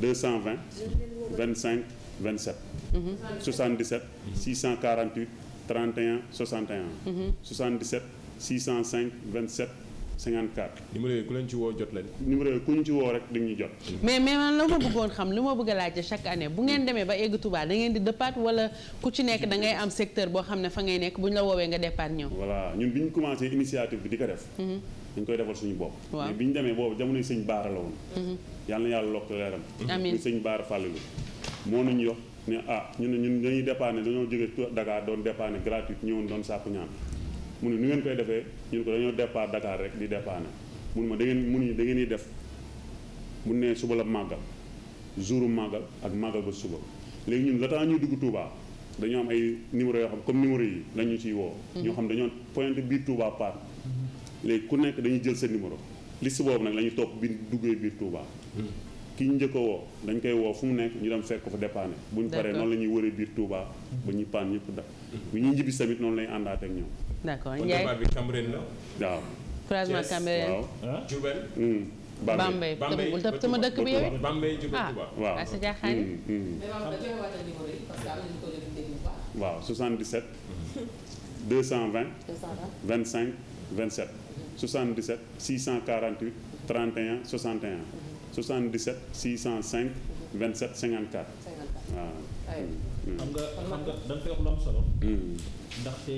220 25 27 77 648 31 61 77 605 27 54. numéro yooyu ku leen ci woo jot leen. numéro yooyu ku ñu ci woo rek dañ ñu jot. mais mais man la ma bëggoon xam li ma bëgg a laajte chaque année bu ngeen demee ba egg Touba da di dëppaat wala ku ci nekk da am secteur boo xam ne fa ngay nekk bu ñu la woowee nga départ ñëw. voilà ñun bi ñu commencé mhm. ñu demee boobu jamonoy mhm. ne ah, dañoo jógee Dakar doon dépanner gratuite ñëwoon doon sàkku ñaan mu ne nu ngeen koy defee ñun ko dañoo départ dakaar rek di dépanner mun ma da ngeen mënuñu da ngeen def mun ne suba la màggal jouru màggal ak màggal ba suba léegi ñun la temps ñuy dugg Touba dañoo am ay numéro yoo xam comme numéro yi lañu ciy woo mm-hmm. ñoo xam dañoo pointé biir Touba par mm-hmm. léegi ku nekk dañu jël sa numéro liste boobu nag la ñu topp bi duggee biir Touba mm-hmm. ki ñu njëkk woo dañ koy woo fu mu nekk ñu dem fekk ko fa dépanner bu ñu paree noonu la ñuy wëree biir Touba ba ñuy paan ñëpp da bu ñuy njibis tamit noonu lay àndaat ak ñoom d'accord Ndiaye bi Cambérène la. waaw. croisement Cambérène waaw. Diourbel. Hmm. Bambey Bambey sama dëkk bi yow it Bambey Diourbel ah. Touba. waaw ah sa jaaxaan. waaw 77. 220. 220 25 27. 77 648 31 61. 77 605 27 54. 54 waaw. xam nga mm. xam nga da nga koy wax lu am solo. Mm. ndaxte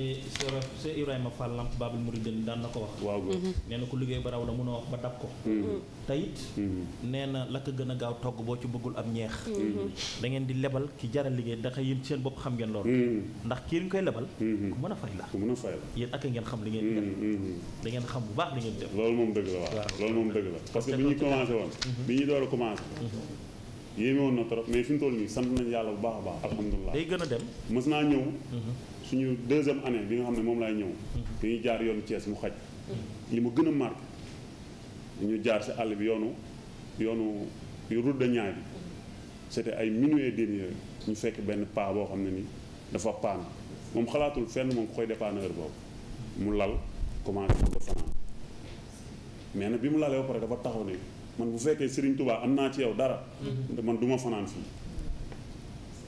Cheikh Ibrahima Fall Lamp Babul Mourideen daan na ko wax. waaw mm-hmm. nee na ku liggéey ba raw la mun a wax ba dab ko. Mm-hmm. te it. Mm-hmm. nee na la ko gën a gaaw togg boo ci bëggul am ñeex. da di lebal ki jaral liggéey dafa yéen seen bopp xam ngeen loolu. ndax kii ñu koy lebal. ku mën a fay la ku mën a fay la yéen ak ngeen xam li ngeen di def. da ngeen xam bu baax li ngeen def. loolu moom dëgg la waaw loolu moom dëgg la. parce yéeme woon na trop mais fi mu toll nii sant nañ yàlla bu baax a baax alhamdulilah day a dem mës naa ñëw mm-hmm. suñu deuxième année bi nga xam ne moom laay ñëw mm-hmm. ñu jaar yoonu Thiès mu xaj mm-hmm. li ma gën a marqué ñu jaar si àll bi yoonu yoonu route de Niayes bi c'était ay minuit demi yooyu ñu fekk benn paa boo xam ne nii dafa paan moom xalaatul fenn moom ku koy dépanne boobu mu lal commencé ko fanaan mais nag bi mu lalee ba dafa taxaw ne man bu fekkee Serigne Touba am naa ci yow dara. Mm-hmm. man duma ma fanaan fii.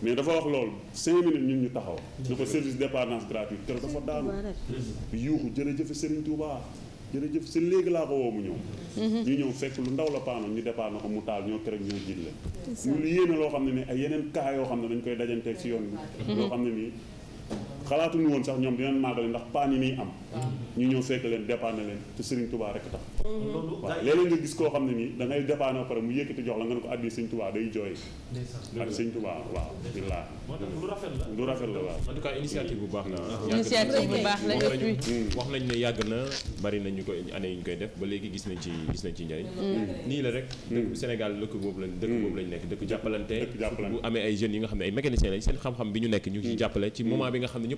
mais dafa wax loolu cinq minutes ñun ñu taxaw. ne ko service dépendance gratuite te dafa daanu. Mm-hmm. yuuxu jërëjëf Serigne Touba jërëjëf si léegi laa ko woo mu ñëw. Mm-hmm. ñu ñëw fekk lu ndaw la paanoon ñu départ na ko mu taal ñoo keroog ñoo jiit la. mu lu yéeme loo xam ne nii ay yeneen cas yoo xam ne dañ koy dajanteek ci yoon bi. yoo xam ne nii. xalaatuñu woon sax ñoom dinañ màggali ndax paan yi muy am ñu ñëw fekk leen dépanne leen te Serigne Touba rek tax waaw léeg-léeg nga gis koo xam ne nii dangay ngay dépanne ba pare jox la nga ne ko addi Serigne Touba day waaw billaa lu rafet la waaw en tout cas initiative bu la ah. initiative bu baax la wax nañ mm. ne yàgg na bari nañ ñu koy année yi ñu koy def gis nañ ci gis nañ ci njëriñ mm. mm. nii la amee ay jeunes yi nga xam ne ay mécaniciens seen xam-xam bi ñu nekk ñu ci jàppale ci moment bi nga xam ne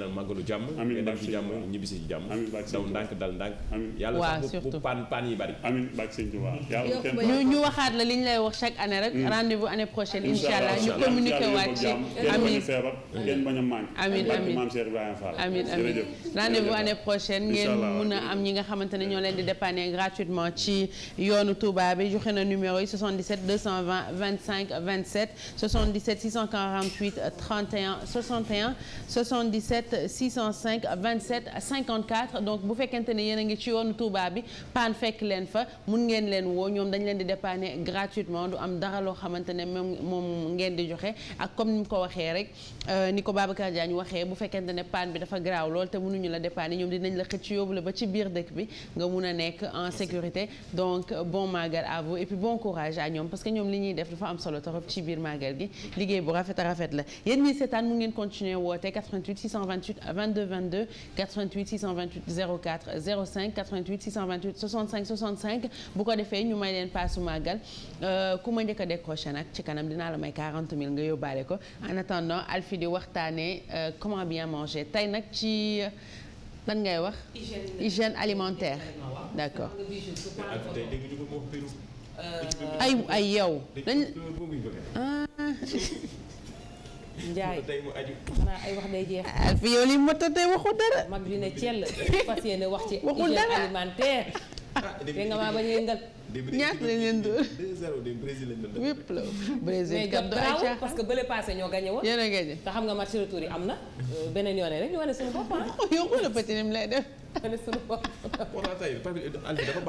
ñaanal jàmm nga dem dal ndànk yàlla sax ñu waxaat la li ñu lay wax chaque année rek mm. rendez année prochaine incha ñu communiqué waat ci amin amin amin année prochaine ngeen mun a am ñi nga xamante ñoo leen di dépanner gratuitement ci yoonu Touba joxe na numéro yi 77 220 25 27 77 648 31 61 77 77 605 27 54 donc bu fekkente ne yéen a ngi ci yoonu Touba bi paan fekk leen fa mun ngeen leen woo ñoom dañ leen di dépanner gratuitement du am dara loo xamante ne même moom ngeen di joxe ak comme ni mu ko waxee rek euh, ni ko Babacar Diagne waxee bu fekkente ne paan bi dafa garaaw lool te mënuñu la dépanner ñoom dinañ la xëcc yóbbu la ba ci biir dëkk bi nga mun a nekk en sécurité donc bon magal à et puis bon courage à ñoom parce ñuy def dafa am solo torop ci biir magal gi liggéey bu 628 22 22 88 628 04 05 88 628 65 65 bu ko defee ñu may leen paasu màggal euh, ku ma njëkk a décroché nag ci kanam dinaa la may 40 000 nga yóbbaale ko en attendant Alfi wax waxtaanee euh, comment bien manger tey nag ci euh, lan ngay wax. hygiène alimentaire d'accord. ay ay yow. ah. Ndiaye xanaa ay wax day jeex. Ah, fi yow li mu mot a tey waxul dara. mag bi ne Thiel fas yéene wax ci. waxul dara hygiène alimentaire. Ah, dégg nga maa bañ a yëngal. ñaata lañ leen dóor. 2-0 de Brésil lañ leen dóor. parce que bële passé ñoo gagné woon. yéen a gagné te xam nga match retour yi am na. Euh, beneen yoon rek ñu wane suñu bopp ah. yow xoolal petit ni lay def. ma ne sunu bopp. xoolal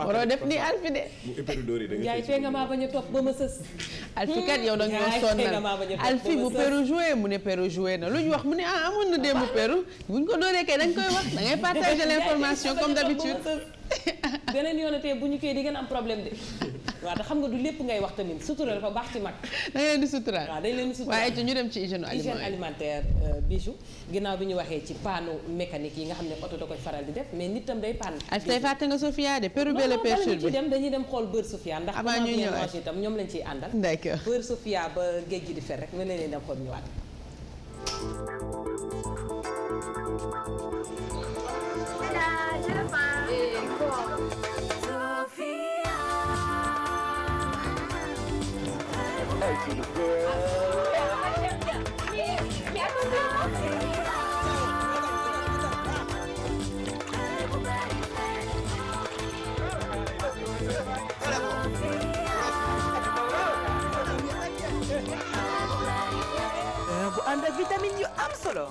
waroo def ni Alfi de. mu éperudori nga. maa bañ a toog ba ma sës. Alfi kat yow da nga ñoo Alfi bu Peru joué mu ne Peru joué na lu ñu wax mu ne ah, amoon na démb Peru bu ko dooree kay da koy wax da ngay partager l'information comme d'habitude. ñu koy di ngeen am problème de. waaw te xam nga du lépp ngay wax tamit sutura dafa baax ci mag. dañ leen di suturaal waaw dañ leen di suturaal waaye ñu dem ci hygiène alimentaire hygiène alimentaire euh, bijou ginnaaw bi ñu waxee ci panneau mécanique yi nga xam ne oto da koy faral di def mais nit tam day panne. ak tey fàtte nga Sofia de perturber le perturber dem dañuy dem xool beurre Sofia ndax avant ñuy ñëwaat itam ñoom lañ ciy àndal. d'accord beurre Sofia ba géej gi di fer rek nga leen dem xool ñëwaat. Hello. 爱情的歌。bu euh, ànd ak vitamine yu am solo.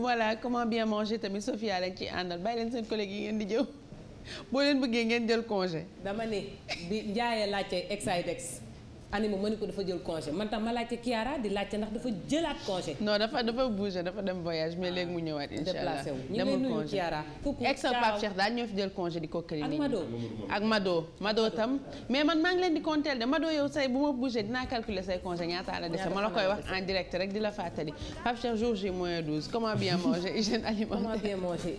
voilà comment bien manger tamit Sophia lañ ci àndal bàyyi leen seen collègue yi ngeen di jëw. boo leen bëggee ngeen jël congé. dama ne bi njaayee laajte ex animé ma ni ko dafa jël congé man tax ma laajte Kiara di laajte ndax dafa jëlaat congé. non dafa dafa bougé dafa dem voyage mais léegi mu ñëwaat. Ah, incha allah demul congé di ko këriñ. ak Mado mais man maa ngi leen di compter Mado yow say bu ma bougé dinaa calculer say congé ñaata la rek di la fàttali. Pape Cheikh jour J moins 12 comment bien manger hygiène alimentaire. comment bien manger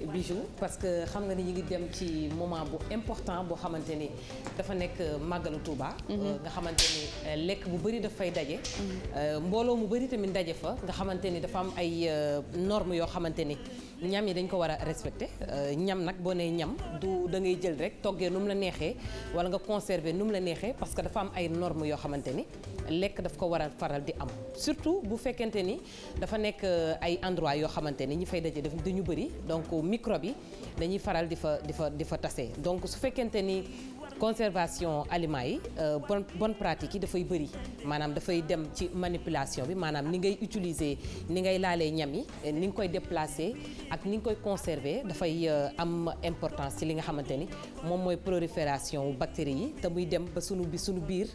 parce que xam nga ni ñu ngi dem ci moment bu important boo xamante ni dafa nekk màggalu Touba. Mm-hmm. Euh, nga xamante ni. lekk bu bëri dafa fay daje. Mm-hmm. mbooloo mu bëri tamit daje fa nga xamante ni dafa am ay euh, normes yoo xamante ni ñam yi dañ ko war a respecté euh, ñam nag boo nee ñam du da ngay jël rek toggee nu la neexee wala nga conserver nu mu la neexee parce que dafa am ay normes yoo xamante ni lekk daf ko war a faral di am. surtout bu fekkente ni dafa nekk euh, ay endroit yoo xamante ni ñi fay daje daf dañu bëri donc microbe yi dañuy faral di fa di fa di fa tase donc su fekkente ni. conservation aliments yi euh, bonne bonne pratique yi dafay bëri maanaam dafay dem ci manipulation bi maanaam ni ngay utiliser ni ngay laalee ñam yi ni nga koy déplacer ak ni nga koy conserver dafay euh, am importance ci li nga xamante ni moom mooy prolifération wu yi te muy dem ba sunu bi sunu biir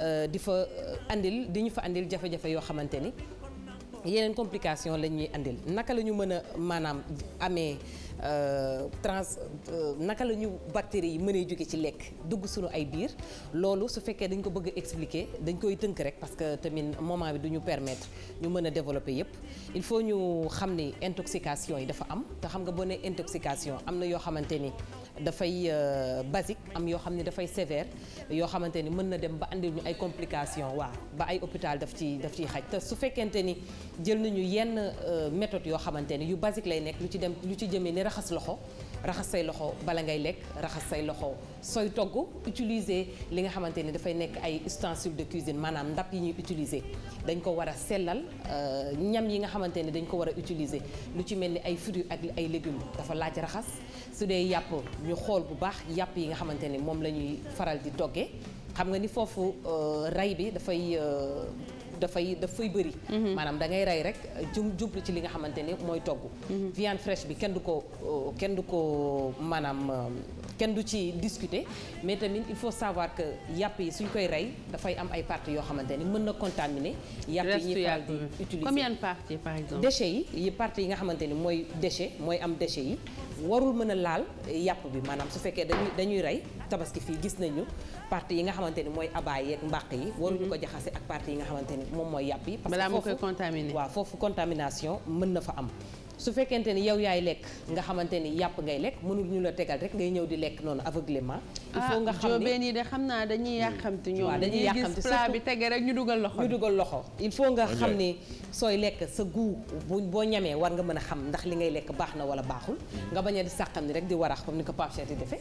euh, di fa andil di ñu fa andil jafe-jafe yoo xamante ni yeneen complication la ñuy andil naka lañu ñu mën a maanaam amee. Euh, trans euh, naka la ñu bactéries yi mënee jóge ci lekk dugg suñu ay biir loolu su fekkee dañ ko bëgg a expliquer dañ koy tënk rek parce que tamit moment bi duñu ñu permettre ñu mën a développer yépp il faut ñu xam ni intoxication yi dafa am te xam nga boo nee intoxication am na yoo xamante ni. dafay euh, basique am yoo xam ne dafay sévère yoo xamante ni mën na dem ba andil ñu ay complications waa ba ay hôpital daf ci daf ciy xaj te su fekkente ni jël nañu yenn euh, méthode yoo xamante ni yu basique lay nekk lu ci dem lu ci jëmee ni raxas loxo raxas say loxo bala ngay lekk raxas say loxo sooy togg utiliser li nga xamante ni dafay nekk ay ustensiles de cuisine maanaam ndab yi ñuy utiliser dañ ko war a sellal euh, ñam yi nga xamante ne dañ ko war a utiliser lu ci mel ni ay fruits ak ay légumes dafa laaj raxas su dee yàpp ñu xool bu baax yàpp yi nga xamante ne moom la ñuy faral di toggee xam nga ni foofu euh, rey bi dafay euh, dafay dafay bëri mhm. maanaam da ngay rey rek jum jublu ci li nga xamante ni mooy togg mhm. viande fraîche bi kenn du ko kenn du ko maanaam kenn du ci discuté mais tamit il faut savoir que yàpp yi suñ koy rey dafay am ay parties yoo xamante ni mën na contaminer yàpp yi ñuy faral di utiliser par exemple déchets yi yi yi nga xamante ni mooy déchet mooy am déchets yi warul mën a laal yàpp bi maanaam su fekkee dañuy dañuy rey tabaski fii gis nañu partie yi nga xamante ni mooy abaay yeeg mbàq yi mhm. waruñu ko jaxase ak partie yi nga xamante ni moom mooy yàpp yi parce que foofu waa foofu contamination mën na fa am su fekkente ni yow yaay lekk nga xamante ni yàpp ngay lekk mënul ñu la tegal rek ngay ñëw di lekk noonu aveuglément il faut nga ah, xam ni nii de xam naa dañuy yàqamti ñoom dañuy yàqamti plat bi tege rek ñu dugal loxo dugal loxo il faut nga xam ni sooy lekk sa guu bu boo ñamee war nga mën a xam ndax li ngay lekk baax na wala baaxul nga bañ a di sàqam ni rek di warax comme ni ko Pape Cheikh di defee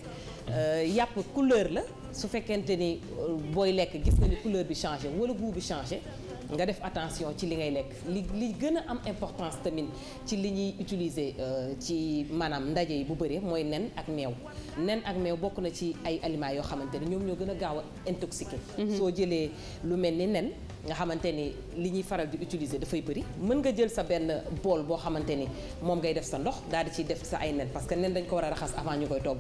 euh, yàpp couleur la su fekkente ni euh, booy lekk gis nga ni couleur bi changé wala goût bi changé nga def attention ci li ngay lekk li li gën a am importance tamit ci li ñuy utiliser euh, ci maanaam ndaje yi bu bëree mooy nen ak meew nen ak meew bokk na ci ay aliments yoo xamante ne ñoom ñoo gën a gaaw a mm-hmm. soo jëlee lu mel ni nen nga xamante ni li ñuy faral di utiliser dafay përi mën nga jël sa benn bool boo xamante ni moom ngay def sa ndox daal di ciy def sa ay nen parce que nen dañ ko war a raxas avant ñu koy togg.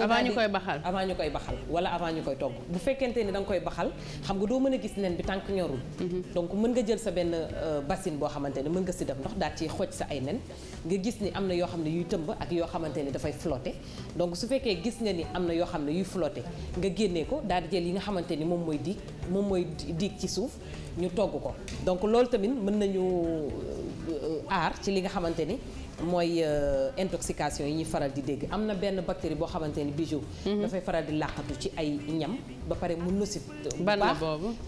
avant ñu koy baxal avant ñu koy baxal wala avant ñu koy togg bu fekkente ni danga koy baxal xam nga doo mën a gis nen bi tànk ñorul. Mhm. donc mën nga jël sa benn euh, bassine boo xamante ni mën nga si def ndox daal ciy xoj sa ay nen. nga gis ni am na yoo xam ne yuy tëmb ak yoo xamante ne dafay flotter donc su fekkee gis nga ni am na yoo xam ne yuy flotter nga génnee ko daal di jël yi nga xamante ni moom mooy diig moom mooy diig ci suuf ñu togg ko donc loolu tamit mën nañu euh, aar ci li nga xamante ni mooy euh, intoxication yi ñuy faral di dégg am na benn bactérie boo xamante ni bijou mhm. dafay faral di làqatu ci ay ñam ba pare mu nosit bu baax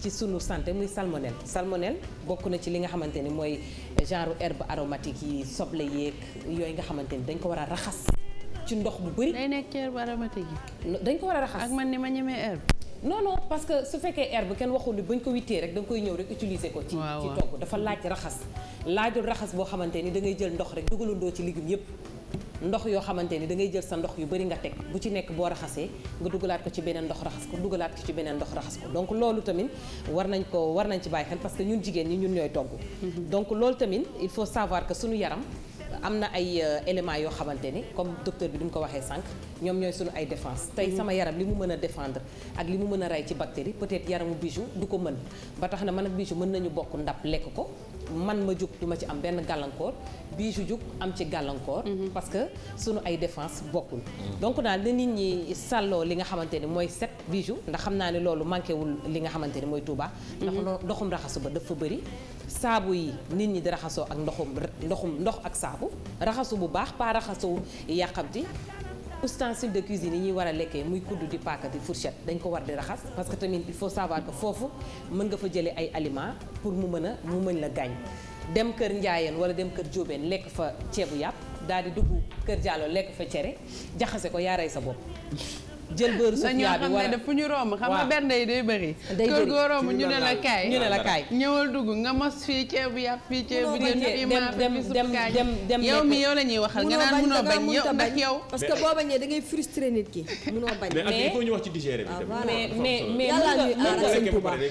ci sunu santé muy salmonelle salmonel bokk na ci li nga xamante ni mooy genre herbe aromatique yi soble yeeg yooyu nga xamante ni dañ ko war a raxas ci ndox bu bëri day nekk herbe aromatique yi dañ ko war a raxas ak man ni ma ñemee herbe noonu non parce que su fekkee herbe kenn waxul ni buñ ko wittee rek da nga koy ñëw rek utiliser ko. ci ci togg dafa laaj raxas. laajul raxas boo xamante ni dangay jël ndox rek dugalandoo ci légumes yépp ndox yoo xamante ni da ngay jël sa ndox yu bari nga teg bu ci nekk boo raxasee nga dugalaat ko ci beneen ndox raxas ko dugalaat ko ci beneen ndox raxas ko donc loolu tamit war nañ ko war nañ ci bàyyi xel parce que ñun jigéen ñi ñun ñooy togg. Mhm. donc loolu tamit il faut savoir que suñu yaram. am na ay euh, éléments yoo xamante ni comme docteur bi ni mu ko waxee sànq ñoom ñooy suñu ay défence tey sama yaram li mu mën a défendre ak li mu mën a rey ci bactérie peut-être yaramu bijou du ko mën ba tax na man ak bijou mën nañu bokk ndab lekk ko man ma jóg du ma ci am benn gàllankoor bii ju jug am ci gàllankoor. Mhm. parce que sunu ay défense bokkul. Mhm. donc daal na nit ñi sàlloo li nga xamante ni mooy set bii ju ndax xam naa ne loolu manqué wul li nga xamante ni mooy Touba. Mhm. ndax ndoxum raxasu ba dafa bëri. saabu yi nit ñi di raxasoo ak ndoxum ndoxum ndox ak saabu raxasu bu baax pas raxasu yàqamti ustensile de cuisine yi ñuy war a lekkee muy kudd di paaka di fourchette dañ ko war di raxas parce que tamit il faut savoir que foofu mën nga fa jëlee ay aliment pour mu mën a mu mën la gaañ dem kër njaayeen wala dem kër jóobeen lekk fa ceebu yàpp daal di dugg kër jàlloo lekk fa cere jaxase ko yaa rey sa bopp jël beurre sofia bi wala daf fu ñu romb xam nga bernde yi day bëri kër goo romb ñu ne la kaay ñu ne ñëwal dugg nga mos fii ceeb bi yàpp fii ceeb bi jën fii maaf fii supp kaay yow mi yow la ñuy waxal nga naan munoo bañ yow ndax yow parce que boo bañee da ngay frustré nit ki munoo bañ mais il faut ñu bi mais mais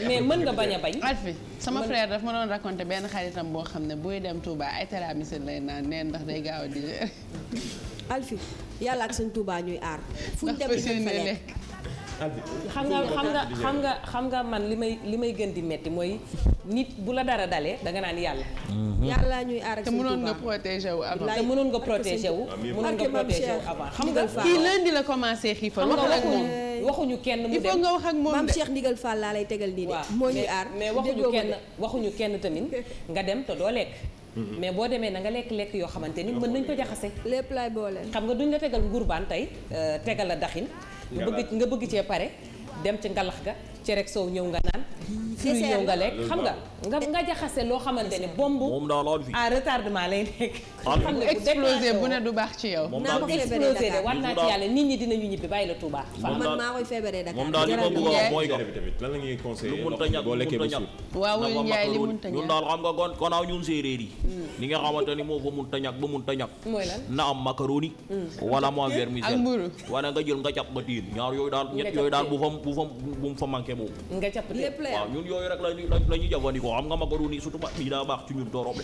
mais mën nga bañ a bañ Alfi sama frère daf ma doon raconté benn xaritam boo xam ne buy dem Touba ay teraamiseen lay naan neen ndax day gaaw a digérer Alfi yàlla ak sëñ Touba ñuy aar. fuñ dem xam nga xam nga xam nga man li may li may gën di metti mooy nit bu la dara dalee danga naan yàlla. Mm-hmm. yàlla ñuy aar ak te mënoon nga protéger wu mënoon nga protéger wu. mënoon nga protéger wu avant. xam nga kii lundi la commencé xiifal wax ak waxuñu kenn mu nga wax ak moom de maam Ndigal Fall laa lay tegal nii de. moo ñuy aar mais waxuñu kenn waxuñu kenn tamit nga dem te doo lekk. mais boo demee na nga lekk lekk yoo xamante ni mën nañ ko jaxase lépp lay boole xam nga duñ la tegal ngurbaan tey euh, tegal a daxin nga nga bëgg cee pare dem ci ngalax ga cere ak soow ñëw nga naan. fruit ñëw nga lekk xam nga. nga nga jaxase loo xamante ne bomb. moom à a lay nekk. Ah moom daal bi war naa ci yàlla nit ñi dinañu ñibbi bàyyi la Touba. moom daal li ma bëgg a wax mooy que. lan la ba suur. waaw Ndiaye li mënta ñàkk ñun daal xam nga kon konaaw ñun séeréer yi. Hmm. li nga xamante ni moo fa mënta ñàkk ba mënta ñàkk. mooy na am macaroni. Hmm. wala mu am vermicelle. ak mburu wala nga jël nga jàpp ba tiin ñaar yooyu daal ñett yooyu daal bu fa bu fa bu mu fa manqué moom. nga jàpp lépp la waaw ñun yooyu rek la ñuy la ñuy jëfandikoo xam nga macaroni surtout ba bii daa baax ci ñun torop.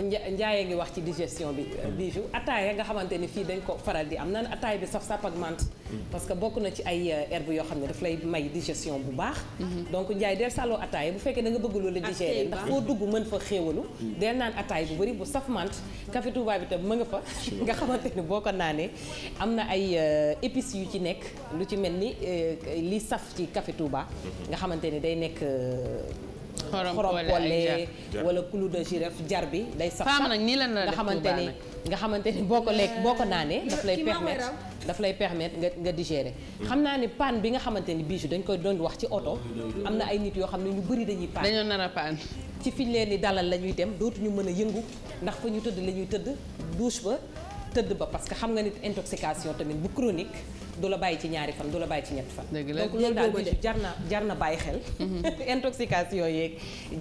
Ndiaye ngi wax ci digestion bi. bijou ataaya nga xamante ni fii dañ ko faral di am naan ataaya bi saf sàpp ak mante. Mm. parce que bokk na ci ay euh, herbe yoo xam ne daf lay may digestion bu baax. Mm-hmm. donc Ndiaye del sàlloo ataaya bu fekkee danga nga bëgg loolu digérer ndax foo dugg mën fa xéewalu. Mm. del naan ataaya bu bëri bu saf mante. Mm-hmm. café Touba bi tam mën nga fa. nga xamante ni boo ko naanee am na ay euh, épices yu ci nekk lu ci mel ni euh, li saf ci café Touba mm. Mhm. nga xamante ni day nekk. Euh, xorom poole wala clou de girafe jar bi day sax sax nga xamante ni nga xamante boo ko lekk boo ko naanee euh, daf lay permettre daf lay permettre nga nga digérer mhm. xam naa ne paan bi nga xamante ni bijou dañ koy doon wax ci oto am na ay nit yoo xam ne ñu bëri dañuy paan nar a paan ci fiñ leen di dalal la ñuy dem dootuñu mën a yëngu ndax fa ñu tëdd la ñuy tëdd douche ba tëdd ba parce que xam nga nit intoxication tamit bu chronique du la bàyyi ci ñaari fan du la bàyyi ci ñett fan donc loolu daal jar na jar na bàyyi xel mhm. intoxication yeeg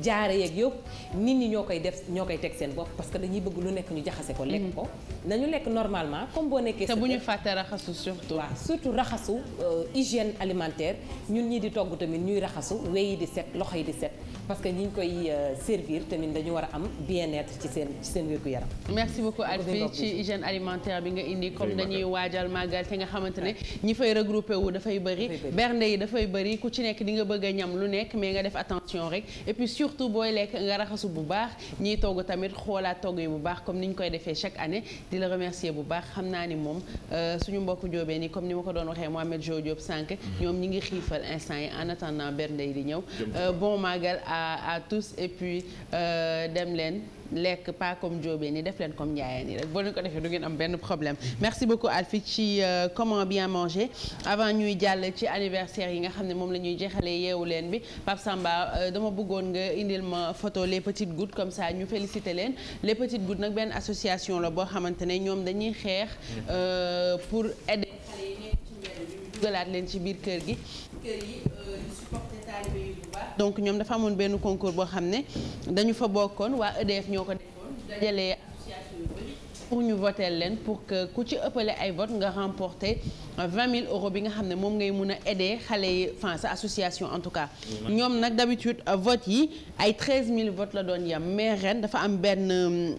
jaare yeeg yëpp nit ñi ñoo koy def ñoo koy teg seen bopp parce que dañuy bëgg lu nekk ñu jaxase ko lekk mhm. ko nañu lekk normalement comme boo nekkee te bu ñu fàtte raxasu surtout waaw surtout raxasu euh, hygiène alimentaire ñun ñi di togg tamit ñuy raxasu wey di set loxo yi di set parce que ñi ñu koy euh, servir tamit dañu war a am bien-être ci seen ci seen wérgu yaram merci beaucoup Alphie ci hygiène alimentaire bi nga indi comme dañuy waajal màggal te nga xamante ne ñi fay regroupé wu dafay bëri bernde yi dafay bëri ku ci nekk di nga bëgg a ñam lu nekk mais nga def attention rek et puis surtout booy lekk nga raxasu bu baax ñiy togg tamit xoolaat togg yi bu baax comme ni ñu koy defee chaque année di la remercier bu baax xam naa ni moom euh, suñu mbokk jóobee ni comme ni ma ko doon waxee Mohamed Jo Diop sànq mm-hmm. ñoom ñi ngi xiifal instant yi en attendant bernde yi di ñëw euh, bon magal à à tous et puis euh, dem leen lekk pas comme Diobé ni def leen comme Ndiaye ni rek boo leen ko defee du ngeen am benn problème merci beaucoup Alfi ci euh, comment bien manger avant ñuy jàll ci anniversaire yi nga xam ne moom la ñuy jeexalee yeewu leen bi Pape Samba euh, dama bëggoon nga indil ma photo les petites gouttes comme ça ñu féliciter leen les petites gouttes nag benn association la boo xamante ne ñoom dañuy xeex euh, pour aider dugalaat leen ci biir kër gi donc ñoom dafa amoon benn concours boo xam ne dañu fa bokkoon waa EDF ñoo ko defoon dajale pour ñu voter leen pour que ku ci ëppale ay vote nga remporter vingt mille euros bi nga xam ne moom ngay mun a aider xale yi association en tout cas ñoom nag d'habitude vote yi ay treize mille votes la doon yam mais ren dafa am benn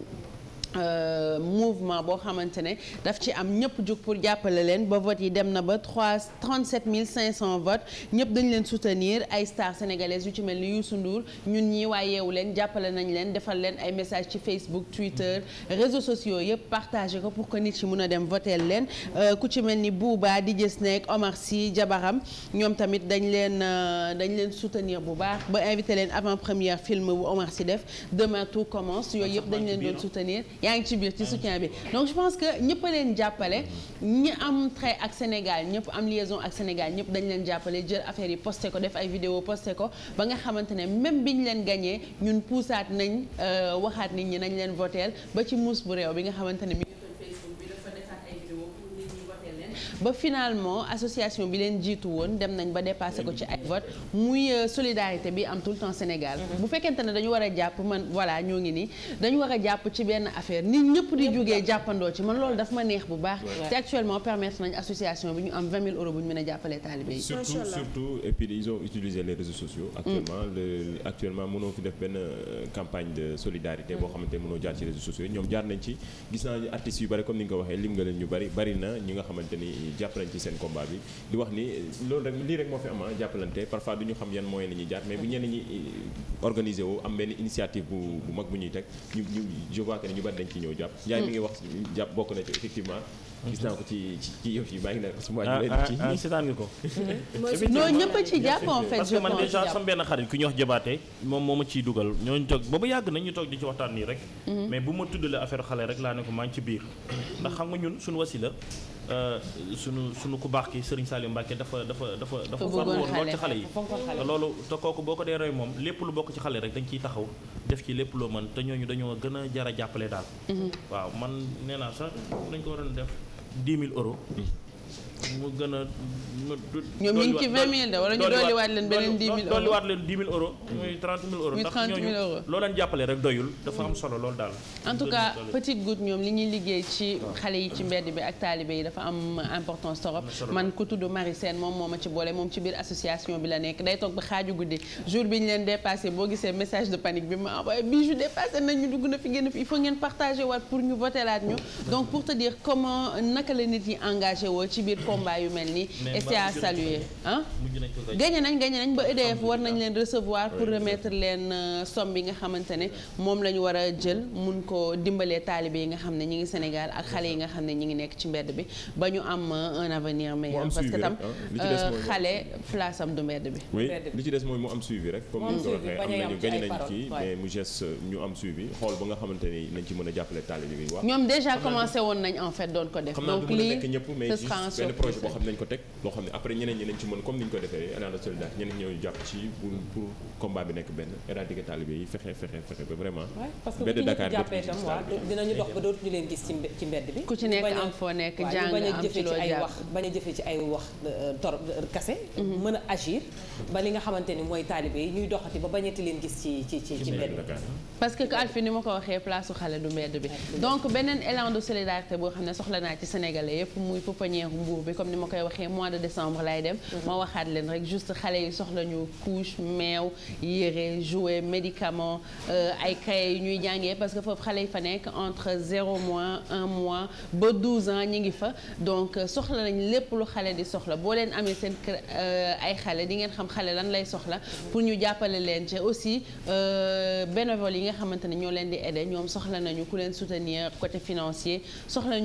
Euh, mouvement boo xamante ne daf ci am ñëpp jug pour jàppale leen ba vote yi dem na ba trent mille cinq cent votes ñëpp dañ leen soutenir ay stars sénégalaises yu ci mel ni Youssou Ndour ñun ñi waa yeewu leen jàppale nañ leen defal leen ay messages ci Facebook Twitter réseaux sociaux yëpp partagé ko pour que nit ci mun a dem voteel leen euh, ku ci mel ni Bouba DJ Snake Omar Sy Jabaram ñoom tamit dañ leen euh, dañ leen soutenir bu baax ba invité leen avant première film bu Omar def demain tout commence yooyu yëpp dañ leen doon soutenir yaa ngi ci biir ci soutien bi donc je pense que ñëpp a leen jàppale ñi am trait ak Sénégal ñëpp am liaison ak Sénégal ñëpp dañ leen jàppale jël affaire yi posté ko def ay vidéo posté ko ba nga xamante ne même bi ñu leen gagné ñun puusaat nañ euh, waxaat nit ñi nañ leen voteel ba ci muus bu réew bi nga xamante ne ba finalement association bi leen jiitu woon dem nañ ba dépassé ko ci ay vote muy euh, solidarité bi am tout le temps Sénégal mm-hmm. bu fekkente ne dañu war a jàpp man voilà ñoo ngi nii dañu war a jàpp ci benn affaire nit ñëpp di jógee jàppandoo ci man loolu daf ma neex bu baax te actuellement permettre nañ association bi ñu am 20 000 euros bu ñu mën a jàppalee taalibe yi surtout surtout et puis ils ont utilisé les sociaux mm. actuellement mënoo fi def benn euh, campagne de solidarité boo mm. xamante mënoo ñoom jaar nañ ci waxee lim ñu bari bari na ñi nga xamante ni jàppaleñ ci seen combat bi di wax ni loolu rek lii rek moo fi am ah jàppalante parfois du ñu xam yan moo la ñuy jaar mais bu ñenn ñi eh, organiser woo am benn initiative bu bu mag bu ñuy teg ñu ñu je ñu bari dañ ci ñëw jàpp. Ndiaye mi ngi wax jàpp bokk na ci effectivement gis naa ko ci ci yëf yi bàyyi na ko suma lay def ci ah, ah, ah, ko que man déjà sama benn xarit ku ñu wax jabaate moom moom ma ciy dugal ñooñu toog boobu yàgg na ñu toog di ci waxtaan nii rek mhm. mais bu ma tuddalee affaire xale rek laa ne ko maa ngi ci biir ndax xam nga ñun suñu wasila euh, sunu sunu ku baax ki sëriñ Saliou Mbacke dafa dafa dafa dafa farlu woon lool ci xale yi loolu te kooku boo ko dee rey moom lépp lu bokk ci xale rek dañ ciy taxaw def ci lépp loo mën te ñooñu dañoo gën a jar a jàppale daal mhm. waaw man nee naa sax nañ ko waroon def dix mille mu gën a mu. ñoom ñu ngi ci vingt mille de wala ñu leen beneen dix mille euros leen dix mille euros. muy trente mille euros. ndax leen jàppale rek doyul. dafa am solo loolu daal. en tout cas petite goutte ñoom li ñuy liggéey ci xale yi ci mbedd bi ak taalibe yi dafa am importance torop man ku tudd Marie Sène moom moo ma ci boole moom ci biir association bi la nekk day toog ba xaaju guddi jour bi ñu leen dépassé boo gisee message de panique bi ma envoyé bijou dépassé nañu dugg na fi génn ci biir combat yu mel nii. et saluer gañe nañ gañe nañ ba EDF war nañ leen recevoir pour remettre leen euh, somme bi nga xamante ne moom lañu war a jël mun ko dimbalee taalibe yi nga xam ne ñi ngi Sénégal ak xale yi nga xam ne ñi ngi nekk ci mbedd bi ba am euh, un avenir meilleur parce que tam euh, xale place am du mbedd bi. oui li ci des mooy mu am suivi rek. comme ni ko waxee am nañu gañe nañ mu am suivi xool ba nga xamante ni nañ ci mën a jàppale taalibe yi. ñoom déjà commencé woon nañ en fait doon ko def. donc lii ce sera projet boo xam ne nañ ko teg loo xam ne comme ni ñu ko defee élan de solidarité yi fexe fexe fexe ba vraiment. mbedd bi. a parce que Alfi ni ma ko waxee place xale du mbedd bi donc beneen élan de solidarité boo xam ne soxla naa ci sénégalais yëpp muy pouponnière Mbour bi bi comme ni ma koy waxee mois de décembre lay dem mhm. ma waxaat leen rek juste xale yi soxla ñu couche meew yére jouet médicament euh, ay kay ñuy jàngee parce que foofu xale yi fa nekk entre zéro mois un mois ba douze ans ñi ngi fa donc euh, soxla nañ lépp lu xale di soxla boo leen amee seen kër euh, ay xale di ngeen xam xale lan lay soxla pour ñu jàppale leen ci aussi bénévole yi nga xamante ne ñoo leen di aider ñoom soxla nañu ku leen soutenir côté financier soxla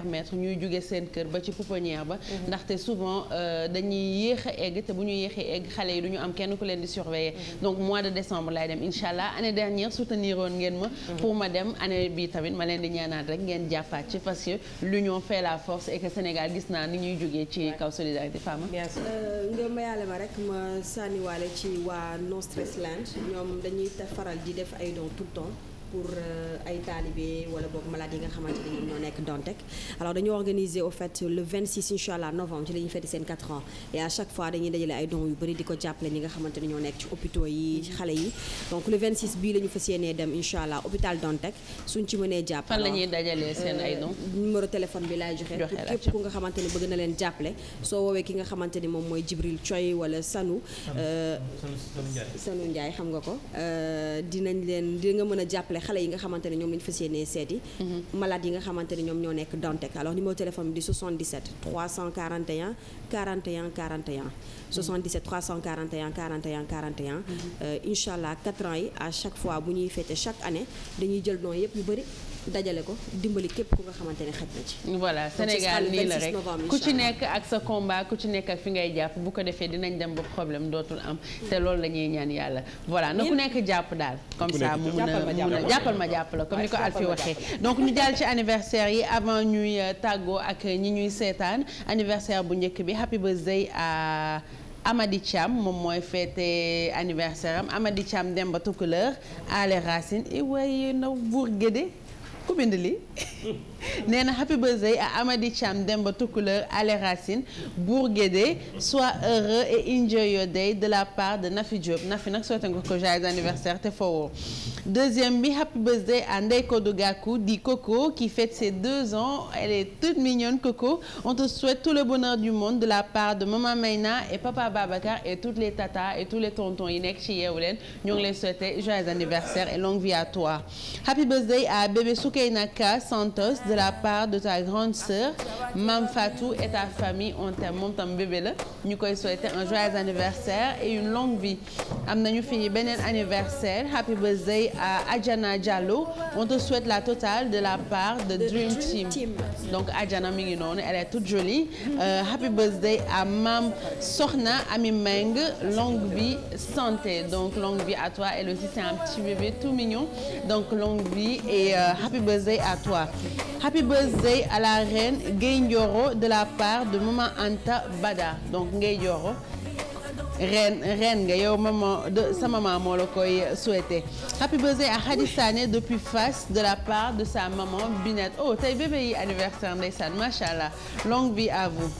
permettre ñuy jóge seen kër ba ci pouponnière ba mhm. ndaxte souvent euh, dañuy yéex a egg te bu ñu yéexee egg xale yi du ñu am kenn ku leen di surveiller mhm. donc mois de décembre laay dem incha allah année dernière soutenir woon ngeen ma mhm. pour ma dem anne bi tamit ma leen di ñaanaat rek ngeen jàppaat ci parce que l'union fait la force et que Sénégal gis naa ni ñuy jógee ci kaw solidarité femme euh, nga mayaale ma rek ma sànniwaale ci waa No Stress ñoom dañuy faral di def ay don tout le pour euh, ay taalibe wala boog malade yi nga xamante ne ñoom nekk Dantec alors dañoo organiser au fait le 26 incha allah novembre ci la ñuy seen 4 ans et chaque fois dañuy dajale ay dons yu bëri di ko jàppale ñi nga xamante ñoo nekk ci hôpital Dantec suñ ci mënee jàpp. fan la dajalee euh, seen ay dons numéro téléphone bi laay joxe. joxe képp ku nga xamante bëgg na leen jàppale soo woowee ki nga xamante moom mooy Jibril Coy wala Sanu. Sanu euh, a xale yi nga xamante ne ñoom lañu fas yéenee seeti mhm. malade yi nga xamante ne ñoom ñoo nekk Dantec alors numéro téléphone bi di 77 341 41 41 77 341 41 41 incha allah 4 ans yi à chaque fois bu ñuy fêté chaque année dañuy jël don yëpp yu bëri dajale ko dimbali képp ku nga xamante ne xaj na ci. voilà Sénégal nii la rek ku ci nekk ak sa combat ku ci nekk ak fi ngay jàpp bu ko defee dinañ dem ba problème dootul am te loolu la ñuy ñaan yàlla voilà na ku nekk jàpp daal. comme ça mu mun a jàppal ma jàpp la comme ni ko Alfie waxee. donc ñu jàll ci anniversaire yi avant ñuy euh, tàggoo ak ñi ñuy seetaan anniversaire bu njëkk bi happy birthday à. Amady Thiam moom mooy fête anniversaire am Amady dem ba Tukulër ku bind lii nee na happy birthday à Amady Thiam Demba Toucouleur Ale Racine Bour Guédé heureux et enjoy your de la part de Nafi Diop Nafi nag souhaité nga ko joyeux anniversaire te fowoo deuxième bi happy birthday à Ndeye Kodou Gakou di Coco qui fête ses deux ans elle toute mignonne Coco on te souhaite tout le bonheur du monde de la part de maman Mayna et papa Babacar et toutes les tatas et tous les tontons yi nekk ci yeewu leen ñu ngi lay souhaité joyeux anniversaire et longue de la part de ta grande sœur Mam Fatou et ta famille on t'aime moom tam bébé la ñu koy souhaiter un joyeux anniversaire et une longue vie am nañu fi beneen anniversaire happy birthday à Adjana Diallo on te souhaite la totale de la part de Dream Team donc Adjana mi ngi noonu elle est toute jolie euh, happy birthday à Mam Sokhna Ami Meng longue vie santé donc longue vie à toi elle aussi c'est un petit bébé tout mignon donc longue vie et euh, happy birthday à toi happy birthday à la reine Gaye de la part de maman Anta Bada donc Gaye reine reine nga yow maman de sa maman moo la koy souhaité happy birthday à Khady Sané depuis Fass de la part de sa maman Binette oh tey bébé yi anniversaire ndeysaan macha allah longue vie à vous.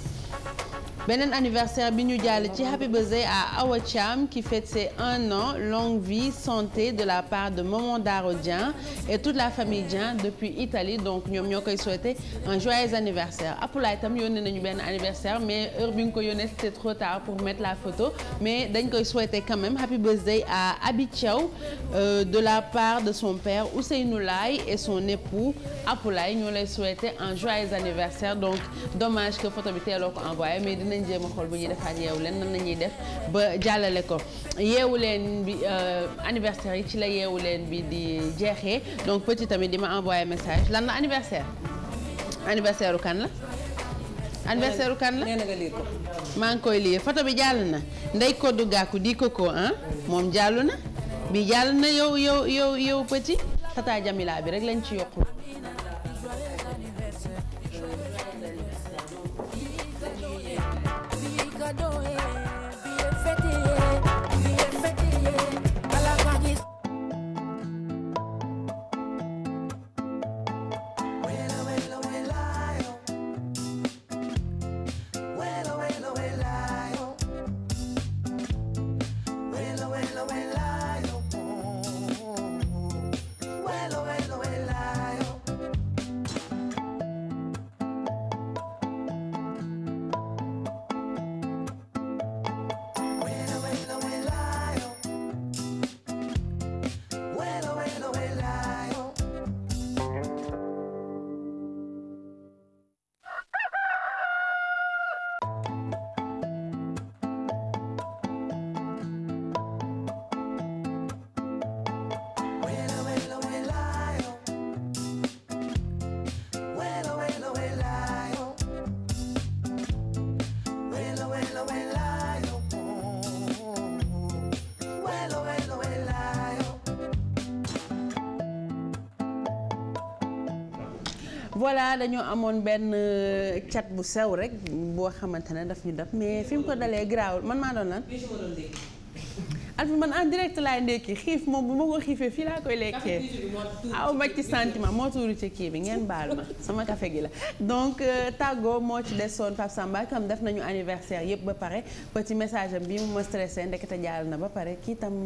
beneen anniversaire bi ñu jàll ci happy birthday à Awa Thiam qui fête ses un an longue vie santé de la part de Maman Daro Dieng et toute la famille Dieng depuis Italie donc ñoom ñoo koy souhaiter un joyeux anniversaire Apulaay tam yónnee nañu benn anniversaire mais heure bi nga ko yónnee c'était trop tard pour mettre la photo mais dañ koy souhaiter quand même happy birthday à Abi euh, de la part de son père Ousseynou Laye et son époux Apulaay ñoo lay souhaiter en joyeux anniversaire donc dommage que photo bi teeloo ko nañ jéem a xool bu ñuy defaat yeewu leen nan nañuy def ba jàllale ko yeewu leen bi euh, anniversaire yi ci la yeewu leen bi di jeexee donc petit tamit di ma envoyé message lan la anniversaire anniversaire kan la anniversaire kan la nee nga ko maa ngi koy lire photo bi jàll na ndey koddu gàkku di koko ah moom jàllu na bi jàll na yow yow yow yow petit jamila bi rek lañ ci yokku voilà dañoo amoon benn euh, cat bu sew rek boo xamante ne daf ñu dab mais fi mu ko dalee garaawul man maa doon lan. Alfi man en direct laay ndekki xiif moom bu ma ko xiifee fii laa koy lekkee aw ma ci sentiment moo tuuru ci kii bi ngeen baal ma sama café gi la donc euh, tàggoo moo ci desoon Pape Samba comme def nañu anniversaire yëpp ba pare ci message am bi mu ma stressé ndekete jàll na ba pare kii tam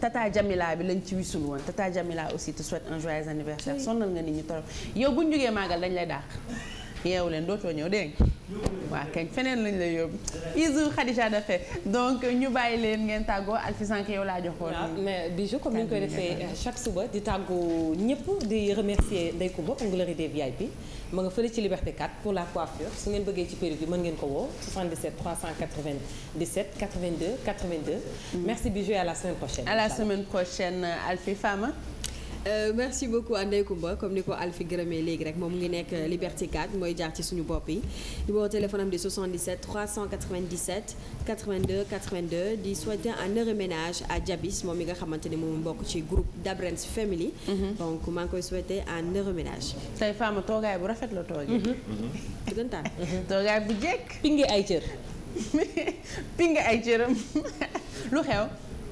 tata Jamila bi lañ ci wisul woon tata Jamila aussi te souhaite un joyeux anniversaire sonnal nga nit ñi torop yow buñ jógee màggal dañ lay dàq yeewu leen dootoo ñëw dégg waa kañ feneen yo la yóbbu Isou Khadija dafe donc ñu bàyyi leen ngeen tàggoo Alfi Sànk yow laa joxoon. waaw ah, mais Bijou comme ni ñu koy defee chaque suba di tàggu ñëpp di remercier Ndeye Coumba Onglerie des VIP ma nga fële ci Liberté 4 pour la coiffure su ngeen bëggee ci perruque bi mën ngeen ko woo 77 397 82 82. merci Bijou à la semaine prochaine. à la semaine prochaine Alfi Fama. Euh, merci beaucoup Ndeye Comba comme ni ko Alfi gërëmee léegi rek moom mu ngi nekk Liberté 4 mooy jaar ci suñu bopp yi numéro téléphone am di 77 397 82 82 di soutien moom mi nga xamante ni moom mbokk ci groupe Dabrens Family. Mhm. donc maa ngi koy souhaité en heure ménage. tey Fama toogaay bu rafet la toogee. Mhm. Mhm. dëggantaan. toogaay bu jekk. pingi ay cër. pingi ay cëram lu xew.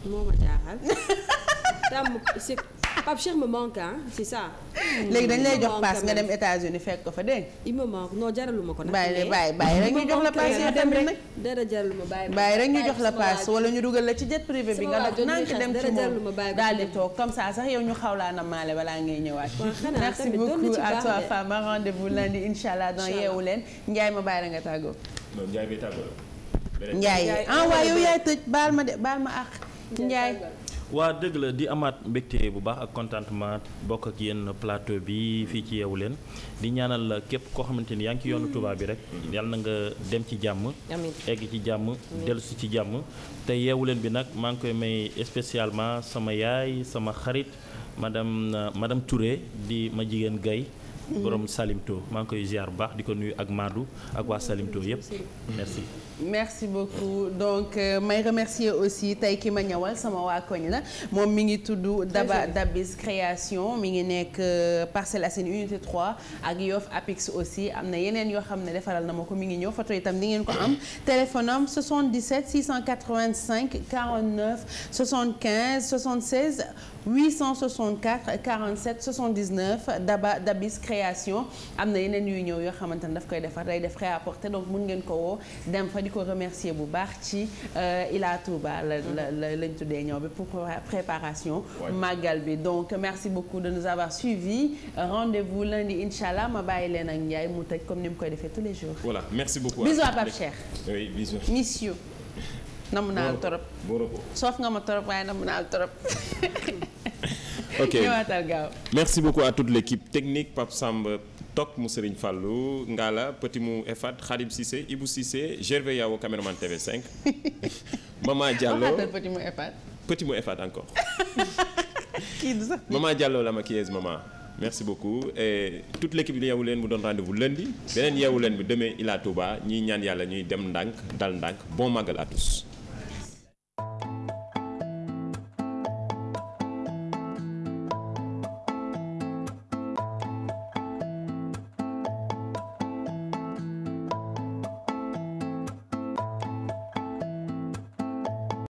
moo ma jaaxal. Pape Cheikh me léegi dañ lay jox paas nga dem États-Unis fekk ko fa dégg il me manque non jaraluma ko nag. bàyyi bàyyi bàyyi rek ñu jox la paas euh, yow dem rek. dara jaraluma bàyyi rek ñu jox la paas wala ñu dugal la ci jet privé bi nga nag nank dem ci moom daal di toog comme ça sax yow ñu xaw laa na maale balaa ngay ñëwaat. merci beaucoup à toi Fama rendez-vous lundi incha allah dans yeewu leen Ndiaye ma bàyyi la nga tàggoo. non Ndiaye mi tàggoo. Ndiaye ah waaw yow yaay tëj baal ma de baal ma àq Ndiaye waa dëgg la di amaat mbégte bu baax ak contentement bokk ak yéen plateau bi fii ci yeewu leen di ñaanal képp koo xamante ni yaa ngi ci yoonu tubaab bi rek mm. yàlla na nga dem ci jàmm egg ci jàmm dellusi ci jàmm te yeewu leen bi nag maa ngi koy may spécialement sama yaay sama xarit ma madame euh, madame Touré di ma jigéen gay mm. borom Salimto maa ngi koy ziar bu baax di ko nuyu ak Madou ak waa Salimto yépp merci merci beaucoup donc euh, may remercier aussi tey ki ma ñëwal sama waa koñ la moom mi ngi tudd Daba Dabis création mi ngi nekk euh, Parcelles Assainies unité 3 ak Yoff Apix aussi am na yeneen yoo xam ne defaral na ma ko mi ngi ñëw photo itam di ngeen ko am téléphone am 77 685 49 75 76 864 47 79 Daba Dabis création am na yeneen yuy ñëw yoo xamante ne daf koy defar day def réapporté donc mun ngeen ko woo dem fa di ko remercier bu baax ci euh, Ila Touba la la lañ tuddee ñëw bi pour préparation màggal bi donc merci beaucoup de nous avoir suivis rendez-vous lundi inchallah ma bàyyi leen ak Ndiaye mu tëj comme ni mu koy defee tous les jours. voilà merci beaucoup bisous à Pape Cheikh. oui bisous. Messieurs. nam naa la torop soof nga ma torop waaye namm naa la torop ok gaaw merci beaucoup à toute l'équipe technique Pape Samba Tok mu Serigne Fallou Ngala Petit mu Efat Khadim Cissé Ibou Cissé Gervais Yawo caméraman TV5 Mama Diallo Petit mu Efat Petit mu Efat encore Mama Diallo la maquilleuse maman merci beaucoup et l'équipe di Yeewu Leen mu doon rendez bu lundi beneen Yeewu Leen bi demee Ila Touba ñiy ñaan yàlla ñuy dem ndànk dal ndànk bon magal à Thank you